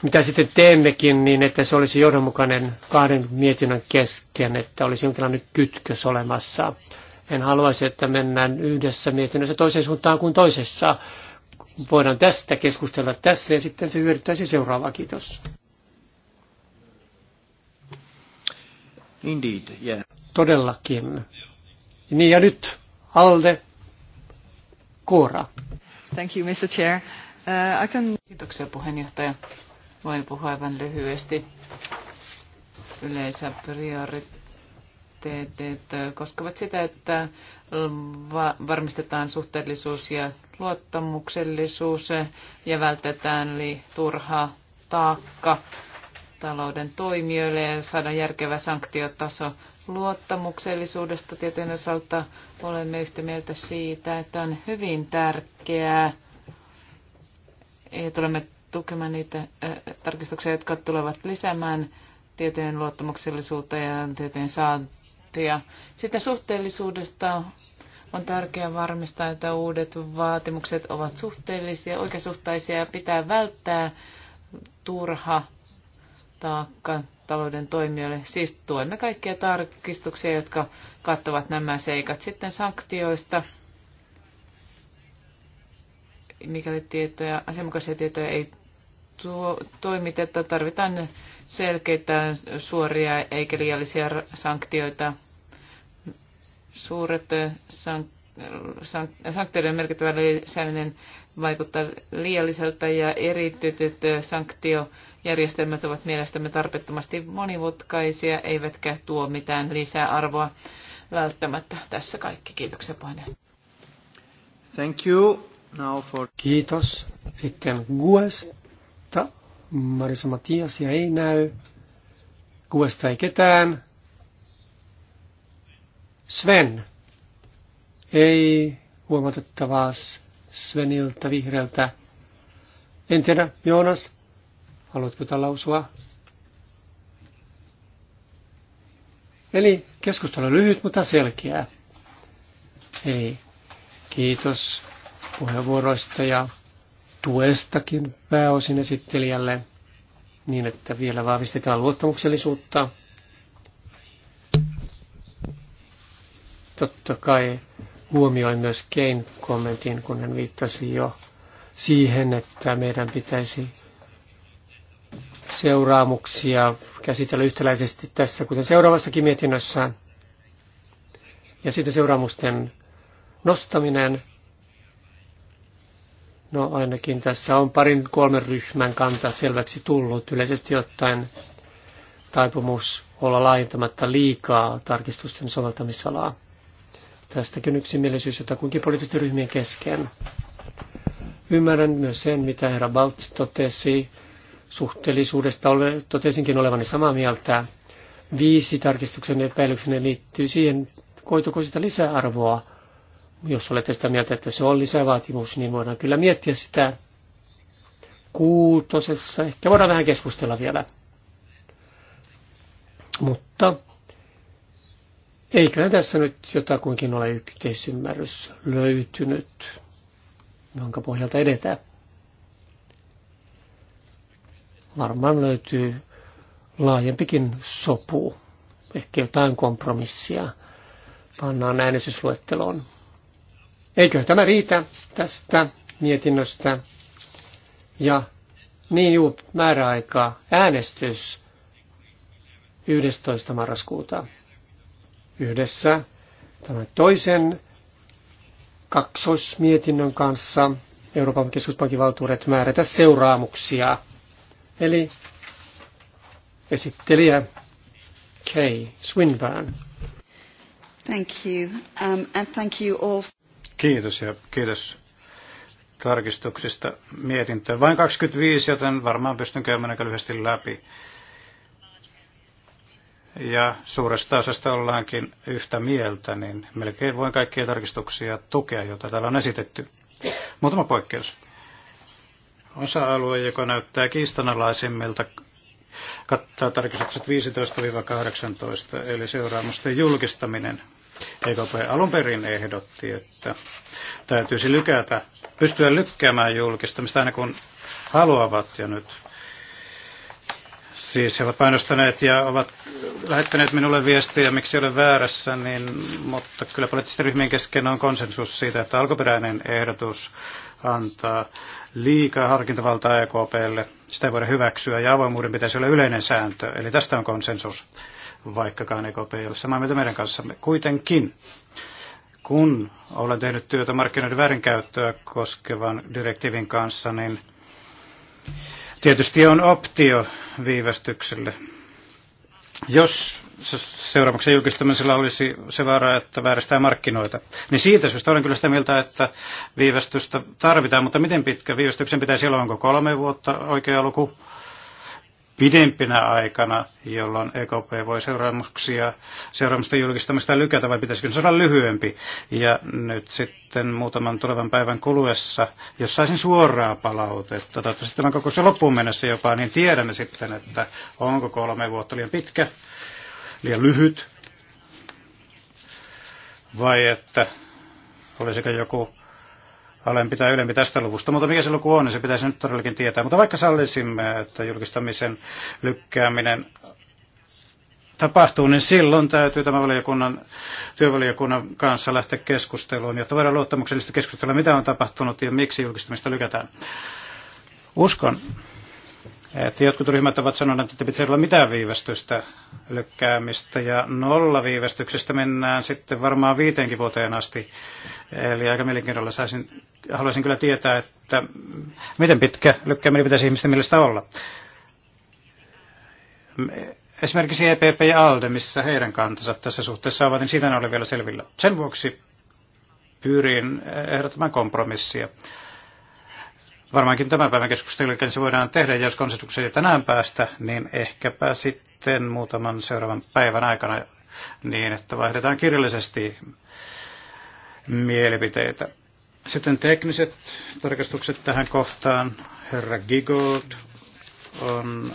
mitä sitten teemmekin, niin että se olisi johdonmukainen kahden mietinnön kesken, että olisi jonkinlainen kytkös olemassa. En haluaisi, että mennään yhdessä mietinnössä toiseen suuntaan kuin toisessa voidaan tästä keskustella tässä ja sitten se hyödyttäisi seuraavaa. Kiitos. Indeed, yeah. Todellakin. Niin ja nyt Alde Koora. Thank you, Mr. Chair. Uh, I can... Kiitoksia puheenjohtaja. Voin puhua aivan lyhyesti yleisä prioriteetteja tavoitteet koskevat sitä, että varmistetaan suhteellisuus ja luottamuksellisuus ja vältetään li turha taakka talouden toimijoille ja saada järkevä sanktiotaso luottamuksellisuudesta tieteen osalta olemme yhtä mieltä siitä, että on hyvin tärkeää ja tulemme tukemaan niitä äh, tarkistuksia, jotka tulevat lisäämään tietojen luottamuksellisuutta ja tietojen prosenttia. Sitten suhteellisuudesta on tärkeää varmistaa, että uudet vaatimukset ovat suhteellisia, oikeasuhtaisia ja pitää välttää turha taakka talouden toimijoille. Siis tuemme kaikkia tarkistuksia, jotka kattavat nämä seikat. Sitten sanktioista, mikäli tietoja, asianmukaisia tietoja ei tuo, toimiteta, tarvitaan selkeitä, suoria eikä liiallisia sanktioita. Suuret sanktioiden merkittävä lisääminen vaikuttaa liialliselta ja eriytetyt sanktiojärjestelmät ovat mielestämme tarpeettomasti monimutkaisia, eivätkä tuo mitään lisäarvoa välttämättä. Tässä kaikki. Kiitoksia puheenjohtaja. Thank you. Now for... Kiitos. Sitten Guest Marisa Matiasia ei näy. Kuvasta ei ketään. Sven. Ei huomatettavaa Sveniltä vihreältä. En tiedä, Joonas, haluatko tätä lausua? Eli keskustelu on lyhyt, mutta selkeää. Ei. Kiitos puheenvuoroista ja tuestakin pääosin esittelijälle niin, että vielä vahvistetaan luottamuksellisuutta. Totta kai huomioi myös Kein kommentin, kun hän viittasi jo siihen, että meidän pitäisi seuraamuksia käsitellä yhtäläisesti tässä, kuten seuraavassakin mietinnössä. Ja sitten seuraamusten nostaminen No ainakin tässä on parin kolmen ryhmän kanta selväksi tullut yleisesti ottaen taipumus olla laajentamatta liikaa tarkistusten soveltamisalaa. Tästäkin yksimielisyys jotakunkin poliittisten ryhmien kesken. Ymmärrän myös sen, mitä herra Baltz totesi. Suhteellisuudesta ole, totesinkin olevani samaa mieltä. Viisi tarkistuksen epäilyksenne liittyy siihen, koituko sitä lisäarvoa jos olette sitä mieltä, että se on lisävaatimus, niin voidaan kyllä miettiä sitä kuutosessa. Ehkä voidaan vähän keskustella vielä. Mutta eiköhän tässä nyt jotakuinkin ole yhteisymmärrys löytynyt, jonka pohjalta edetään. Varmaan löytyy laajempikin sopu, ehkä jotain kompromissia pannaan äänestysluetteloon. Eikö tämä riitä tästä mietinnöstä? Ja niin juu, määräaika, äänestys 11. marraskuuta yhdessä tämän toisen kaksosmietinnön kanssa Euroopan keskuspankin valtuudet määrätä seuraamuksia. Eli esittelijä Kay Swinburne. Thank you. Um, and thank you all. Kiitos ja kiitos tarkistuksista mietintöön. Vain 25, joten varmaan pystyn käymään aika lyhyesti läpi. Ja suuresta osasta ollaankin yhtä mieltä, niin melkein voin kaikkia tarkistuksia tukea, joita täällä on esitetty. Muutama poikkeus. Osa-alue, joka näyttää kiistanalaisimmilta, kattaa tarkistukset 15-18, eli seuraamusten julkistaminen EKP alun perin ehdotti, että täytyisi lykätä, pystyä lykkäämään julkistamista aina kun haluavat ja nyt Siis he ovat painostaneet ja ovat lähettäneet minulle viestiä, miksi olen väärässä, niin, mutta kyllä poliittisten ryhmien kesken on konsensus siitä, että alkuperäinen ehdotus antaa liikaa harkintavaltaa EKPlle. Sitä ei voida hyväksyä ja avoimuuden pitäisi olla yleinen sääntö, eli tästä on konsensus vaikkakaan EKP ei ole samaa mieltä meidän kanssamme. Kuitenkin, kun olen tehnyt työtä markkinoiden väärinkäyttöä koskevan direktiivin kanssa, niin tietysti on optio viivästykselle. Jos seuraavaksi julkistamisella olisi se vaara, että vääristää markkinoita. Niin siitä syystä olen kyllä sitä mieltä, että viivästystä tarvitaan, mutta miten pitkä viivästyksen pitäisi olla? Onko kolme vuotta oikea luku? pidempinä aikana, jolloin EKP voi seuraamuksia, seuraamusta julkistamista lykätä, vai pitäisikö se olla lyhyempi? Ja nyt sitten muutaman tulevan päivän kuluessa, jos saisin suoraa palautetta, toivottavasti tämän koko se loppuun mennessä jopa, niin tiedämme sitten, että onko kolme vuotta liian pitkä, liian lyhyt, vai että olisiko joku alempi tai ylempi tästä luvusta, mutta mikä se luku on, niin se pitäisi nyt todellakin tietää. Mutta vaikka sallisimme, että julkistamisen lykkääminen tapahtuu, niin silloin täytyy tämän valiokunnan, työvaliokunnan kanssa lähteä keskusteluun, jotta voidaan luottamuksellisesti keskustella, mitä on tapahtunut ja miksi julkistamista lykätään. Uskon, että jotkut ryhmät ovat sanoneet, että pitäisi olla mitään viivästystä lykkäämistä ja nolla viivästyksestä mennään sitten varmaan viiteenkin vuoteen asti. Eli aika mielenkiinnolla saisin, haluaisin kyllä tietää, että miten pitkä lykkääminen pitäisi ihmisten mielestä olla. Esimerkiksi EPP ja ALDE, missä heidän kantansa tässä suhteessa ovat, niin siitä ne ole vielä selvillä. Sen vuoksi pyrin ehdottamaan kompromissia Varmaankin tämän päivän keskustelun se voidaan tehdä, jos konsensukseen ei tänään päästä, niin ehkäpä sitten muutaman seuraavan päivän aikana niin, että vaihdetaan kirjallisesti mielipiteitä. Sitten tekniset tarkastukset tähän kohtaan. Herra Gigold on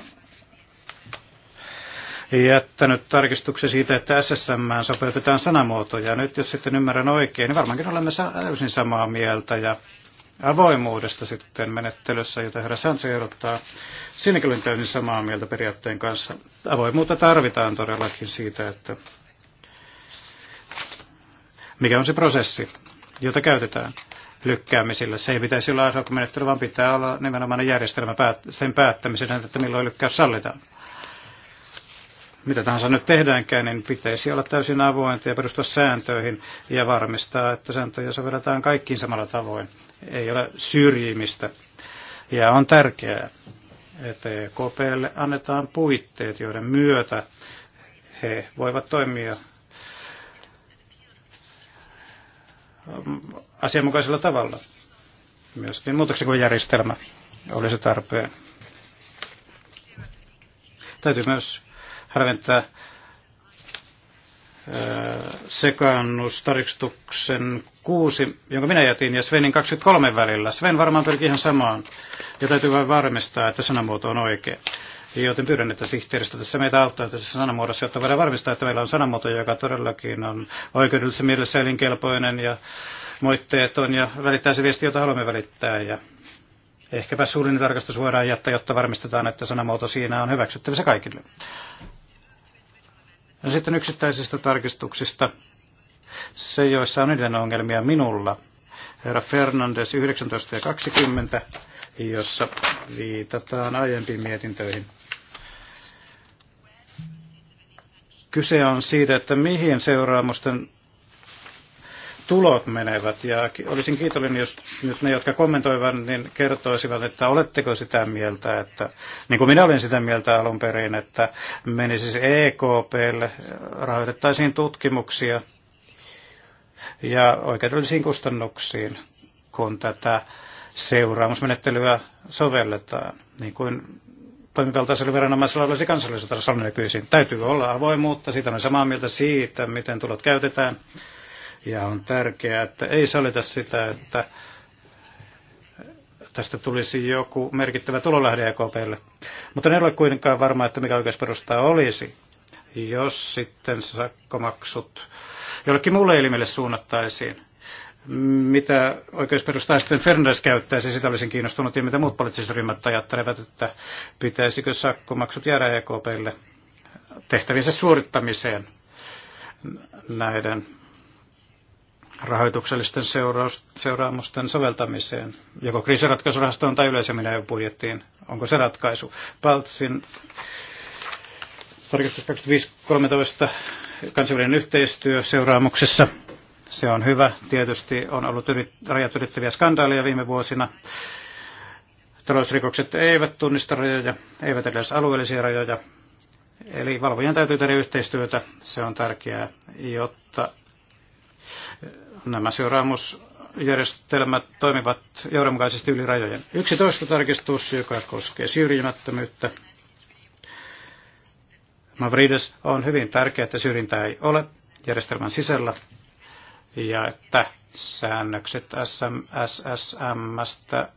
jättänyt tarkistuksen siitä, että SSM sopeutetaan sanamuotoja. Nyt jos sitten ymmärrän oikein, niin varmaankin olemme täysin samaa mieltä ja avoimuudesta sitten menettelyssä, jota herra Sanse ehdottaa. Siinäkin olen täysin samaa mieltä periaatteen kanssa. Avoimuutta tarvitaan todellakin siitä, että mikä on se prosessi, jota käytetään lykkäämisillä. Se ei pitäisi olla menettely vaan pitää olla nimenomaan järjestelmä sen päättämisen, että milloin lykkäys sallitaan. Mitä tahansa nyt tehdäänkään, niin pitäisi olla täysin avointa ja perustua sääntöihin ja varmistaa, että sääntöjä sovelletaan kaikkiin samalla tavoin ei ole syrjimistä. Ja on tärkeää, että EKPlle annetaan puitteet, joiden myötä he voivat toimia asianmukaisella tavalla. Myöskin järjestelmä olisi tarpeen. Täytyy myös harventaa sekaannustarkistuksen 6, jonka minä jätin, ja Svenin 23 välillä. Sven varmaan pyrkii ihan samaan, ja täytyy vain varmistaa, että sanamuoto on oikea. Joten pyydän, että sihteeristö tässä meitä auttaa tässä sanamuodossa, jotta voidaan varmistaa, että meillä on sanamuoto, joka todellakin on oikeudellisessa mielessä elinkelpoinen ja moitteeton ja välittää se viesti, jota haluamme välittää. Ja ehkäpä suullinen tarkastus voidaan jättää, jotta varmistetaan, että sanamuoto siinä on hyväksyttävissä kaikille. No sitten yksittäisistä tarkistuksista. Se, joissa on niiden ongelmia minulla. Herra Fernandes 19 ja 20, jossa viitataan aiempiin mietintöihin. Kyse on siitä, että mihin seuraamusten tulot menevät. Ja olisin kiitollinen, jos nyt ne, jotka kommentoivat, niin kertoisivat, että oletteko sitä mieltä, että niin kuin minä olin sitä mieltä alun perin, että menisi siis EKPlle, rahoitettaisiin tutkimuksia ja oikeudellisiin kustannuksiin, kun tätä seuraamusmenettelyä sovelletaan, niin kuin toimivaltaisella viranomaisella olisi kansallisella tasolla nykyisin. Täytyy olla avoimuutta, siitä on samaa mieltä siitä, miten tulot käytetään ja on tärkeää, että ei salita sitä, että tästä tulisi joku merkittävä tulolähde EKPlle. Mutta ei ole kuitenkaan varma, että mikä oikeusperusta olisi, jos sitten sakkomaksut jollekin muulle elimelle suunnattaisiin. Mitä oikeusperustaa sitten Fernandes käyttäisi, sitä olisin kiinnostunut, ja mitä muut poliittiset ryhmät ajattelevat, että pitäisikö sakkomaksut jäädä EKPlle tehtäviensä suorittamiseen näiden rahoituksellisten seuraus, seuraamusten soveltamiseen, joko kriisiratkaisurahastoon tai yleisemmin EU-budjettiin. Onko se ratkaisu? Paltsin tarkistus 2513 kansainvälinen yhteistyö seuraamuksessa. Se on hyvä. Tietysti on ollut yrit, rajat ylittäviä skandaaleja viime vuosina. Talousrikokset eivät tunnista rajoja, eivät edes alueellisia rajoja. Eli valvojan täytyy tehdä yhteistyötä, se on tärkeää, jotta Nämä seuraamusjärjestelmät toimivat johdonmukaisesti yli rajojen. 11 tarkistus, joka koskee syrjimättömyyttä. Mavrides on hyvin tärkeää, että syrjintää ei ole järjestelmän sisällä ja että säännökset SSMstä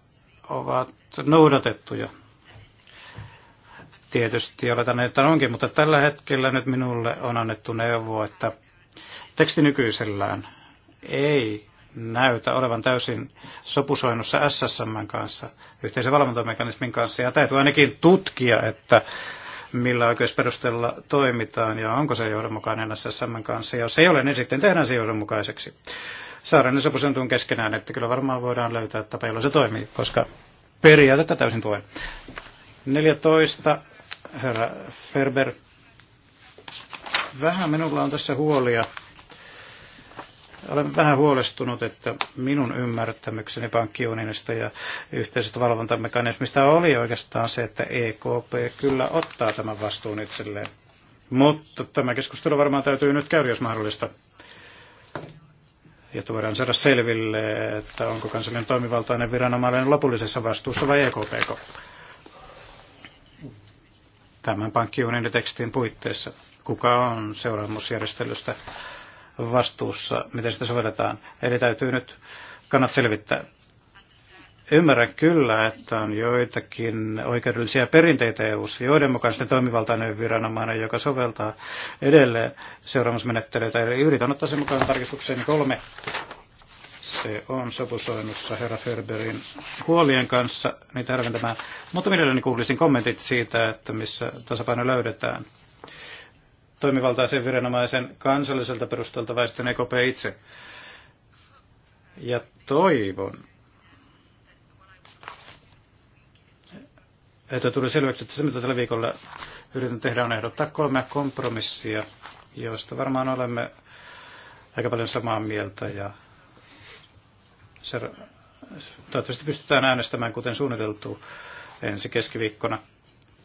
ovat noudatettuja. Tietysti oletan, että onkin, mutta tällä hetkellä nyt minulle on annettu neuvo, että teksti nykyisellään ei näytä olevan täysin sopusoinnussa SSM kanssa, yhteisen valvontamekanismin kanssa, ja täytyy ainakin tutkia, että millä oikeusperusteella toimitaan ja onko se johdonmukainen SSM kanssa. Ja jos ei ole, niin sitten tehdään se johdonmukaiseksi. Saaren ja sopusointun keskenään, että kyllä varmaan voidaan löytää tapa, jolla se toimii, koska periaatetta täysin tuen. 14. Herra Ferber. Vähän minulla on tässä huolia olen vähän huolestunut, että minun ymmärtämykseni pankkiunionista ja yhteisestä valvontamekanismista oli oikeastaan se, että EKP kyllä ottaa tämän vastuun itselleen. Mutta tämä keskustelu varmaan täytyy nyt käydä, jos mahdollista. Ja voidaan saada selville, että onko kansallinen toimivaltainen viranomainen lopullisessa vastuussa vai EKP tämän pankkiunionitekstin puitteissa. Kuka on seuraamusjärjestelystä vastuussa, miten sitä sovelletaan. Eli täytyy nyt kannat selvittää. Ymmärrän kyllä, että on joitakin oikeudellisia perinteitä eu joiden mukaan sitten toimivaltainen viranomainen, joka soveltaa edelleen seuraamusmenettelyitä. Eli yritän ottaa sen mukaan tarkistukseen kolme. Se on sopusoinnussa herra Ferberin huolien kanssa, niin tämä. Mutta mielelläni kuulisin kommentit siitä, että missä tasapaino löydetään toimivaltaisen viranomaisen kansalliselta perustalta väestön EKP itse. Ja toivon, että tuli selväksi, että se mitä tällä viikolla yritän tehdä on ehdottaa kolmea kompromissia, joista varmaan olemme aika paljon samaa mieltä ja se, toivottavasti pystytään äänestämään kuten suunniteltu ensi keskiviikkona,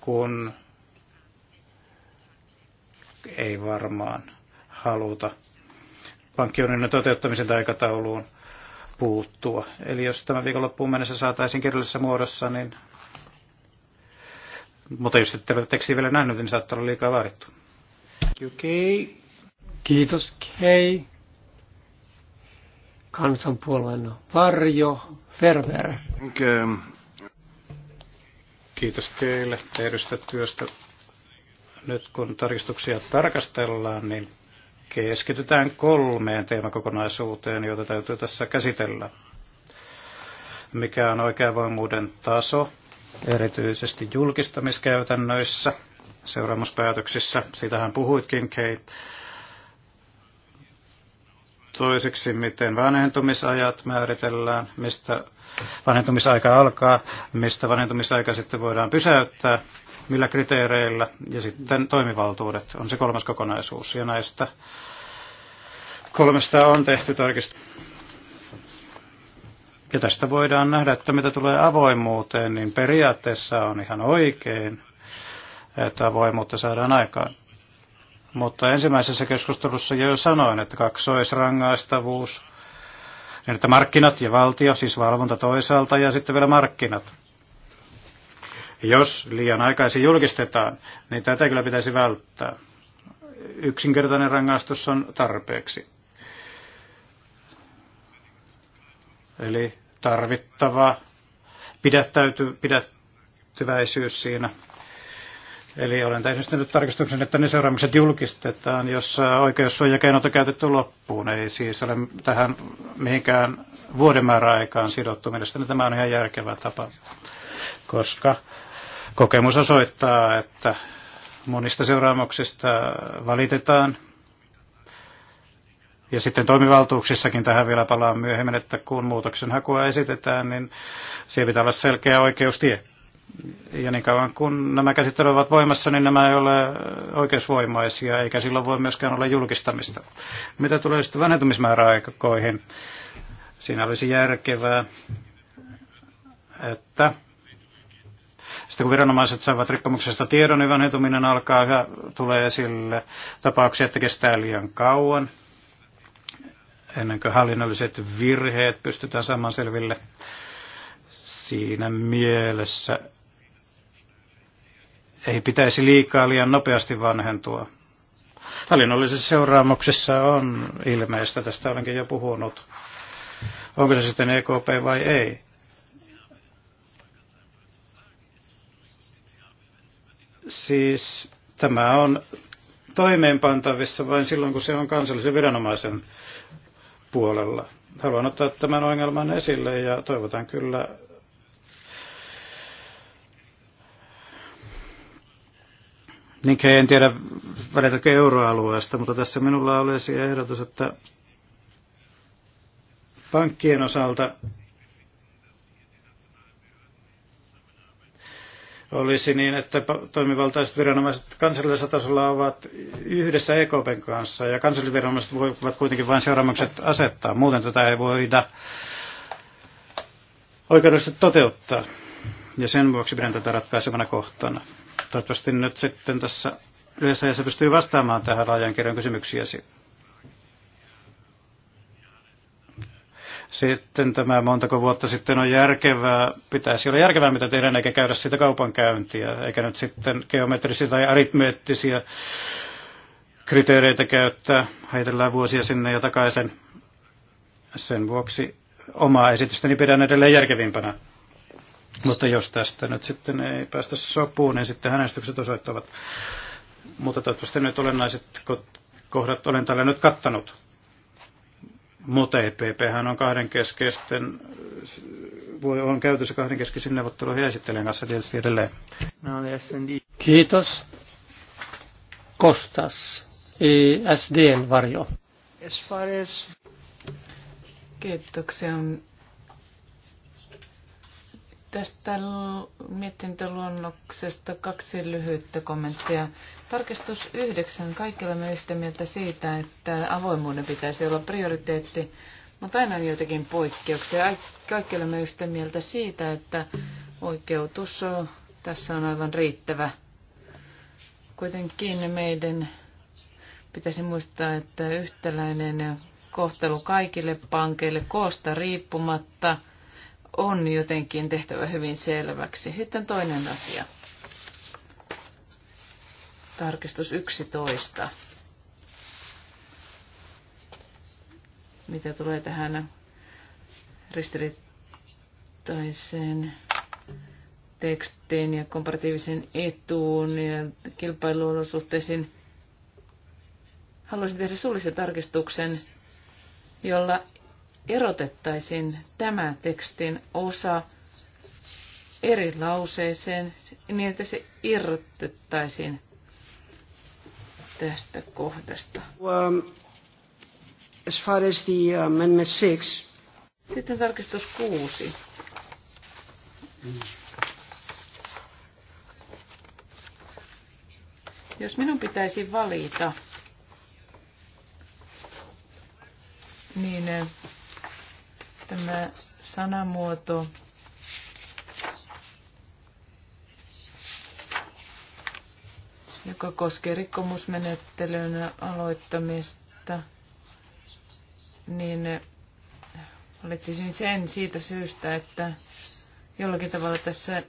kun ei varmaan haluta pankkiunionin toteuttamisen aikatauluun puuttua. Eli jos tämän viikonloppuun mennessä saataisiin kirjallisessa muodossa, niin... Mutta jos ette ole tekstiä vielä nähnyt, niin saattaa olla liikaa vaadittu. Okay. Kiitos, Kei. Kansanpuolueen varjo, Ferver. Okay. Kiitos teille tehdystä työstä nyt kun tarkistuksia tarkastellaan, niin keskitytään kolmeen teemakokonaisuuteen, joita täytyy tässä käsitellä. Mikä on oikeavoimuuden taso, erityisesti julkistamiskäytännöissä, seuraamuspäätöksissä, siitähän puhuitkin Kate. Toiseksi, miten vanhentumisajat määritellään, mistä vanhentumisaika alkaa, mistä vanhentumisaika sitten voidaan pysäyttää, millä kriteereillä ja sitten toimivaltuudet on se kolmas kokonaisuus. Ja näistä kolmesta on tehty tarkistus. Ja tästä voidaan nähdä, että mitä tulee avoimuuteen, niin periaatteessa on ihan oikein, että avoimuutta saadaan aikaan. Mutta ensimmäisessä keskustelussa jo sanoin, että kaksoisrangaistavuus, niin että markkinat ja valtio, siis valvonta toisaalta ja sitten vielä markkinat – jos liian aikaisin julkistetaan, niin tätä kyllä pitäisi välttää. Yksinkertainen rangaistus on tarpeeksi. Eli tarvittava pidättäyty, pidättyväisyys siinä. Eli olen tehnyt tarkistuksen, että ne seuraamukset julkistetaan, jos oikeussuojakeinot on käytetty loppuun. Ei siis ole tähän mihinkään vuoden määräaikaan sidottu. Mielestäni tämä on ihan järkevä tapa, koska Kokemus osoittaa, että monista seuraamuksista valitetaan. Ja sitten toimivaltuuksissakin tähän vielä palaan myöhemmin, että kun muutoksen hakua esitetään, niin siihen pitää olla selkeä oikeustie. Ja niin kauan kun nämä käsittelyt ovat voimassa, niin nämä ei ole oikeusvoimaisia, eikä silloin voi myöskään olla julkistamista. Mitä tulee sitten vanhentumismääräaikoihin, siinä olisi järkevää, että sitten kun viranomaiset saavat rikkomuksesta tiedon, niin vanhentuminen alkaa ja tulee esille tapauksia, että kestää liian kauan ennen kuin hallinnolliset virheet pystytään saamaan selville. Siinä mielessä ei pitäisi liikaa liian nopeasti vanhentua. Hallinnollisissa seuraamuksissa on ilmeistä, tästä olenkin jo puhunut. Onko se sitten EKP vai ei? Siis tämä on toimeenpantavissa vain silloin, kun se on kansallisen viranomaisen puolella. Haluan ottaa tämän ongelman esille ja toivotan kyllä Niin en tiedä, välitäkö euroalueesta, mutta tässä minulla olisi ehdotus, että pankkien osalta olisi niin, että toimivaltaiset viranomaiset kansallisella tasolla ovat yhdessä EKPn kanssa ja kansalliset viranomaiset voivat kuitenkin vain seuraamukset asettaa. Muuten tätä ei voida oikeudellisesti toteuttaa. Ja sen vuoksi pidän tätä ratkaisevana kohtana. Toivottavasti nyt sitten tässä lyhyessä ajassa pystyy vastaamaan tähän laajan kirjan kysymyksiäsi. Sitten tämä montako vuotta sitten on järkevää, pitäisi olla järkevää mitä tehdään, eikä käydä sitä kaupankäyntiä, eikä nyt sitten geometrisiä tai aritmeettisiä kriteereitä käyttää, heitellään vuosia sinne ja takaisin. Sen vuoksi omaa esitystäni pidän edelleen järkevimpänä. Mutta jos tästä nyt sitten ei päästä sopuun, niin sitten hänestykset osoittavat. Mutta toivottavasti nyt olennaiset kohdat olen tällä nyt kattanut. Mutta EPP on kahden voi on käytössä kahden keskeisen neuvotteluihin esittelijän kanssa tietysti edelleen. No, Kiitos. Kostas, SDn varjo. Kiitoksia. Tästä mietintöluonnoksesta kaksi lyhyttä kommenttia. Tarkistus yhdeksän. Kaikilla me yhtä mieltä siitä, että avoimuuden pitäisi olla prioriteetti, mutta aina on jotenkin poikkeuksia. Kaikilla me yhtä mieltä siitä, että oikeutus on, tässä on aivan riittävä. Kuitenkin meidän pitäisi muistaa, että yhtäläinen kohtelu kaikille pankeille koosta riippumatta – on jotenkin tehtävä hyvin selväksi. Sitten toinen asia. Tarkistus 11. Mitä tulee tähän ristiriitaiseen tekstiin ja komparatiivisen etuun ja kilpailuolosuhteisiin, haluaisin tehdä suullisen tarkistuksen, jolla erotettaisiin tämä tekstin osa eri lauseeseen niin, että se irrotettaisiin tästä kohdasta. Um, as far as the uh, amendment six. Sitten tarkistus kuusi. Jos minun pitäisi valita, niin Tämä sanamuoto joka koskee rikkomusmenettelyn aloittamista, niin valitsisin sen siitä syystä, että jollakin tavalla tässä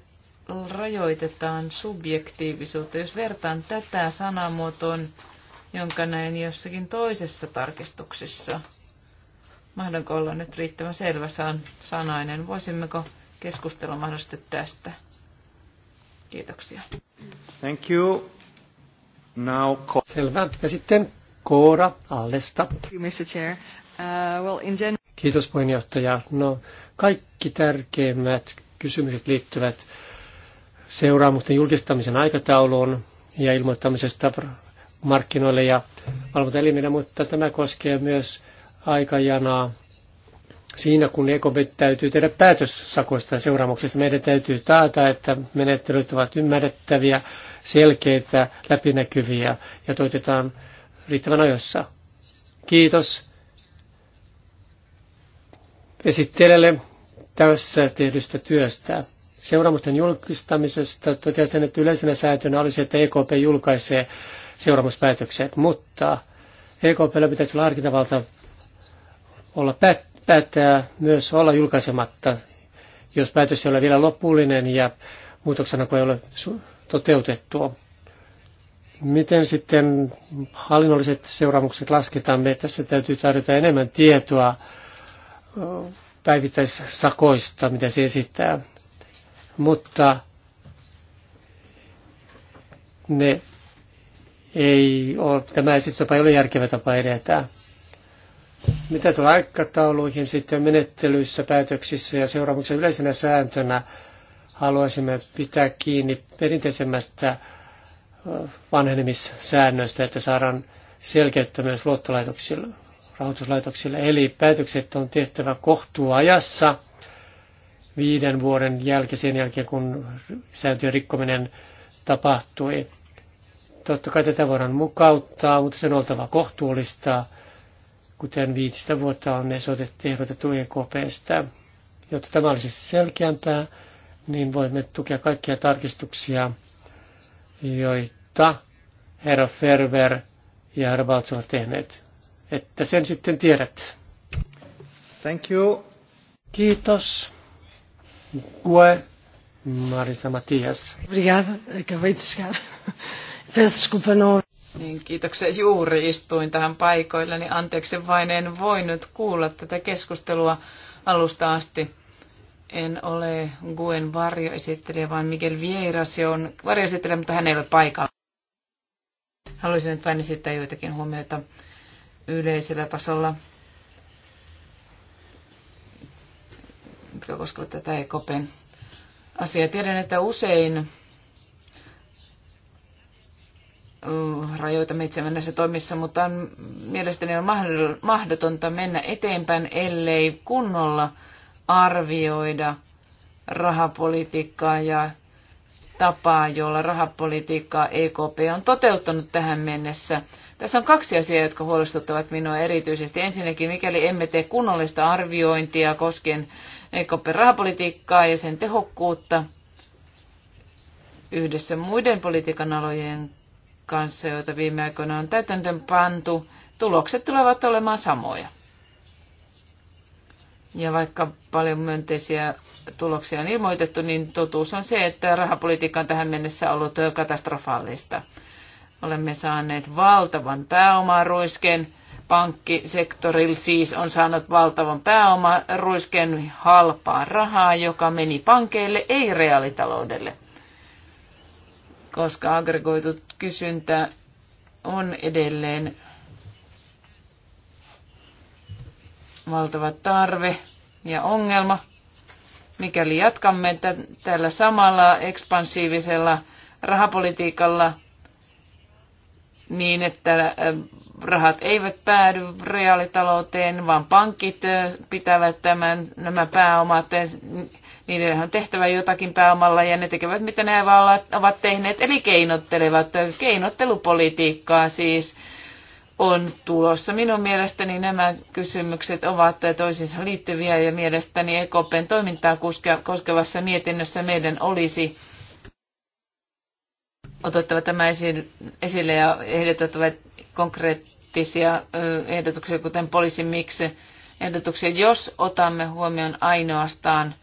rajoitetaan subjektiivisuutta. Jos vertaan tätä sanamuotoon, jonka näin jossakin toisessa tarkistuksessa, Mahdonko olla nyt riittävän selvä sanainen? Voisimmeko keskustella mahdollisesti tästä? Kiitoksia. Thank you. Now, Selvä. Ja sitten Koora Allesta. Mr. Chair. Uh, well, in general... Kiitos puheenjohtaja. No, kaikki tärkeimmät kysymykset liittyvät seuraamusten julkistamisen aikatauluun ja ilmoittamisesta markkinoille ja valvontaelimille, mutta tämä koskee myös aikajanaa siinä, kun EKP täytyy tehdä päätös sakoista ja seuraamuksista. Meidän täytyy taata, että menettelyt ovat ymmärrettäviä, selkeitä, läpinäkyviä ja toitetaan riittävän ajoissa. Kiitos esittelijälle tässä tehdystä työstä. Seuraamusten julkistamisesta totesin, että yleisenä sääntönä olisi, että EKP julkaisee seuraamuspäätökset, mutta EKP pitäisi olla harkintavalta olla päät- päättää myös olla julkaisematta, jos päätös ei ole vielä lopullinen ja muutoksena kun ei ole toteutettua. Miten sitten hallinnolliset seuraamukset lasketaan? Me tässä täytyy tarjota enemmän tietoa päivittäissakoista, mitä se esittää. Mutta ne ei ole, tämä esitys ei ole järkevä tapa edetä. Mitä tulee aikatauluihin sitten menettelyissä, päätöksissä ja seuraamuksessa yleisenä sääntönä haluaisimme pitää kiinni perinteisemmästä vanhenemissäännöstä, että saadaan selkeyttä myös luottolaitoksille, rahoituslaitoksille. Eli päätökset on tehtävä kohtuuajassa viiden vuoden jälkeen, sen jälkeen kun sääntöjen rikkominen tapahtui. Totta kai tätä voidaan mukauttaa, mutta sen on oltava kohtuullista kuten viitistä vuotta on esitetty ehdotettu EKPstä. Jotta tämä olisi selkeämpää, niin voimme tukea kaikkia tarkistuksia, joita herra Ferver ja herra Valtz ovat tehneet. Että sen sitten tiedät. Thank you. Kiitos. Gue Marisa Matias. Obrigada. Acabei de chegar. Peço desculpa não niin, kiitoksia. Juuri istuin tähän niin Anteeksi vain, en voinut kuulla tätä keskustelua alusta asti. En ole Guen varjoesittelijä, vaan Miguel se on varjoesittelijä, mutta hän ei ole paikalla. Haluaisin nyt vain esittää joitakin huomioita yleisellä tasolla, koska koskevat tätä EKPn asiaa. Tiedän, että usein Oh, rajoita itseämme näissä toimissa, mutta on, mielestäni on mahdotonta mennä eteenpäin, ellei kunnolla arvioida rahapolitiikkaa ja tapaa, jolla rahapolitiikkaa EKP on toteuttanut tähän mennessä. Tässä on kaksi asiaa, jotka huolestuttavat minua erityisesti. Ensinnäkin, mikäli emme tee kunnollista arviointia koskien ekp rahapolitiikkaa ja sen tehokkuutta yhdessä muiden politiikan alojen kanssa, joita viime aikoina on täytäntöön pantu, tulokset tulevat olemaan samoja. Ja vaikka paljon myönteisiä tuloksia on ilmoitettu, niin totuus on se, että rahapolitiikka on tähän mennessä ollut katastrofaalista. Olemme saaneet valtavan pääomaruisken. Pankkisektorilla siis on saanut valtavan pääomaruisken halpaa rahaa, joka meni pankeille, ei reaalitaloudelle koska aggregoitu kysyntä on edelleen valtava tarve ja ongelma. Mikäli jatkamme tällä samalla ekspansiivisella rahapolitiikalla niin, että äh, rahat eivät päädy reaalitalouteen, vaan pankit äh, pitävät tämän, nämä pääomat niiden on tehtävä jotakin pääomalla ja ne tekevät mitä ne ovat tehneet, eli keinottelevat. Keinottelupolitiikkaa siis on tulossa. Minun mielestäni nämä kysymykset ovat toisiinsa liittyviä ja mielestäni EKPn toimintaa koskevassa mietinnössä meidän olisi otettava tämä esille ja ehdotettava konkreettisia ehdotuksia, kuten poliisin miksi ehdotuksia, jos otamme huomioon ainoastaan –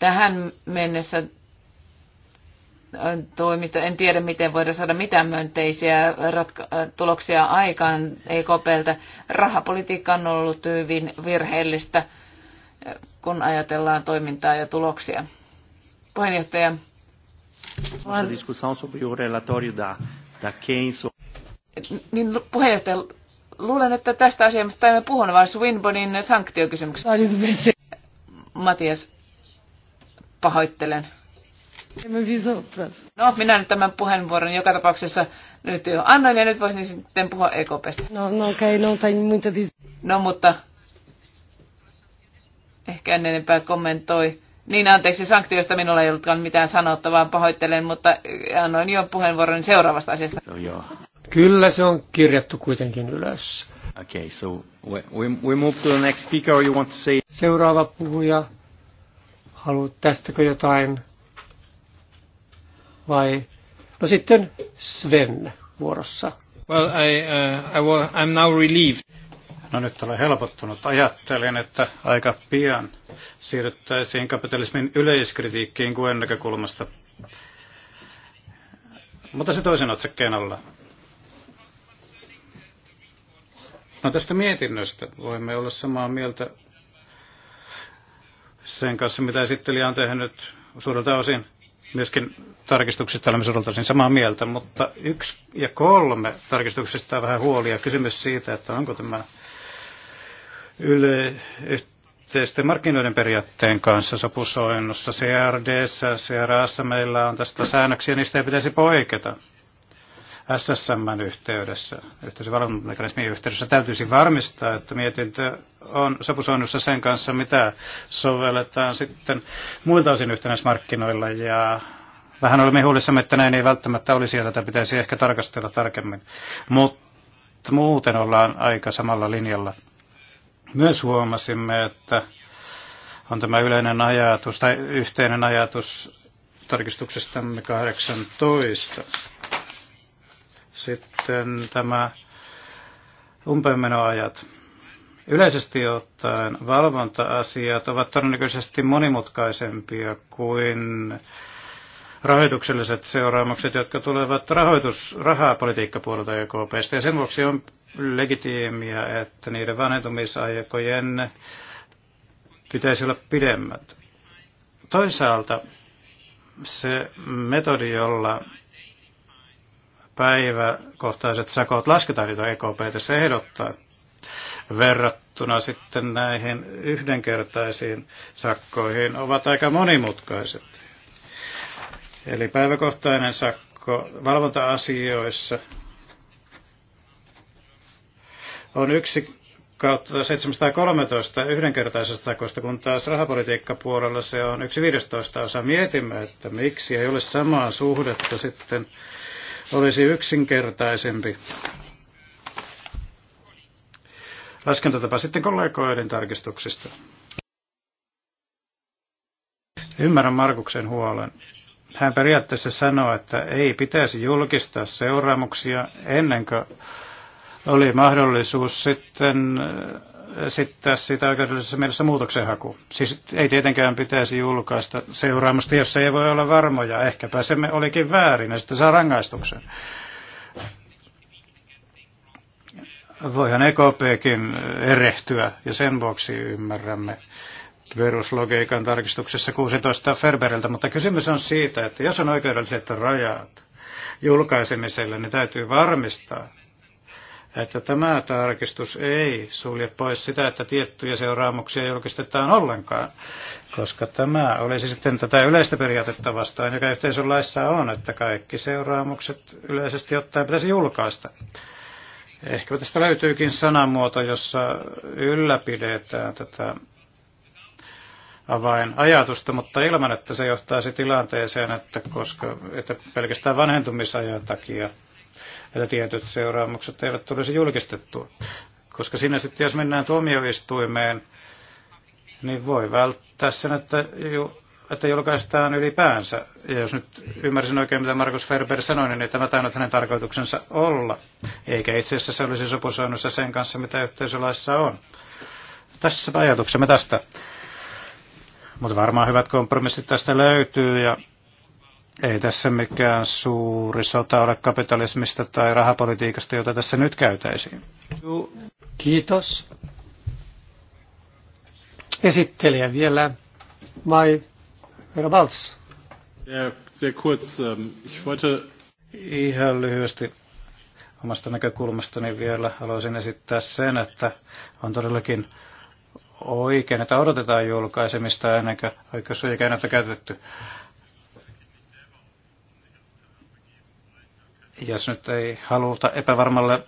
Tähän mennessä äh, toiminta, en tiedä miten voidaan saada mitään myönteisiä ratka- äh, tuloksia aikaan EKPltä. Rahapolitiikka on ollut hyvin virheellistä, äh, kun ajatellaan toimintaa ja tuloksia. Puheenjohtaja. Niin, puheenjohtaja, luulen, että tästä asiasta emme puhunut, vaan Swinbonin sanktiokysymyksestä. Matias, pahoittelen. No, minä nyt tämän puheenvuoron joka tapauksessa nyt jo annoin ja nyt voisin sitten puhua EKPstä. No, no okay, no tain muita No, mutta ehkä en enempää kommentoi. Niin, anteeksi, sanktioista minulla ei ollutkaan mitään sanottavaa, pahoittelen, mutta annoin jo puheenvuoron seuraavasta asiasta. So, joo. Kyllä se on kirjattu kuitenkin ylös. Okay, so we, we move to the next speaker, you want to say... Seuraava puhuja, Haluat tästäkö jotain? Vai? No sitten Sven vuorossa. Well, I, uh, I will, I'm now relieved. No nyt olen helpottunut. Ajattelin, että aika pian siirryttäisiin kapitalismin yleiskritiikkiin kuin näkökulmasta. Mutta se toisen otsakkeen alla. No tästä mietinnöstä voimme olla samaa mieltä sen kanssa, mitä esittelijä on tehnyt suurelta osin. Myöskin tarkistuksista olemme suurelta osin samaa mieltä, mutta yksi ja kolme tarkistuksista on vähän huolia. Kysymys siitä, että onko tämä yleisten markkinoiden periaatteen kanssa sopusoinnussa. CRD, CRAssa meillä on tästä säännöksiä, niistä ei pitäisi poiketa ssm yhteydessä, yhteisen valvontamekanismin yhteydessä, täytyisi varmistaa, että mietintö on sopusoinnussa sen kanssa, mitä sovelletaan sitten muilta osin yhtenäismarkkinoilla. Ja vähän olemme huolissamme, että näin ei välttämättä olisi, ja tätä pitäisi ehkä tarkastella tarkemmin. Mutta muuten ollaan aika samalla linjalla. Myös huomasimme, että on tämä yleinen ajatus tai yhteinen ajatus tarkistuksestamme 18 sitten tämä umpeenmenoajat. Yleisesti ottaen valvonta-asiat ovat todennäköisesti monimutkaisempia kuin rahoitukselliset seuraamukset, jotka tulevat rahoitus, rahapolitiikkapuolelta EKPstä. Ja sen vuoksi on legitiimiä, että niiden vanhentumisaikojen pitäisi olla pidemmät. Toisaalta se metodi, jolla päiväkohtaiset sakot lasketaan, joita EKP tässä ehdottaa, verrattuna sitten näihin yhdenkertaisiin sakkoihin, ovat aika monimutkaiset. Eli päiväkohtainen sakko valvonta-asioissa on yksi kautta 713 yhdenkertaisesta takoista, kun taas rahapolitiikkapuolella se on yksi 15 osa. Mietimme, että miksi ei ole samaa suhdetta sitten olisi yksinkertaisempi laskentatapa sitten kollegoiden tarkistuksista. Ymmärrän Markuksen huolen. Hän periaatteessa sanoi, että ei pitäisi julkistaa seuraamuksia ennen kuin oli mahdollisuus sitten esittää sitä oikeudellisessa mielessä muutoksenhaku. Siis ei tietenkään pitäisi julkaista seuraamusta, jos ei voi olla varmoja. Ehkäpä se olikin väärin ja sitten saa rangaistuksen. Voihan EKPkin erehtyä ja sen vuoksi ymmärrämme peruslogiikan tarkistuksessa 16 Ferberiltä, mutta kysymys on siitä, että jos on oikeudelliset rajat julkaisemiselle, niin täytyy varmistaa, että tämä tarkistus ei sulje pois sitä, että tiettyjä seuraamuksia julkistetaan ollenkaan, koska tämä olisi sitten tätä yleistä periaatetta vastaan, joka yhteisön laissa on, että kaikki seuraamukset yleisesti ottaen pitäisi julkaista. Ehkä tästä löytyykin sanamuoto, jossa ylläpidetään tätä avainajatusta, mutta ilman, että se johtaisi tilanteeseen, että, koska, että pelkästään vanhentumisajan takia että tietyt seuraamukset eivät tulisi julkistettua. Koska siinä sitten, jos mennään tuomioistuimeen, niin voi välttää sen, että, ju, että julkaistaan ylipäänsä. Ja jos nyt ymmärsin oikein, mitä Markus Ferber sanoi, niin tämä tainnut hänen tarkoituksensa olla, eikä itse asiassa se olisi sopusoinnussa sen kanssa, mitä yhteisölaissa on. Tässä ajatuksemme tästä. Mutta varmaan hyvät kompromissit tästä löytyy ja ei tässä mikään suuri sota ole kapitalismista tai rahapolitiikasta, jota tässä nyt käytäisiin. Kiitos. Esittelijä vielä, vai herra Valts? kurz. Ähm, Ihan lyhyesti omasta näkökulmastani vielä haluaisin esittää sen, että on todellakin oikein, että odotetaan julkaisemista ennen kuin oikeusoikeutta käytetty Jos nyt ei haluta epävarmalle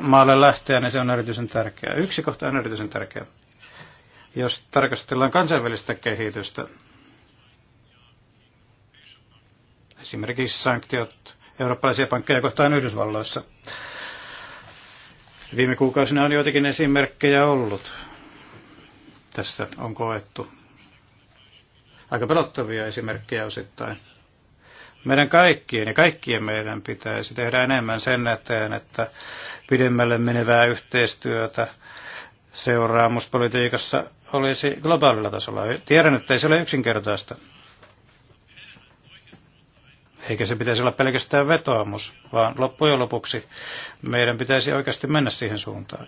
maalle lähteä, niin se on erityisen tärkeää. Yksi kohta on erityisen tärkeää. Jos tarkastellaan kansainvälistä kehitystä, esimerkiksi sanktiot eurooppalaisia pankkeja kohtaan Yhdysvalloissa. Viime kuukausina on joitakin esimerkkejä ollut. Tässä on koettu aika pelottavia esimerkkejä osittain. Meidän kaikkien ja kaikkien meidän pitäisi tehdä enemmän sen eteen, että pidemmälle menevää yhteistyötä seuraamuspolitiikassa olisi globaalilla tasolla. Tiedän, että ei se ole yksinkertaista. Eikä se pitäisi olla pelkästään vetoamus, vaan loppujen lopuksi meidän pitäisi oikeasti mennä siihen suuntaan.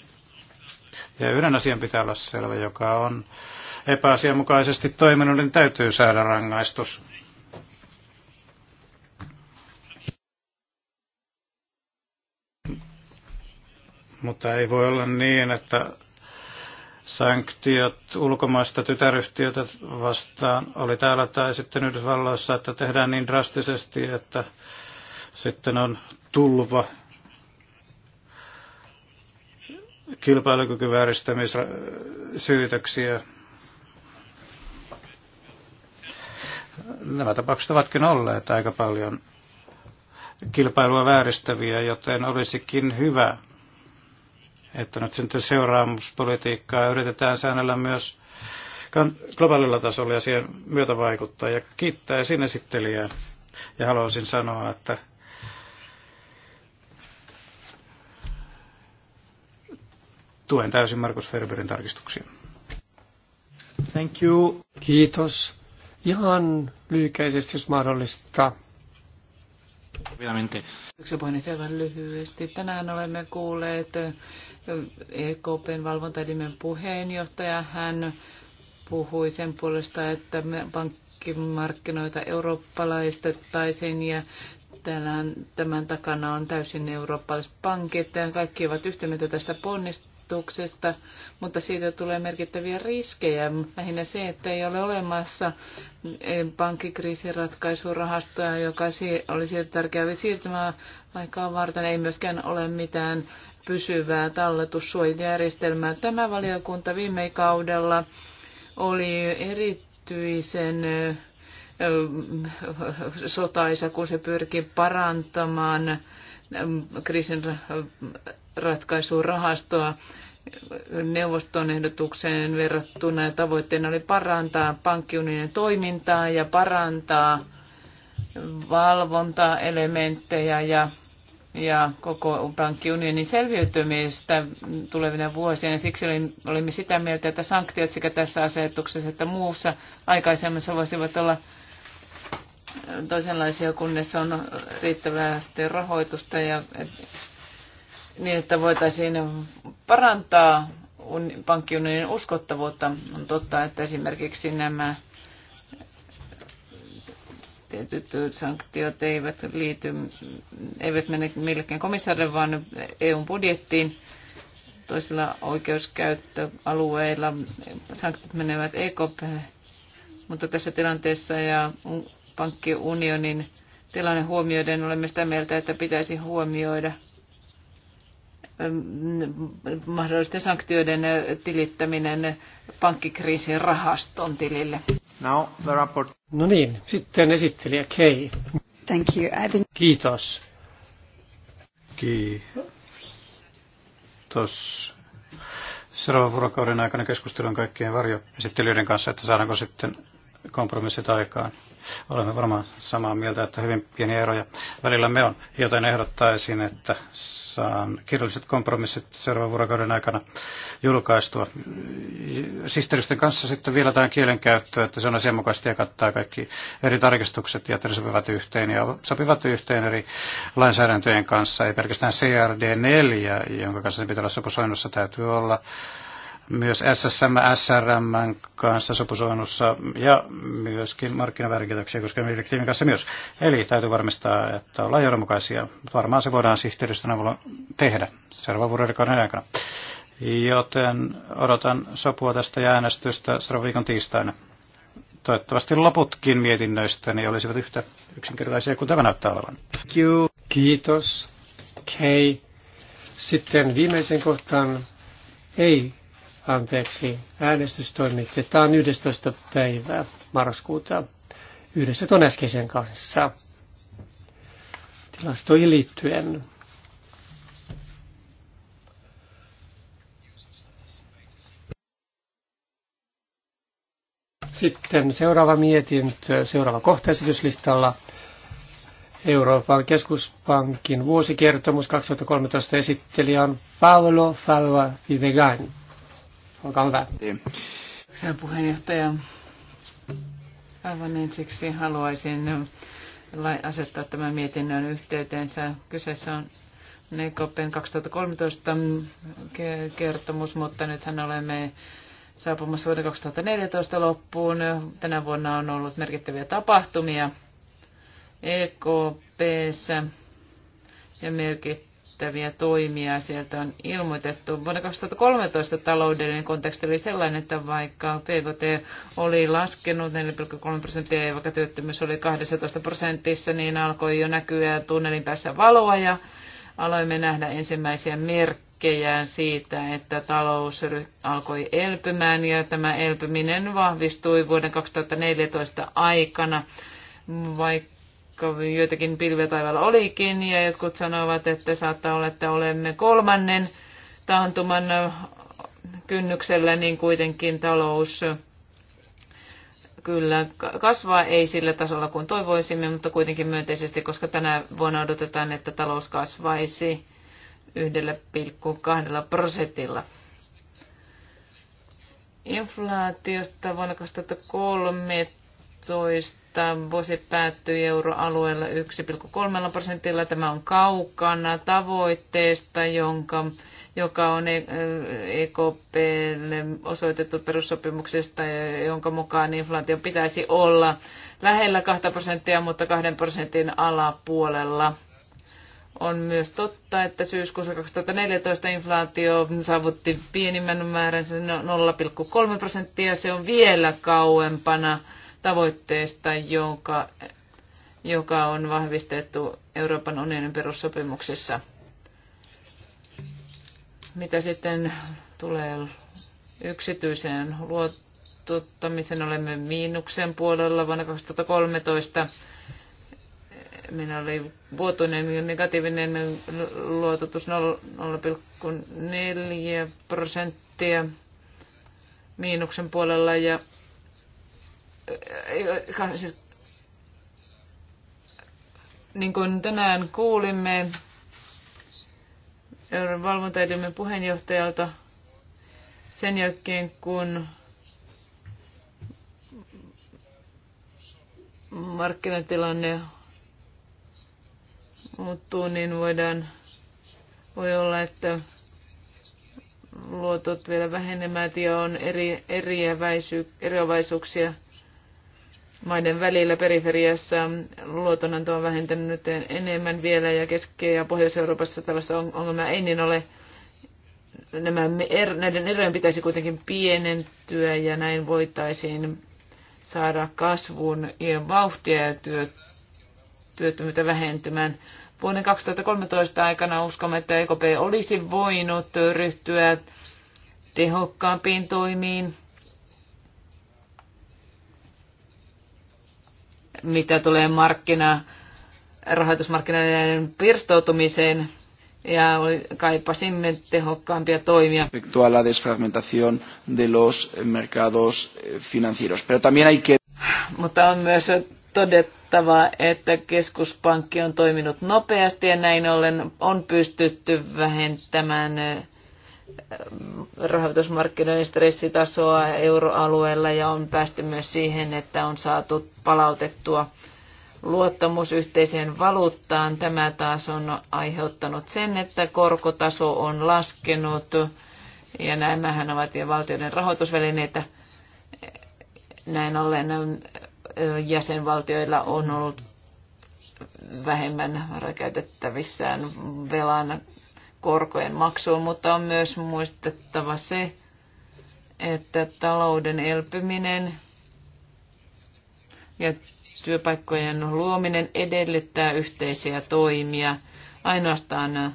Ja yhden asian pitää olla selvä, joka on epäasianmukaisesti toiminut, niin täytyy saada rangaistus. Mutta ei voi olla niin, että sanktiot ulkomaista tytäryhtiötä vastaan oli täällä tai sitten Yhdysvalloissa, että tehdään niin drastisesti, että sitten on tulva kilpailukykyvääristämissyytöksiä. Nämä tapaukset ovatkin olleet aika paljon kilpailua vääristäviä, joten olisikin hyvä, että nyt sitten seuraamuspolitiikkaa yritetään säännellä myös globaalilla tasolla ja siihen myötä vaikuttaa. Ja kiittäisin sinne esittelijää. Ja haluaisin sanoa, että tuen täysin Markus Ferberin tarkistuksia. Thank you. Kiitos. Ihan lyhykäisesti, jos mahdollista. Yksi puheenjohtaja lyhyesti. Tänään olemme kuulleet EKPn valvontaelimen puheenjohtaja. Hän puhui sen puolesta, että pankkimarkkinoita eurooppalaistettaisiin ja tämän, tämän takana on täysin eurooppalaiset pankit. Kaikki ovat yhtä mieltä tästä ponnist- ehdotuksesta, mutta siitä tulee merkittäviä riskejä. Lähinnä se, että ei ole olemassa pankkikriisin ratkaisurahastoa, joka olisi tärkeää siirtymää aikaa varten. Ei myöskään ole mitään pysyvää talletussuojajärjestelmää. Tämä valiokunta viime kaudella oli erityisen sotaisa, kun se pyrki parantamaan kriisin ratkaisurahastoa neuvoston ehdotukseen verrattuna ja tavoitteena oli parantaa pankkiunionin toimintaa ja parantaa valvontaelementtejä ja, ja koko pankkiunionin selviytymistä tulevina vuosina. Ja siksi olimme sitä mieltä, että sanktiot sekä tässä asetuksessa että muussa aikaisemmassa voisivat olla toisenlaisia, kunnes on riittävästi rahoitusta ja niin, että voitaisiin parantaa pankkiunionin uskottavuutta. On totta, että esimerkiksi nämä tietyt sanktiot eivät liity, eivät mene millekään komissaarille, vaan eu budjettiin. Toisilla oikeuskäyttöalueilla sanktiot menevät EKP, mutta tässä tilanteessa ja pankkiunionin tilanne huomioiden olemme sitä mieltä, että pitäisi huomioida – mahdollisten sanktioiden tilittäminen pankkikriisin rahaston tilille. Now the report. No niin, sitten esittelijä Kei. Thank you. I've Kiitos. Kiitos. Seuraavan vuorokauden aikana keskustelun kaikkien varjoesittelijöiden kanssa, että saadaanko sitten kompromissit aikaan. Olemme varmaan samaa mieltä, että hyvin pieniä eroja välillä me on, joten ehdottaisin, että saan kirjalliset kompromissit seuraavan vuorokauden aikana julkaistua. Sihteeristön kanssa sitten vielä tämä kielenkäyttö, että se on asianmukaisesti ja kattaa kaikki eri tarkistukset ja että ne sopivat yhteen ja sopivat yhteen eri lainsäädäntöjen kanssa, ei pelkästään CRD4, jonka kanssa se pitää olla sopusoinnussa, täytyy olla myös SSM, SRM kanssa sopusoinnussa ja myöskin markkinaväärinkäytöksiä koskevan direktiivin kanssa myös. Eli täytyy varmistaa, että ollaan johdonmukaisia. Varmaan se voidaan sihteeristön avulla tehdä seuraavan vuoden aikana. Joten odotan sopua tästä ja äänestystä seuraavan viikon tiistaina. Toivottavasti loputkin mietinnöistä niin olisivat yhtä yksinkertaisia kuin tämä näyttää olevan. Kiitos. hei, Sitten viimeisen kohtaan ei anteeksi, äänestys toimitetaan 11. päivää marraskuuta yhdessä tuon äskeisen kanssa tilastoihin liittyen. Sitten seuraava mietintö, seuraava kohtaesityslistalla. Euroopan keskuspankin vuosikertomus 2013 esittelijä on Paolo Falva Vivegan. Olkaa hyvä. Kiitoksia puheenjohtaja, aivan ensiksi haluaisin asettaa tämän mietinnön yhteyteensä. Kyseessä on Nekopen 2013 kertomus, mutta nythän olemme saapumassa vuoden 2014 loppuun. Tänä vuonna on ollut merkittäviä tapahtumia EKPssä ja merkittäviä merkittäviä toimia sieltä on ilmoitettu. Vuonna 2013 taloudellinen konteksti oli sellainen, että vaikka PKT oli laskenut 4,3 prosenttia ja vaikka työttömyys oli 12 prosentissa, niin alkoi jo näkyä tunnelin päässä valoa ja aloimme nähdä ensimmäisiä merkkejä siitä, että talous alkoi elpymään ja tämä elpyminen vahvistui vuoden 2014 aikana, vaikka vaikka joitakin pilvetaivalla olikin, ja jotkut sanovat, että saattaa olla, että olemme kolmannen taantuman kynnyksellä, niin kuitenkin talous kyllä kasvaa, ei sillä tasolla kuin toivoisimme, mutta kuitenkin myönteisesti, koska tänä vuonna odotetaan, että talous kasvaisi 1,2 prosentilla. Inflaatiosta vuonna 2003 2017 vuosi päättyi euroalueella 1,3 prosentilla. Tämä on kaukana tavoitteesta, jonka, joka on EKPlle e osoitettu perussopimuksesta, jonka mukaan inflaation pitäisi olla lähellä 2 prosenttia, mutta 2 prosentin alapuolella. On myös totta, että syyskuussa 2014 inflaatio saavutti pienimmän määränsä 0,3 prosenttia. Se on vielä kauempana tavoitteesta, joka, joka on vahvistettu Euroopan unionin perussopimuksessa. Mitä sitten tulee yksityiseen luottuttamiseen, olemme miinuksen puolella vuonna 2013. Minä oli vuotuinen negatiivinen luototus 0,4 prosenttia miinuksen puolella ja niin kuin tänään kuulimme valvontaelimen puheenjohtajalta sen jälkeen, kun markkinatilanne muuttuu, niin voidaan, voi olla, että luotot vielä vähenemät ja on eri, eriäväisy, eroavaisuuksia maiden välillä periferiassa luotonanto on vähentänyt enemmän vielä ja Keski- ja Pohjois-Euroopassa tällaista ongelmaa ei niin ole. Nämä er, näiden erojen pitäisi kuitenkin pienentyä ja näin voitaisiin saada kasvun ja vauhtia ja työ, työttömyyttä vähentymään. Vuoden 2013 aikana uskomme, että EKP olisi voinut ryhtyä tehokkaampiin toimiin mitä tulee markkina, rahoitusmarkkinoiden pirstoutumiseen, ja kaipasimme tehokkaampia toimia. Respecto a la desfragmentación de los mercados eh, financieros. Pero también hay que... Mutta on myös todettava, että keskuspankki on toiminut nopeasti ja näin ollen on pystytty vähentämään eh, Äh, rahoitusmarkkinoiden stressitasoa euroalueella ja on päästy myös siihen, että on saatu palautettua luottamus yhteiseen valuuttaan. Tämä taas on aiheuttanut sen, että korkotaso on laskenut ja nämähän ovat jo valtioiden rahoitusvälineitä. Näin ollen äh, jäsenvaltioilla on ollut vähemmän käytettävissään velan korkojen maksuun, mutta on myös muistettava se, että talouden elpyminen ja työpaikkojen luominen edellyttää yhteisiä toimia. Ainoastaan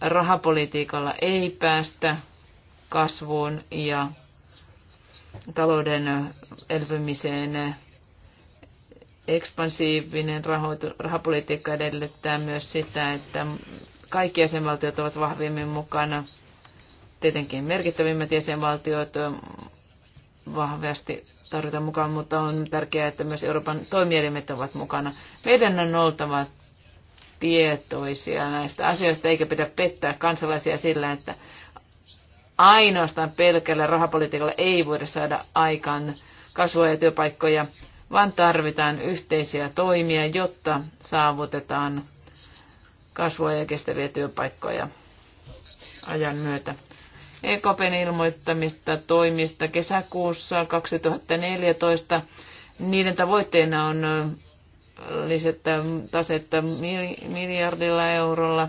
rahapolitiikalla ei päästä kasvuun ja talouden elpymiseen. Ekspansiivinen rahapolitiikka edellyttää myös sitä, että kaikki jäsenvaltiot ovat vahvimmin mukana. Tietenkin merkittävimmät jäsenvaltiot mm, vahvasti tarvitaan mukaan, mutta on tärkeää, että myös Euroopan toimielimet ovat mukana. Meidän on oltava tietoisia näistä asioista, eikä pidä pettää kansalaisia sillä, että ainoastaan pelkällä rahapolitiikalla ei voida saada aikaan kasvua ja työpaikkoja, vaan tarvitaan yhteisiä toimia, jotta saavutetaan kasvua ja kestäviä työpaikkoja ajan myötä. EKPn ilmoittamista toimista kesäkuussa 2014. Niiden tavoitteena on lisätä tasetta miljardilla eurolla.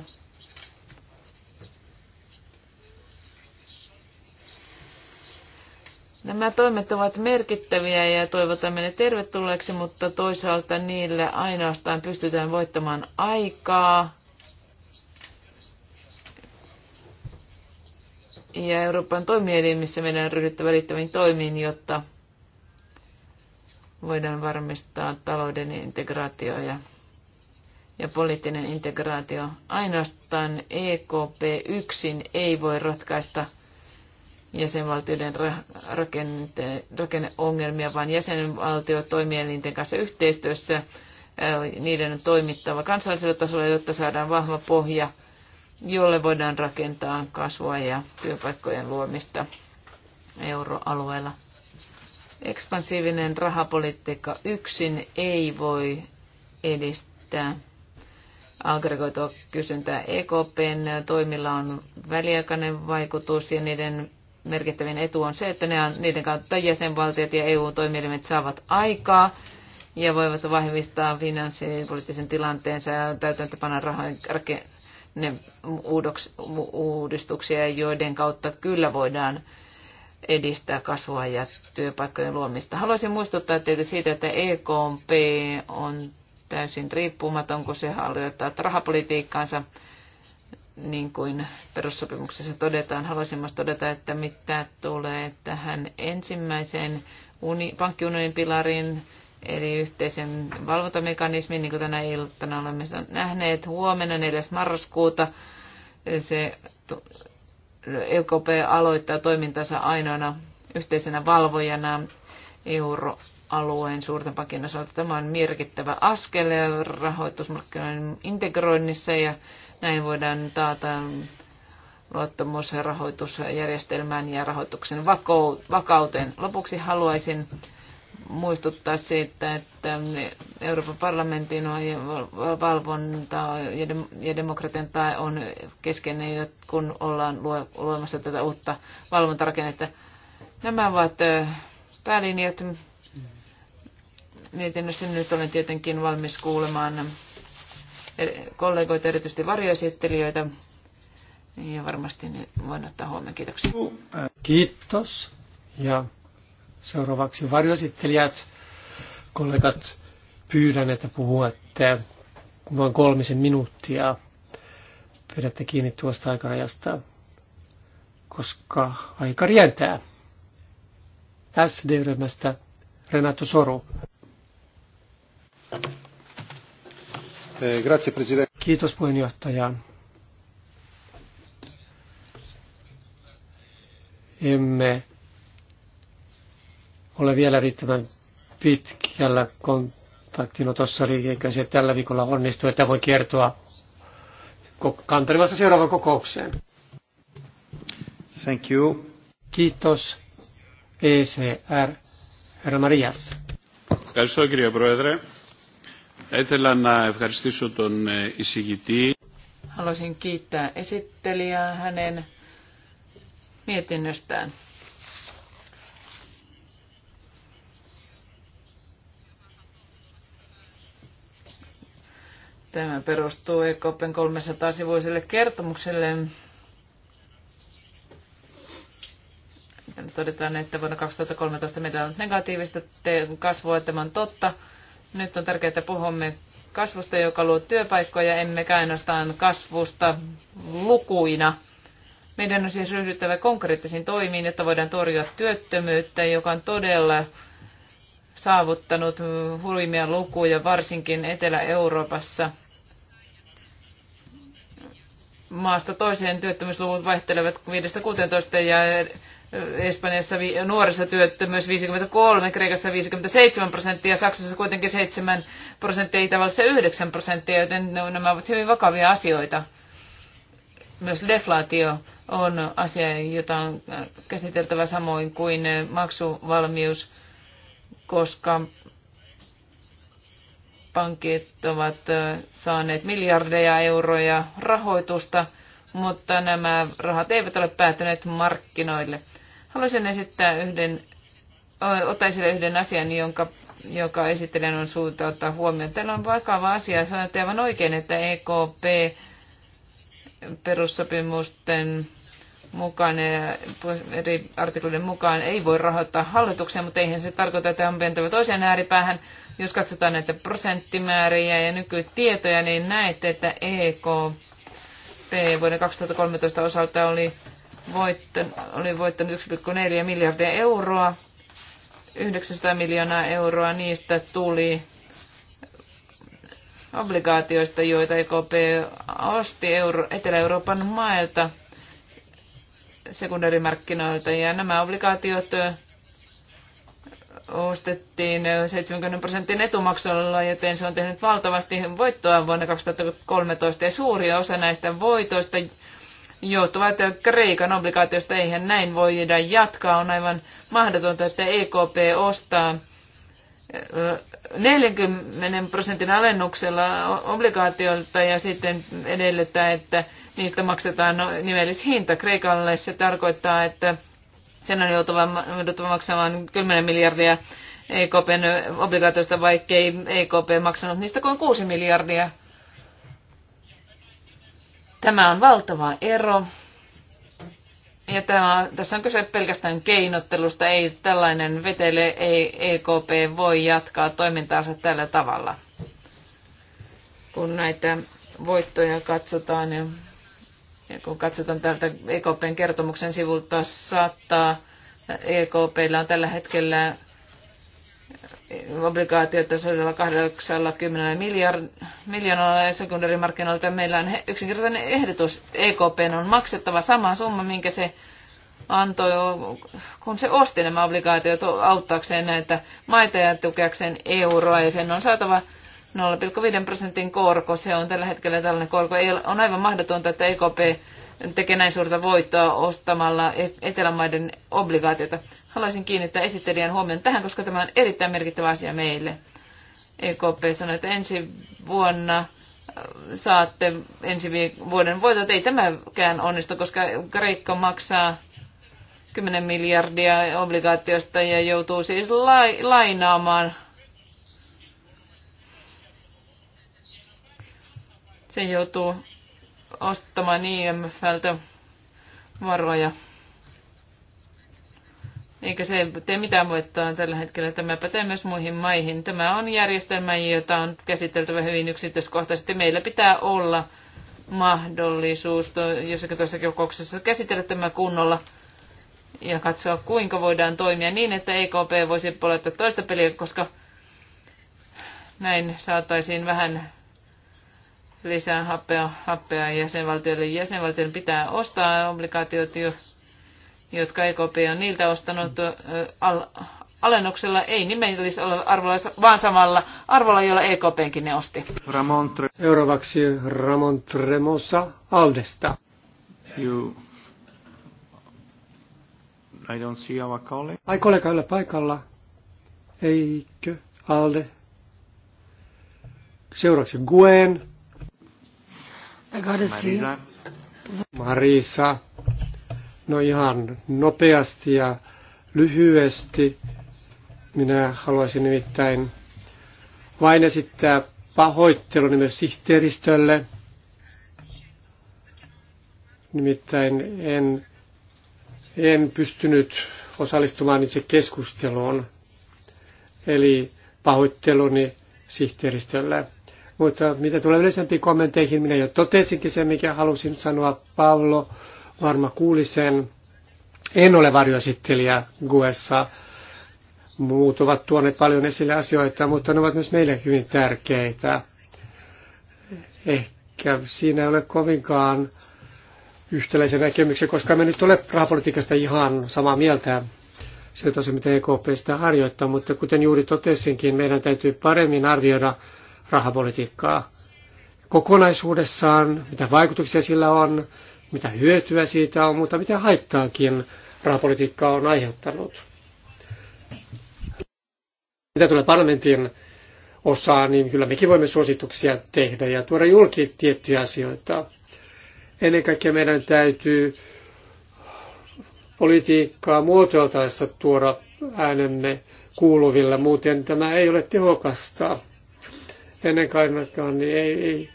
Nämä toimet ovat merkittäviä ja toivotamme ne tervetulleeksi, mutta toisaalta niillä ainoastaan pystytään voittamaan aikaa Ja Euroopan toimielimissä meidän on ryhdyttävä riittäviin toimiin, jotta voidaan varmistaa talouden integraatio ja, ja poliittinen integraatio. Ainoastaan EKP yksin ei voi ratkaista jäsenvaltioiden rakenneongelmia, vaan jäsenvaltio toimielinten kanssa yhteistyössä niiden on toimittava kansallisella tasolla, jotta saadaan vahva pohja – jolle voidaan rakentaa kasvua ja työpaikkojen luomista euroalueella. Ekspansiivinen rahapolitiikka yksin ei voi edistää aggregoitua kysyntää. EKPn toimilla on väliaikainen vaikutus ja niiden merkittävin etu on se, että ne on, niiden kautta jäsenvaltiot ja EU-toimielimet saavat aikaa ja voivat vahvistaa finanssipoliittisen tilanteensa ja täytäntöpanan ne uudistuksia, joiden kautta kyllä voidaan edistää kasvua ja työpaikkojen luomista. Haluaisin muistuttaa teitä siitä, että EKP on täysin riippumaton, kun se harjoittaa rahapolitiikkaansa, niin kuin perussopimuksessa todetaan. Haluaisin myös todeta, että mitä tulee tähän ensimmäiseen uni- pankkiunionin pilariin, eli yhteisen valvontamekanismin, niin kuin tänä iltana olemme nähneet. Huomenna 4. marraskuuta se EKP aloittaa toimintansa ainoana yhteisenä valvojana euroalueen suurten pankin osalta. Tämä on merkittävä askel rahoitusmarkkinoiden integroinnissa ja näin voidaan taata luottamus rahoitusjärjestelmään ja rahoituksen vakauteen. Lopuksi haluaisin muistuttaa siitä, että Euroopan parlamentin valvonta ja demokratian tai on keskeinen, kun ollaan luomassa tätä uutta valvontarakennetta. Nämä ovat päälinjat mietinnössä. Nyt olen tietenkin valmis kuulemaan e, kollegoita, erityisesti varjoesittelijöitä. Ja varmasti voin ottaa huomioon. Kiitoksia. Kiitos. Ja Seuraavaksi varjoesittelijät, kollegat, pyydän, että puhuette noin kolmisen minuuttia. Pidätte kiinni tuosta aikarajasta, koska aika rientää. SD-ryhmästä Renato Soru. Eh, Kiitos puheenjohtaja. Emme ole vielä riittävän pitkällä kontaktinotossa, eli eikä se tällä viikolla onnistu, että voi kertoa kantarivasta seuraavaan kokoukseen. Thank you. Kiitos. ECR. Herra Marias. Ευχαριστώ κύριε Πρόεδρε. Ήθελα να ευχαριστήσω τον εισηγητή. Haluaisin kiittää esittelijää hänen mietinnöstään. Tämä perustuu EKPn 300-sivuiselle kertomukselle. Nyt todetaan, että vuonna 2013 meillä on negatiivista kasvua, tämä on totta. Nyt on tärkeää, että puhumme kasvusta, joka luo työpaikkoja, emmekä ainoastaan kasvusta lukuina. Meidän on siis ryhdyttävä konkreettisiin toimiin, jotta voidaan torjua työttömyyttä, joka on todella saavuttanut huimia lukuja, varsinkin Etelä-Euroopassa. Maasta toiseen työttömyysluvut vaihtelevat 5-16 ja Espanjassa nuorisotyöttömyys 53, Kreikassa 57 prosenttia, Saksassa kuitenkin 7 prosenttia, Itävallassa 9 prosenttia, joten nämä ovat hyvin vakavia asioita. Myös deflaatio on asia, jota on käsiteltävä samoin kuin maksuvalmius koska pankit ovat saaneet miljardeja euroja rahoitusta, mutta nämä rahat eivät ole päätyneet markkinoille. Haluaisin esittää yhden, ottaisille yhden asian, jonka, joka esittelen on suunta ottaa huomioon. Täällä on vakava asia. Sanoitte aivan oikein, että EKP perussopimusten mukana ja eri artikloiden mukaan ei voi rahoittaa hallituksia, mutta eihän se tarkoita, että on pentävä toiseen ääripäähän. Jos katsotaan näitä prosenttimääriä ja nykytietoja, niin näette, että EKP vuoden 2013 osalta oli voittanut, oli voittanut 1,4 miljardia euroa. 900 miljoonaa euroa niistä tuli obligaatioista, joita EKP osti Euro- Etelä-Euroopan mailta – sekundärimarkkinoilta ja nämä obligaatiot ostettiin 70 prosentin etumaksulla, joten se on tehnyt valtavasti voittoa vuonna 2013 ja suuri osa näistä voitoista joutuvat Kreikan obligaatiosta. Eihän näin voida jatkaa. On aivan mahdotonta, että EKP ostaa 40 prosentin alennuksella obligaatioilta ja sitten edellyttää, että niistä maksetaan no, nimellishinta. Kreikalle se tarkoittaa, että sen on joutuva maksamaan 10 miljardia EKPn obligaatiosta, vaikkei EKP maksanut niistä kuin 6 miljardia. Tämä on valtava ero. Ja tämä, tässä on kyse pelkästään keinottelusta. Ei tällainen vetele, ei EKP voi jatkaa toimintaansa tällä tavalla. Kun näitä voittoja katsotaan ja niin ja kun katsotaan täältä EKPn kertomuksen sivulta saattaa EKPllä on tällä hetkellä obligaatioita 180 miljard, miljoonalla sekundarimarkkinoilta. Meillä on yksinkertainen ehdotus. EKP on maksettava sama summa, minkä se antoi, kun se osti nämä obligaatiot auttaakseen näitä maita ja tukeakseen euroa. Ja sen on saatava 0,5 prosentin korko. Se on tällä hetkellä tällainen korko. Ei, on aivan mahdotonta, että EKP tekee näin suurta voittoa ostamalla e- etelämaiden obligaatiota. Haluaisin kiinnittää esittelijän huomion tähän, koska tämä on erittäin merkittävä asia meille. EKP sanoi, että ensi vuonna äh, saatte ensi vuoden voitot. Ei tämäkään onnistu, koska Kreikka maksaa 10 miljardia obligaatiosta ja joutuu siis lainaamaan se joutuu ostamaan IMFltä varoja. Eikä se tee mitään voittoa tällä hetkellä. Tämä pätee myös muihin maihin. Tämä on järjestelmä, jota on käsiteltävä hyvin yksityiskohtaisesti. Meillä pitää olla mahdollisuus jossakin tuossa kokouksessa käsitellä tämä kunnolla ja katsoa, kuinka voidaan toimia niin, että EKP voisi pelata toista peliä, koska näin saataisiin vähän lisää happea, happea jäsenvaltioille. Jäsenvaltioiden pitää ostaa obligaatiot, jotka EKP on niiltä ostanut al- alennuksella, ei nimellisellä arvolla vaan samalla arvolla, jolla EKPkin ne osti. Ramon Tre- Seuraavaksi Ramon Tremosa Aldesta. You... I don't see our colleague. Ai kollega ole paikalla. Eikö Alde? Seuraavaksi Gwen. Marisa. Marisa. No ihan nopeasti ja lyhyesti. Minä haluaisin nimittäin vain esittää pahoitteluni myös sihteeristölle. Nimittäin en, en pystynyt osallistumaan itse keskusteluun. Eli pahoitteluni sihteeristölle. Mutta mitä tulee yleisempiin kommenteihin, minä jo totesinkin sen, mikä halusin sanoa. Paolo varma kuuli sen. En ole varjoesittelijä Guessa. Muut ovat tuoneet paljon esille asioita, mutta ne ovat myös meille hyvin tärkeitä. Ehkä siinä ei ole kovinkaan yhtäläisiä näkemyksiä, koska me nyt ole rahapolitiikasta ihan samaa mieltä sieltä se, mitä EKP sitä harjoittaa, mutta kuten juuri totesinkin, meidän täytyy paremmin arvioida rahapolitiikkaa kokonaisuudessaan, mitä vaikutuksia sillä on, mitä hyötyä siitä on, mutta mitä haittaakin rahapolitiikka on aiheuttanut. Mitä tulee parlamentin osaan, niin kyllä mekin voimme suosituksia tehdä ja tuoda julki tiettyjä asioita. Ennen kaikkea meidän täytyy politiikkaa muotoiltaessa tuoda äänemme kuuluville, muuten tämä ei ole tehokasta ennen kaikkea, niin ei, ei,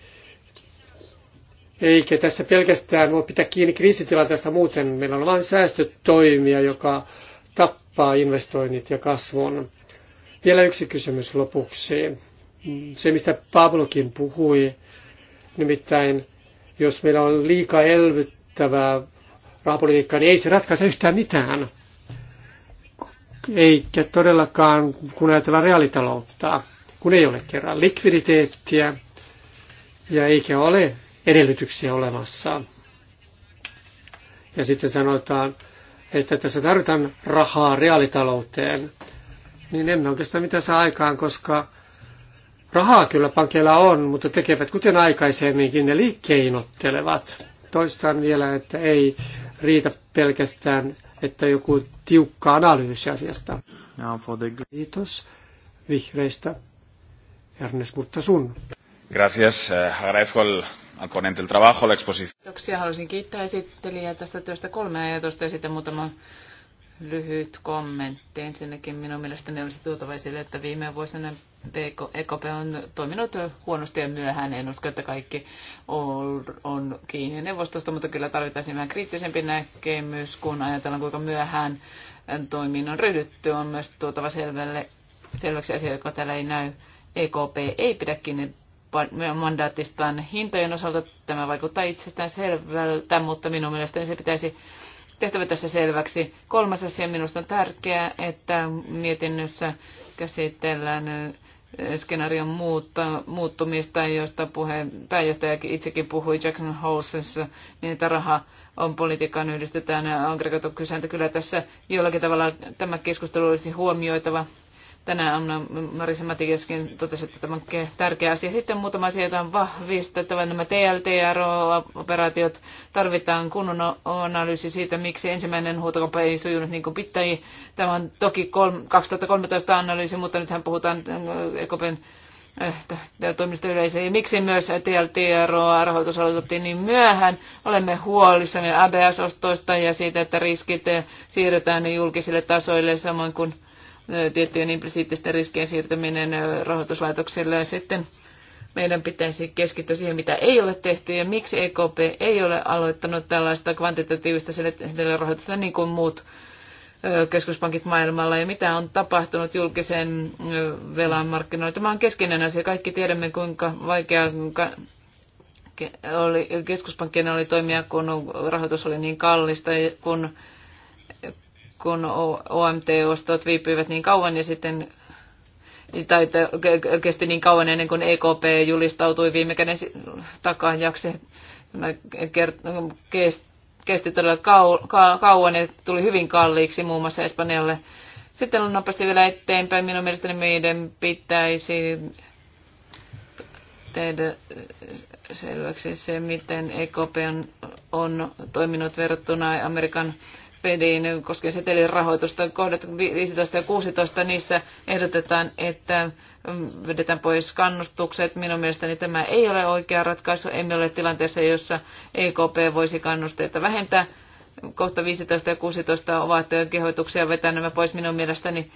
eikä tässä pelkästään voi pitää kiinni kriisitilanteesta muuten. Meillä on vain säästötoimia, joka tappaa investoinnit ja kasvun. Vielä yksi kysymys lopuksi. Se, mistä Pablokin puhui, nimittäin jos meillä on liikaa elvyttävää rahapolitiikkaa, niin ei se ratkaise yhtään mitään. Eikä todellakaan, kun ajatellaan reaalitaloutta kun ei ole kerran likviditeettiä ja eikä ole edellytyksiä olemassa. Ja sitten sanotaan, että tässä tarvitaan rahaa reaalitalouteen, niin emme oikeastaan mitä saa aikaan, koska rahaa kyllä pankeilla on, mutta tekevät kuten aikaisemminkin, ne liikkeinottelevat. Toistan vielä, että ei riitä pelkästään, että joku tiukka analyysi asiasta. Kiitos vihreistä. Ernest Murtasun. Gracias. Eh, agradezco al, al ponente el trabajo, la exposición. Kiitoksia. Haluaisin kiittää esittelijää tästä työstä kolme ajatusta ja sitten muutama lyhyt kommentti. Ensinnäkin minun mielestäni olisi tuotava esille, että viime vuosina EKP e on toiminut huonosti ja myöhään. En usko, että kaikki on, kiinni neuvostosta, mutta kyllä tarvitaan vähän kriittisempi näkemys, kun ajatellaan, kuinka myöhään toiminnon ryhdytty. On myös tuotava selväksi asia, joka täällä ei näy EKP ei pidä kiinni mandaattistaan hintojen osalta. Tämä vaikuttaa itsestään selvältä, mutta minun mielestäni se pitäisi tehtävä tässä selväksi. Kolmas asia minusta on tärkeää, että mietinnössä käsitellään eh, skenaarion muutta, muuttumista, josta puhe, pääjohtajakin itsekin puhui Jackson Houseissa, niin että raha on politiikkaan yhdistetään aggregoitu kysäntä. Kyllä tässä jollakin tavalla tämä keskustelu olisi huomioitava Tänään Anna Marisa Matikeskin totesi, että tämä on tärkeä asia. Sitten muutama asia, jota on vahvistettava. Nämä TLTRO-operaatiot tarvitaan kunnon analyysi siitä, miksi ensimmäinen huutokauppa ei sujunut niin kuin pitäi. Tämä on toki 2013 analyysi, mutta nythän puhutaan äh, EKPn äh, toimista yleisöä. Ja miksi myös TLTRO-rahoitus aloitettiin niin myöhään? Olemme huolissamme ABS-ostoista ja siitä, että riskit äh, siirretään julkisille tasoille samoin kuin tiettyjen implisiittisten riskien siirtäminen rahoituslaitokselle. Sitten meidän pitäisi keskittyä siihen, mitä ei ole tehty ja miksi EKP ei ole aloittanut tällaista kvantitatiivista rahoitusta niin kuin muut keskuspankit maailmalla ja mitä on tapahtunut julkisen velan markkinoilla. Tämä on keskeinen asia. Kaikki tiedämme, kuinka vaikea oli, keskuspankkien oli toimia, kun rahoitus oli niin kallista, kun kun OMT-ostot viipyivät niin kauan ja sitten tai kesti niin kauan ennen kuin EKP julistautui viime käden takajaksi. Tämä kesti todella kauan ja tuli hyvin kalliiksi muun muassa Espanjalle. Sitten on nopeasti vielä eteenpäin. Minun mielestäni meidän pitäisi tehdä äh, selväksi se, miten EKP on, on toiminut verrattuna Amerikan Fediin koskien setelin rahoitusta. Kohdat 15 ja 16 niissä ehdotetaan, että vedetään pois kannustukset. Minun mielestäni tämä ei ole oikea ratkaisu. Emme ole tilanteessa, jossa EKP voisi kannusteita vähentää. Kohta 15 ja 16 ovat kehotuksia vetää nämä pois. Minun mielestäni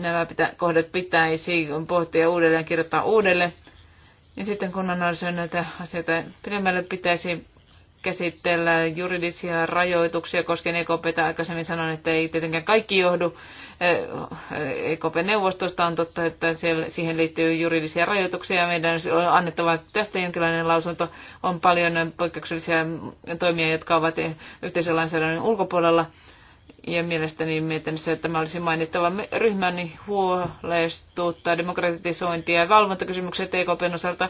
nämä pitä, kohdat pitäisi pohtia uudelleen, kirjoittaa uudelleen. Ja sitten kun analysoin näitä asioita pidemmälle, pitäisi käsitellään juridisia rajoituksia koskien EKPtä. Aikaisemmin sanoin, että ei tietenkään kaikki johdu EKP-neuvostosta. Eh, e on totta, että siihen liittyy juridisia rajoituksia ja meidän on annettava tästä jonkinlainen lausunto. On paljon poikkeuksellisia toimia, jotka ovat yhteisölainsäädännön ulkopuolella. Ja mielestäni mietinnössä tämä olisi mainittava ryhmäni huolestuttaa demokratisointia ja valvontakysymykset EKPn osalta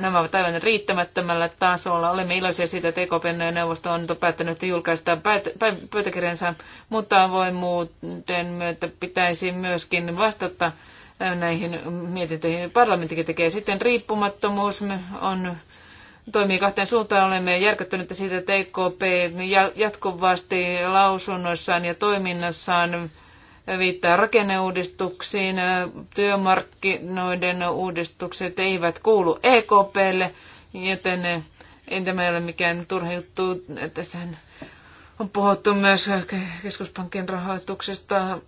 Nämä ovat aivan riittämättömällä tasolla. Olemme iloisia siitä, että EKPn neuvosto on päättänyt julkaista pöytäkirjansa, mutta muuten myötä pitäisi myöskin vastata äh, näihin mietintöihin. Parlamenttikin tekee sitten riippumattomuus. On toimii kahteen suuntaan. Olemme järkyttyneitä siitä, että EKP jatkuvasti lausunnoissaan ja toiminnassaan viittaa rakenneuudistuksiin. Työmarkkinoiden uudistukset eivät kuulu EKPlle, joten ei tämä ole mikään turha juttu. Tässä on puhuttu myös keskuspankin rahoituksesta.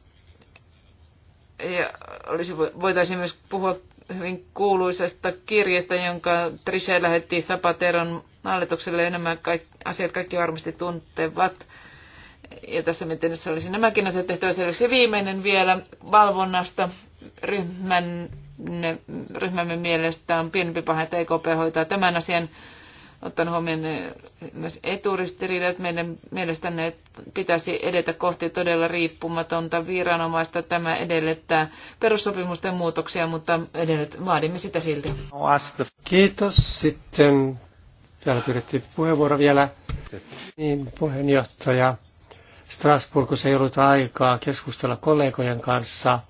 Ja olisi, voitaisiin myös puhua hyvin kuuluisesta kirjasta, jonka Trise lähetti Zapateron hallitukselle. Nämä kaikki, asiat kaikki varmasti tuntevat. Ja tässä mietinnössä olisi nämäkin asiat tehtävä selväksi. Viimeinen vielä valvonnasta ryhmän, ryhmämme mielestä on pienempi paha, että EKP hoitaa tämän asian ottanut huomioon myös eturistiriidat. Meidän mielestämme pitäisi edetä kohti todella riippumatonta viranomaista. Tämä edellyttää perussopimusten muutoksia, mutta edellyt, vaadimme sitä silti. Kiitos. Sitten täällä pyydettiin puheenvuoro vielä. Niin, puheenjohtaja. Strasburgissa ei ollut aikaa keskustella kollegojen kanssa.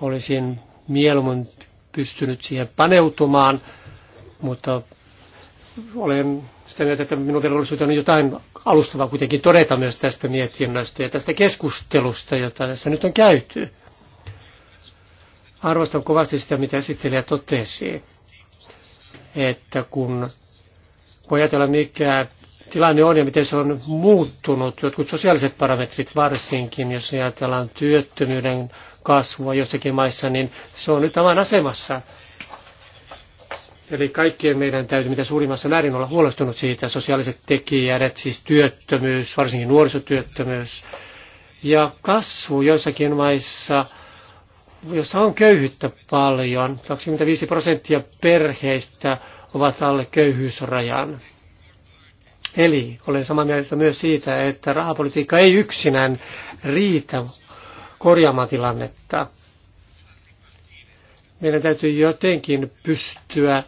Olisin mieluummin pystynyt siihen paneutumaan, mutta olen sitä mieltä, että minun velvollisuuteni on jotain alustavaa kuitenkin todeta myös tästä mietinnöstä ja tästä keskustelusta, jota tässä nyt on käyty. Arvostan kovasti sitä, mitä esittelijä totesi, että kun voi ajatella, mikä tilanne on ja miten se on muuttunut. Jotkut sosiaaliset parametrit varsinkin, jos ajatellaan työttömyyden kasvua jossakin maissa, niin se on nyt aivan asemassa. Eli kaikkien meidän täytyy mitä suurimmassa määrin olla huolestunut siitä, sosiaaliset tekijät, siis työttömyys, varsinkin nuorisotyöttömyys ja kasvu joissakin maissa, jossa on köyhyyttä paljon. 25 prosenttia perheistä ovat alle köyhyysrajan. Eli olen samaa mieltä myös siitä, että rahapolitiikka ei yksinään riitä korjaamaan tilannetta. Meidän täytyy jotenkin pystyä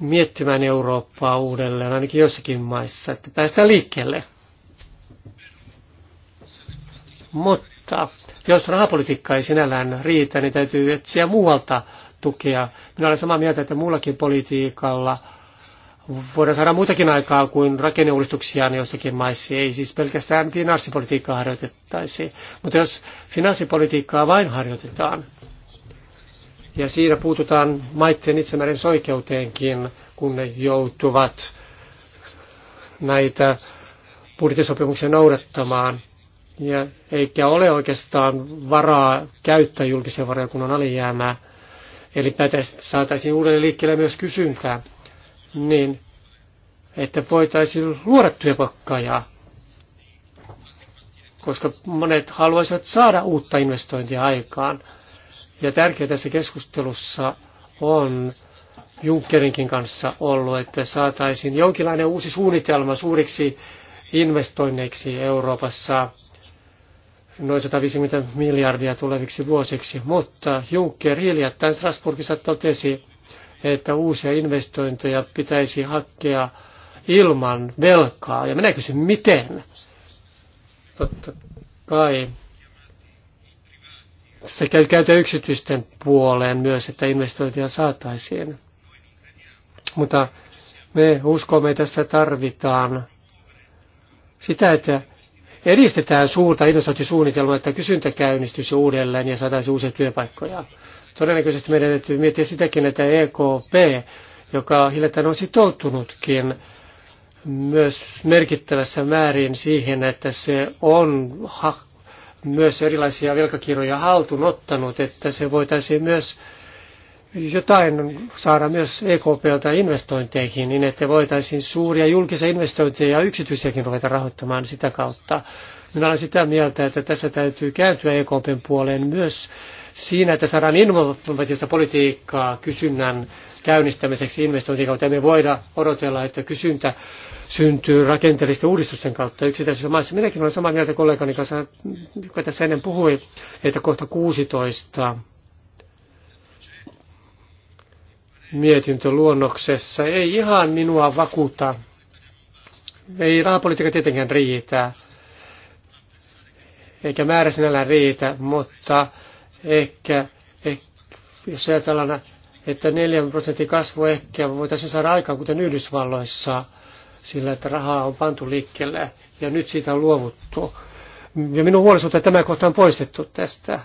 miettimään Eurooppaa uudelleen, ainakin jossakin maissa, että päästään liikkeelle. Mutta jos rahapolitiikka ei sinällään riitä, niin täytyy etsiä muualta tukea. Minä olen samaa mieltä, että muullakin politiikalla – voidaan saada muitakin aikaa kuin rakenneuudistuksia joissakin maissa. Ei siis pelkästään finanssipolitiikkaa harjoitettaisi. Mutta jos finanssipolitiikkaa vain harjoitetaan, ja siinä puututaan maitteen itsemääräämisoikeuteenkin, kun ne joutuvat näitä budjettisopimuksia noudattamaan. Ja eikä ole oikeastaan varaa käyttää julkisen varoja, kun on alijäämää. Eli saataisiin uudelleen liikkeelle myös kysyntää niin että voitaisiin luoda työpaikkoja, koska monet haluaisivat saada uutta investointia aikaan. Ja tärkeää tässä keskustelussa on Junckerinkin kanssa ollut, että saataisiin jonkinlainen uusi suunnitelma suuriksi investoinneiksi Euroopassa noin 150 miljardia tuleviksi vuosiksi, mutta Juncker hiljattain Strasbourgissa totesi, että uusia investointeja pitäisi hakea ilman velkaa. Ja minä kysyn, miten? Totta kai se käy käytä yksityisten puoleen myös, että investointia saataisiin. Mutta me uskomme tässä tarvitaan sitä, että edistetään suurta investointisuunnitelmaa, että kysyntä käynnistyisi uudelleen ja saataisiin uusia työpaikkoja. Todennäköisesti meidän täytyy miettiä sitäkin, että EKP, joka hiljattain on sitoutunutkin myös merkittävässä määrin siihen, että se on myös erilaisia velkakirjoja haltuun ottanut, että se voitaisiin myös jotain saada myös EKPltä investointeihin, niin että voitaisiin suuria julkisia investointeja ja yksityisiäkin ruveta rahoittamaan sitä kautta. Minä olen sitä mieltä, että tässä täytyy kääntyä EKPn puoleen myös siinä, että saadaan innovatiivista politiikkaa kysynnän käynnistämiseksi investointien kautta. Me voida odotella, että kysyntä syntyy rakenteellisten uudistusten kautta yksittäisissä maissa. Minäkin olen samaa mieltä kollegani kanssa, joka tässä ennen puhui, että kohta 16 mietintöluonnoksessa ei ihan minua vakuuta. Ei rahapolitiikka tietenkään riitä, eikä määrä sinällään riitä, mutta ehkä, ehkä jos ajatellaan, että 4 prosentin kasvu ehkä voitaisiin saada aikaan, kuten Yhdysvalloissa, sillä että rahaa on pantu liikkeelle ja nyt siitä on luovuttu. Ja minun huolestuttaa tämä kohta on poistettu tästä.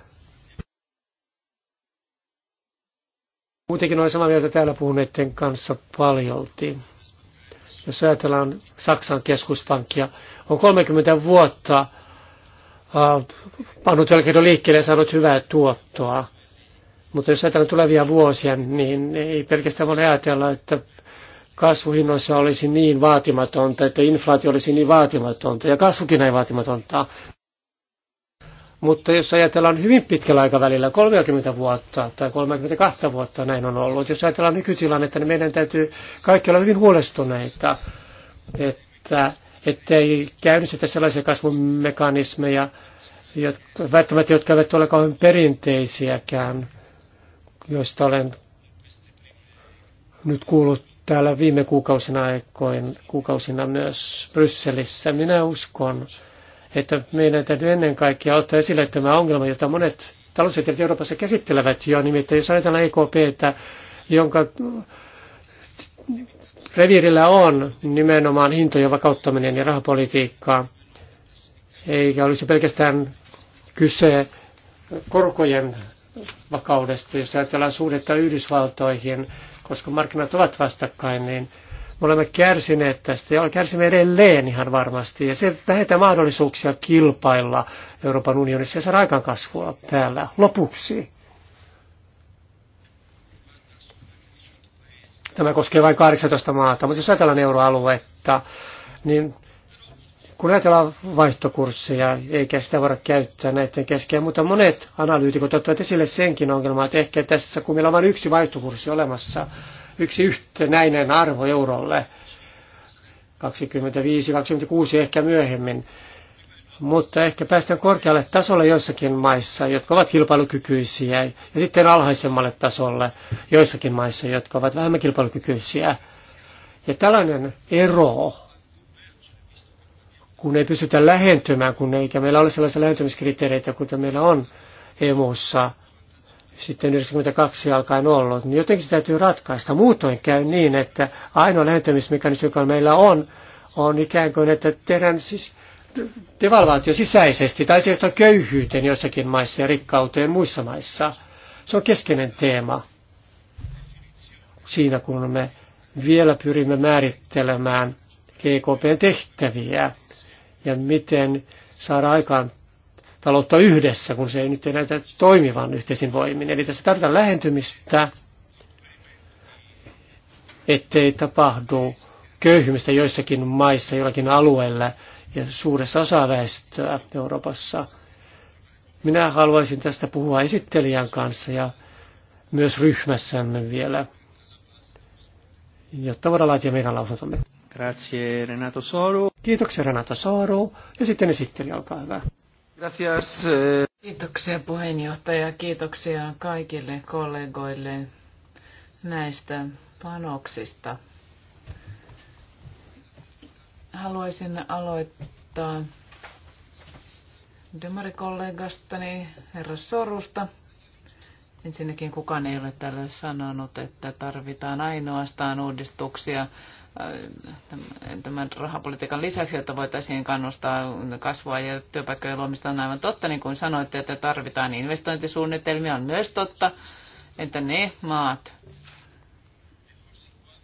Muutenkin olen samaa mieltä täällä puhuneiden kanssa paljolti. Jos ajatellaan Saksan keskuspankkia, on 30 vuotta Ah, pannut velkakirjan liikkeelle ja saanut hyvää tuottoa. Mutta jos ajatellaan tulevia vuosia, niin ei pelkästään voi ajatella, että kasvuhinnoissa olisi niin vaatimatonta, että inflaatio olisi niin vaatimatonta ja kasvukin näin vaatimatonta. Mutta jos ajatellaan hyvin pitkällä aikavälillä, 30 vuotta tai 32 vuotta näin on ollut, jos ajatellaan nykytilannetta, niin meidän täytyy kaikki olla hyvin huolestuneita, että ettei käynnistetä sellaisia kasvumekanismeja, jotka, välttämättä jotka eivät ole kauhean perinteisiäkään, joista olen nyt kuullut täällä viime kuukausina, aikoin, kuukausina myös Brysselissä. Minä uskon, että meidän täytyy ennen kaikkea ottaa esille tämä ongelma, jota monet taloustieteilijät Euroopassa käsittelevät jo, nimittäin jos ajatellaan EKPtä, jonka reviirillä on nimenomaan hintojen vakauttaminen ja rahapolitiikkaa, eikä olisi pelkästään kyse korkojen vakaudesta, jos ajatellaan suhdetta Yhdysvaltoihin, koska markkinat ovat vastakkain, niin me olemme kärsineet tästä ja kärsimme edelleen ihan varmasti. Ja se vähentää mahdollisuuksia kilpailla Euroopan unionissa ja saada aikaan kasvua täällä. Lopuksi Tämä koskee vain 18 maata, mutta jos ajatellaan euroaluetta, niin kun ajatellaan vaihtokursseja, eikä sitä voida käyttää näiden kesken, mutta monet analyytikot ottavat esille senkin ongelman, että ehkä tässä, kun meillä on vain yksi vaihtokurssi olemassa, yksi yhtenäinen arvo eurolle, 25-26 ehkä myöhemmin, mutta ehkä päästään korkealle tasolle joissakin maissa, jotka ovat kilpailukykyisiä, ja sitten alhaisemmalle tasolle joissakin maissa, jotka ovat vähemmän kilpailukykyisiä. Ja tällainen ero, kun ei pystytä lähentymään, kun eikä meillä ole sellaisia lähentymiskriteereitä, kuten meillä on EMUssa, sitten 92 alkaen ollut, niin jotenkin se täytyy ratkaista. Muutoin käy niin, että ainoa lähentymismekanismi, joka meillä on, on ikään kuin, että tehdään siis devalvaatio sisäisesti tai se johtaa köyhyyteen joissakin maissa ja rikkauteen muissa maissa. Se on keskeinen teema siinä, kun me vielä pyrimme määrittelemään GKPn tehtäviä ja miten saada aikaan taloutta yhdessä, kun se ei nyt näytä toimivan yhteisin voimin. Eli tässä tarvitaan lähentymistä, ettei tapahdu köyhymistä joissakin maissa, jollakin alueella, ja suuressa osa väestöä Euroopassa. Minä haluaisin tästä puhua esittelijän kanssa ja myös ryhmässämme vielä, jotta voidaan laatia meidän lausuntomme. Grazie Renato Soru. Kiitoksia Renato Soru. Ja sitten esittelijä, olkaa hyvä. Gracias. Kiitoksia puheenjohtaja, kiitoksia kaikille kollegoille näistä panoksista. Haluaisin aloittaa demarikollegastani, herra Sorusta. Ensinnäkin kukaan ei ole täällä sanonut, että tarvitaan ainoastaan uudistuksia äh, tämän rahapolitiikan lisäksi, että voitaisiin kannustaa kasvua ja työpaikkojen luomista on aivan totta, niin kuin sanoitte, että tarvitaan investointisuunnitelmia. On myös totta, että ne maat,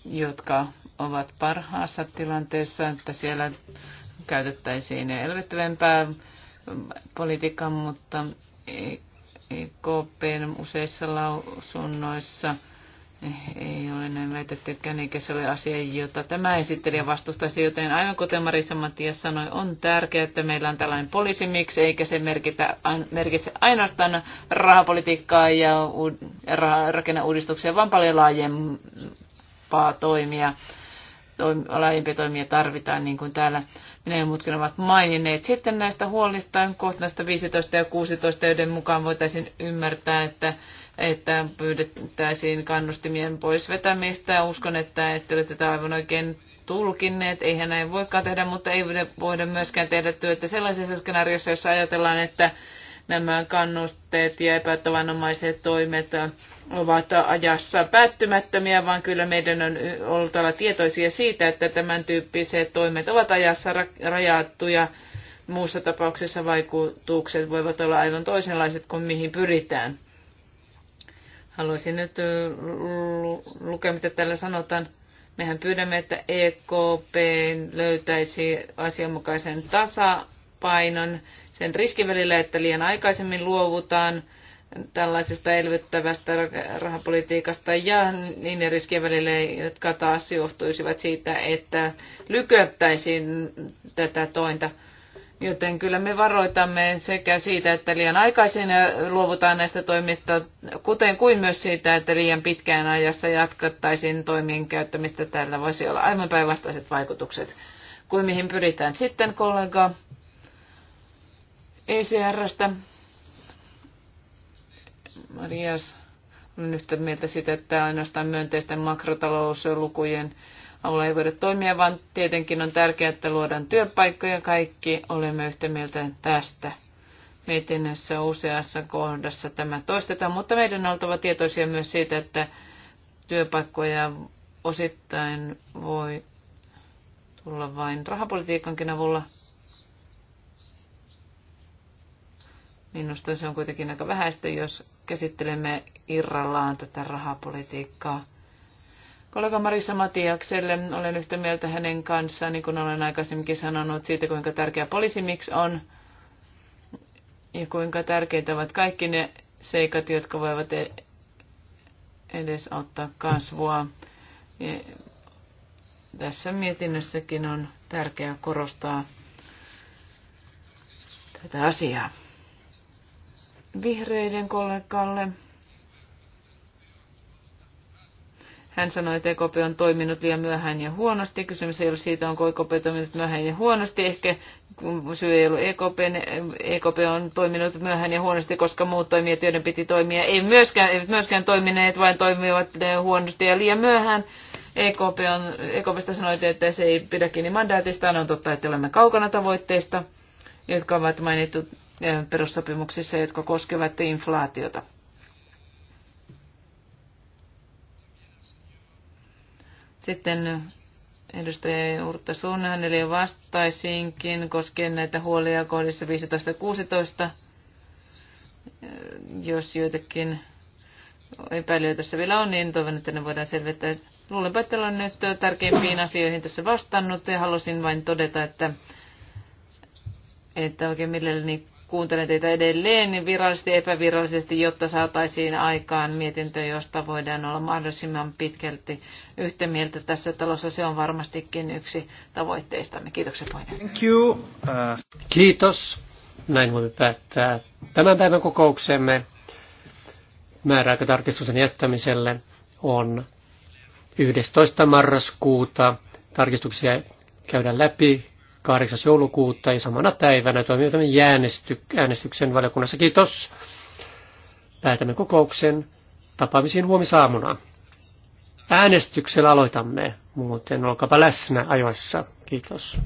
jotka ovat parhaassa tilanteessa, että siellä käytettäisiin elvyttävämpää politiikkaa, mutta EKPn useissa lausunnoissa ei ole näin väitettykään, eikä se ole asia, jota tämä esittelijä vastustaisi, joten aivan kuten Marissa Matias sanoi, on tärkeää, että meillä on tällainen poliisimiksi, eikä se merkitä, merkitse ainoastaan rahapolitiikkaa ja rakenneuudistuksia, vaan paljon laajempaa toimia toim- laajempia toimia tarvitaan, niin kuin täällä minä ja muutkin ovat maininneet. Sitten näistä huolista, näistä 15 ja 16, joiden mukaan voitaisiin ymmärtää, että että pyydettäisiin kannustimien pois vetämistä. Uskon, että ette ole tätä aivan oikein tulkinneet. Eihän näin voikaan tehdä, mutta ei voida myöskään tehdä työtä sellaisessa skenaariossa, jossa ajatellaan, että nämä kannusteet ja epätavanomaiset toimet ovat ajassa päättymättömiä, vaan kyllä meidän on oltava tietoisia siitä, että tämän tyyppiset toimet ovat ajassa rajattuja. Muussa tapauksessa vaikutukset voivat olla aivan toisenlaiset kuin mihin pyritään. Haluaisin nyt lukea, mitä täällä sanotaan. Mehän pyydämme, että EKP löytäisi asianmukaisen tasapainon sen riskin välillä, että liian aikaisemmin luovutaan tällaisesta elvyttävästä rahapolitiikasta ja niiden riskien välillä, jotka taas johtuisivat siitä, että lykättäisiin tätä tointa. Joten kyllä me varoitamme sekä siitä, että liian aikaisin luovutaan näistä toimista, kuten kuin myös siitä, että liian pitkään ajassa jatkattaisiin toimien käyttämistä. Tällä voisi olla aivan päinvastaiset vaikutukset kuin mihin pyritään. Sitten kollega ECRstä. Marias on yhtä mieltä sitä, että ainoastaan myönteisten makrotalouslukujen avulla ei voida toimia, vaan tietenkin on tärkeää, että luodaan työpaikkoja. Kaikki olemme yhtä mieltä tästä. Mietinnössä useassa kohdassa tämä toistetaan, mutta meidän on oltava tietoisia myös siitä, että työpaikkoja osittain voi tulla vain rahapolitiikankin avulla. Minusta niin no, se on kuitenkin aika vähäistä, jos käsittelemme irrallaan tätä rahapolitiikkaa. Kollega Marissa Matiakselle olen yhtä mieltä hänen kanssaan, niin kuin olen aikaisemminkin sanonut, siitä kuinka tärkeä miksi on ja kuinka tärkeitä ovat kaikki ne seikat, jotka voivat e- edesauttaa kasvua. Ja tässä mietinnössäkin on tärkeää korostaa tätä asiaa vihreiden kollegalle. Hän sanoi, että EKP on toiminut liian myöhään ja huonosti. Kysymys ei ole siitä, onko EKP toiminut myöhään ja huonosti. Ehkä syy ei ollut EKP. EKP on toiminut myöhään ja huonosti, koska muut toimijat, joiden piti toimia, ei myöskään, eivät myöskään toimineet, vaan toimivat huonosti ja liian myöhään. EKP on, EKPstä sanoitte, että se ei pidä kiinni mandaatistaan. On totta, että olemme kaukana tavoitteista, jotka ovat mainittu perussopimuksissa, jotka koskevat inflaatiota. Sitten edustaja Urta Sun, eli vastaisinkin koskien näitä huolia kohdissa 15 ja 16, jos joitakin epäilyjä tässä vielä on, niin toivon, että ne voidaan selvittää. Luulenpa, että olen nyt tärkeimpiin asioihin tässä vastannut ja halusin vain todeta, että, että oikein mielelläni kuuntelen teitä edelleen niin virallisesti ja epävirallisesti, jotta saataisiin aikaan mietintö, josta voidaan olla mahdollisimman pitkälti yhtä mieltä tässä talossa. Se on varmastikin yksi tavoitteistamme. Kiitoksia puheenjohtaja. Thank you. Uh... Kiitos. Näin voimme päättää tämän päivän kokouksemme. Määräaikatarkistuksen jättämiselle on 11. marraskuuta. Tarkistuksia käydään läpi 8. joulukuuta ja samana päivänä tämän äänestyksen valiokunnassa. Kiitos. Päätämme kokouksen tapaamisiin huomisaamuna. Äänestyksellä aloitamme, muuten olkaapa läsnä ajoissa. Kiitos.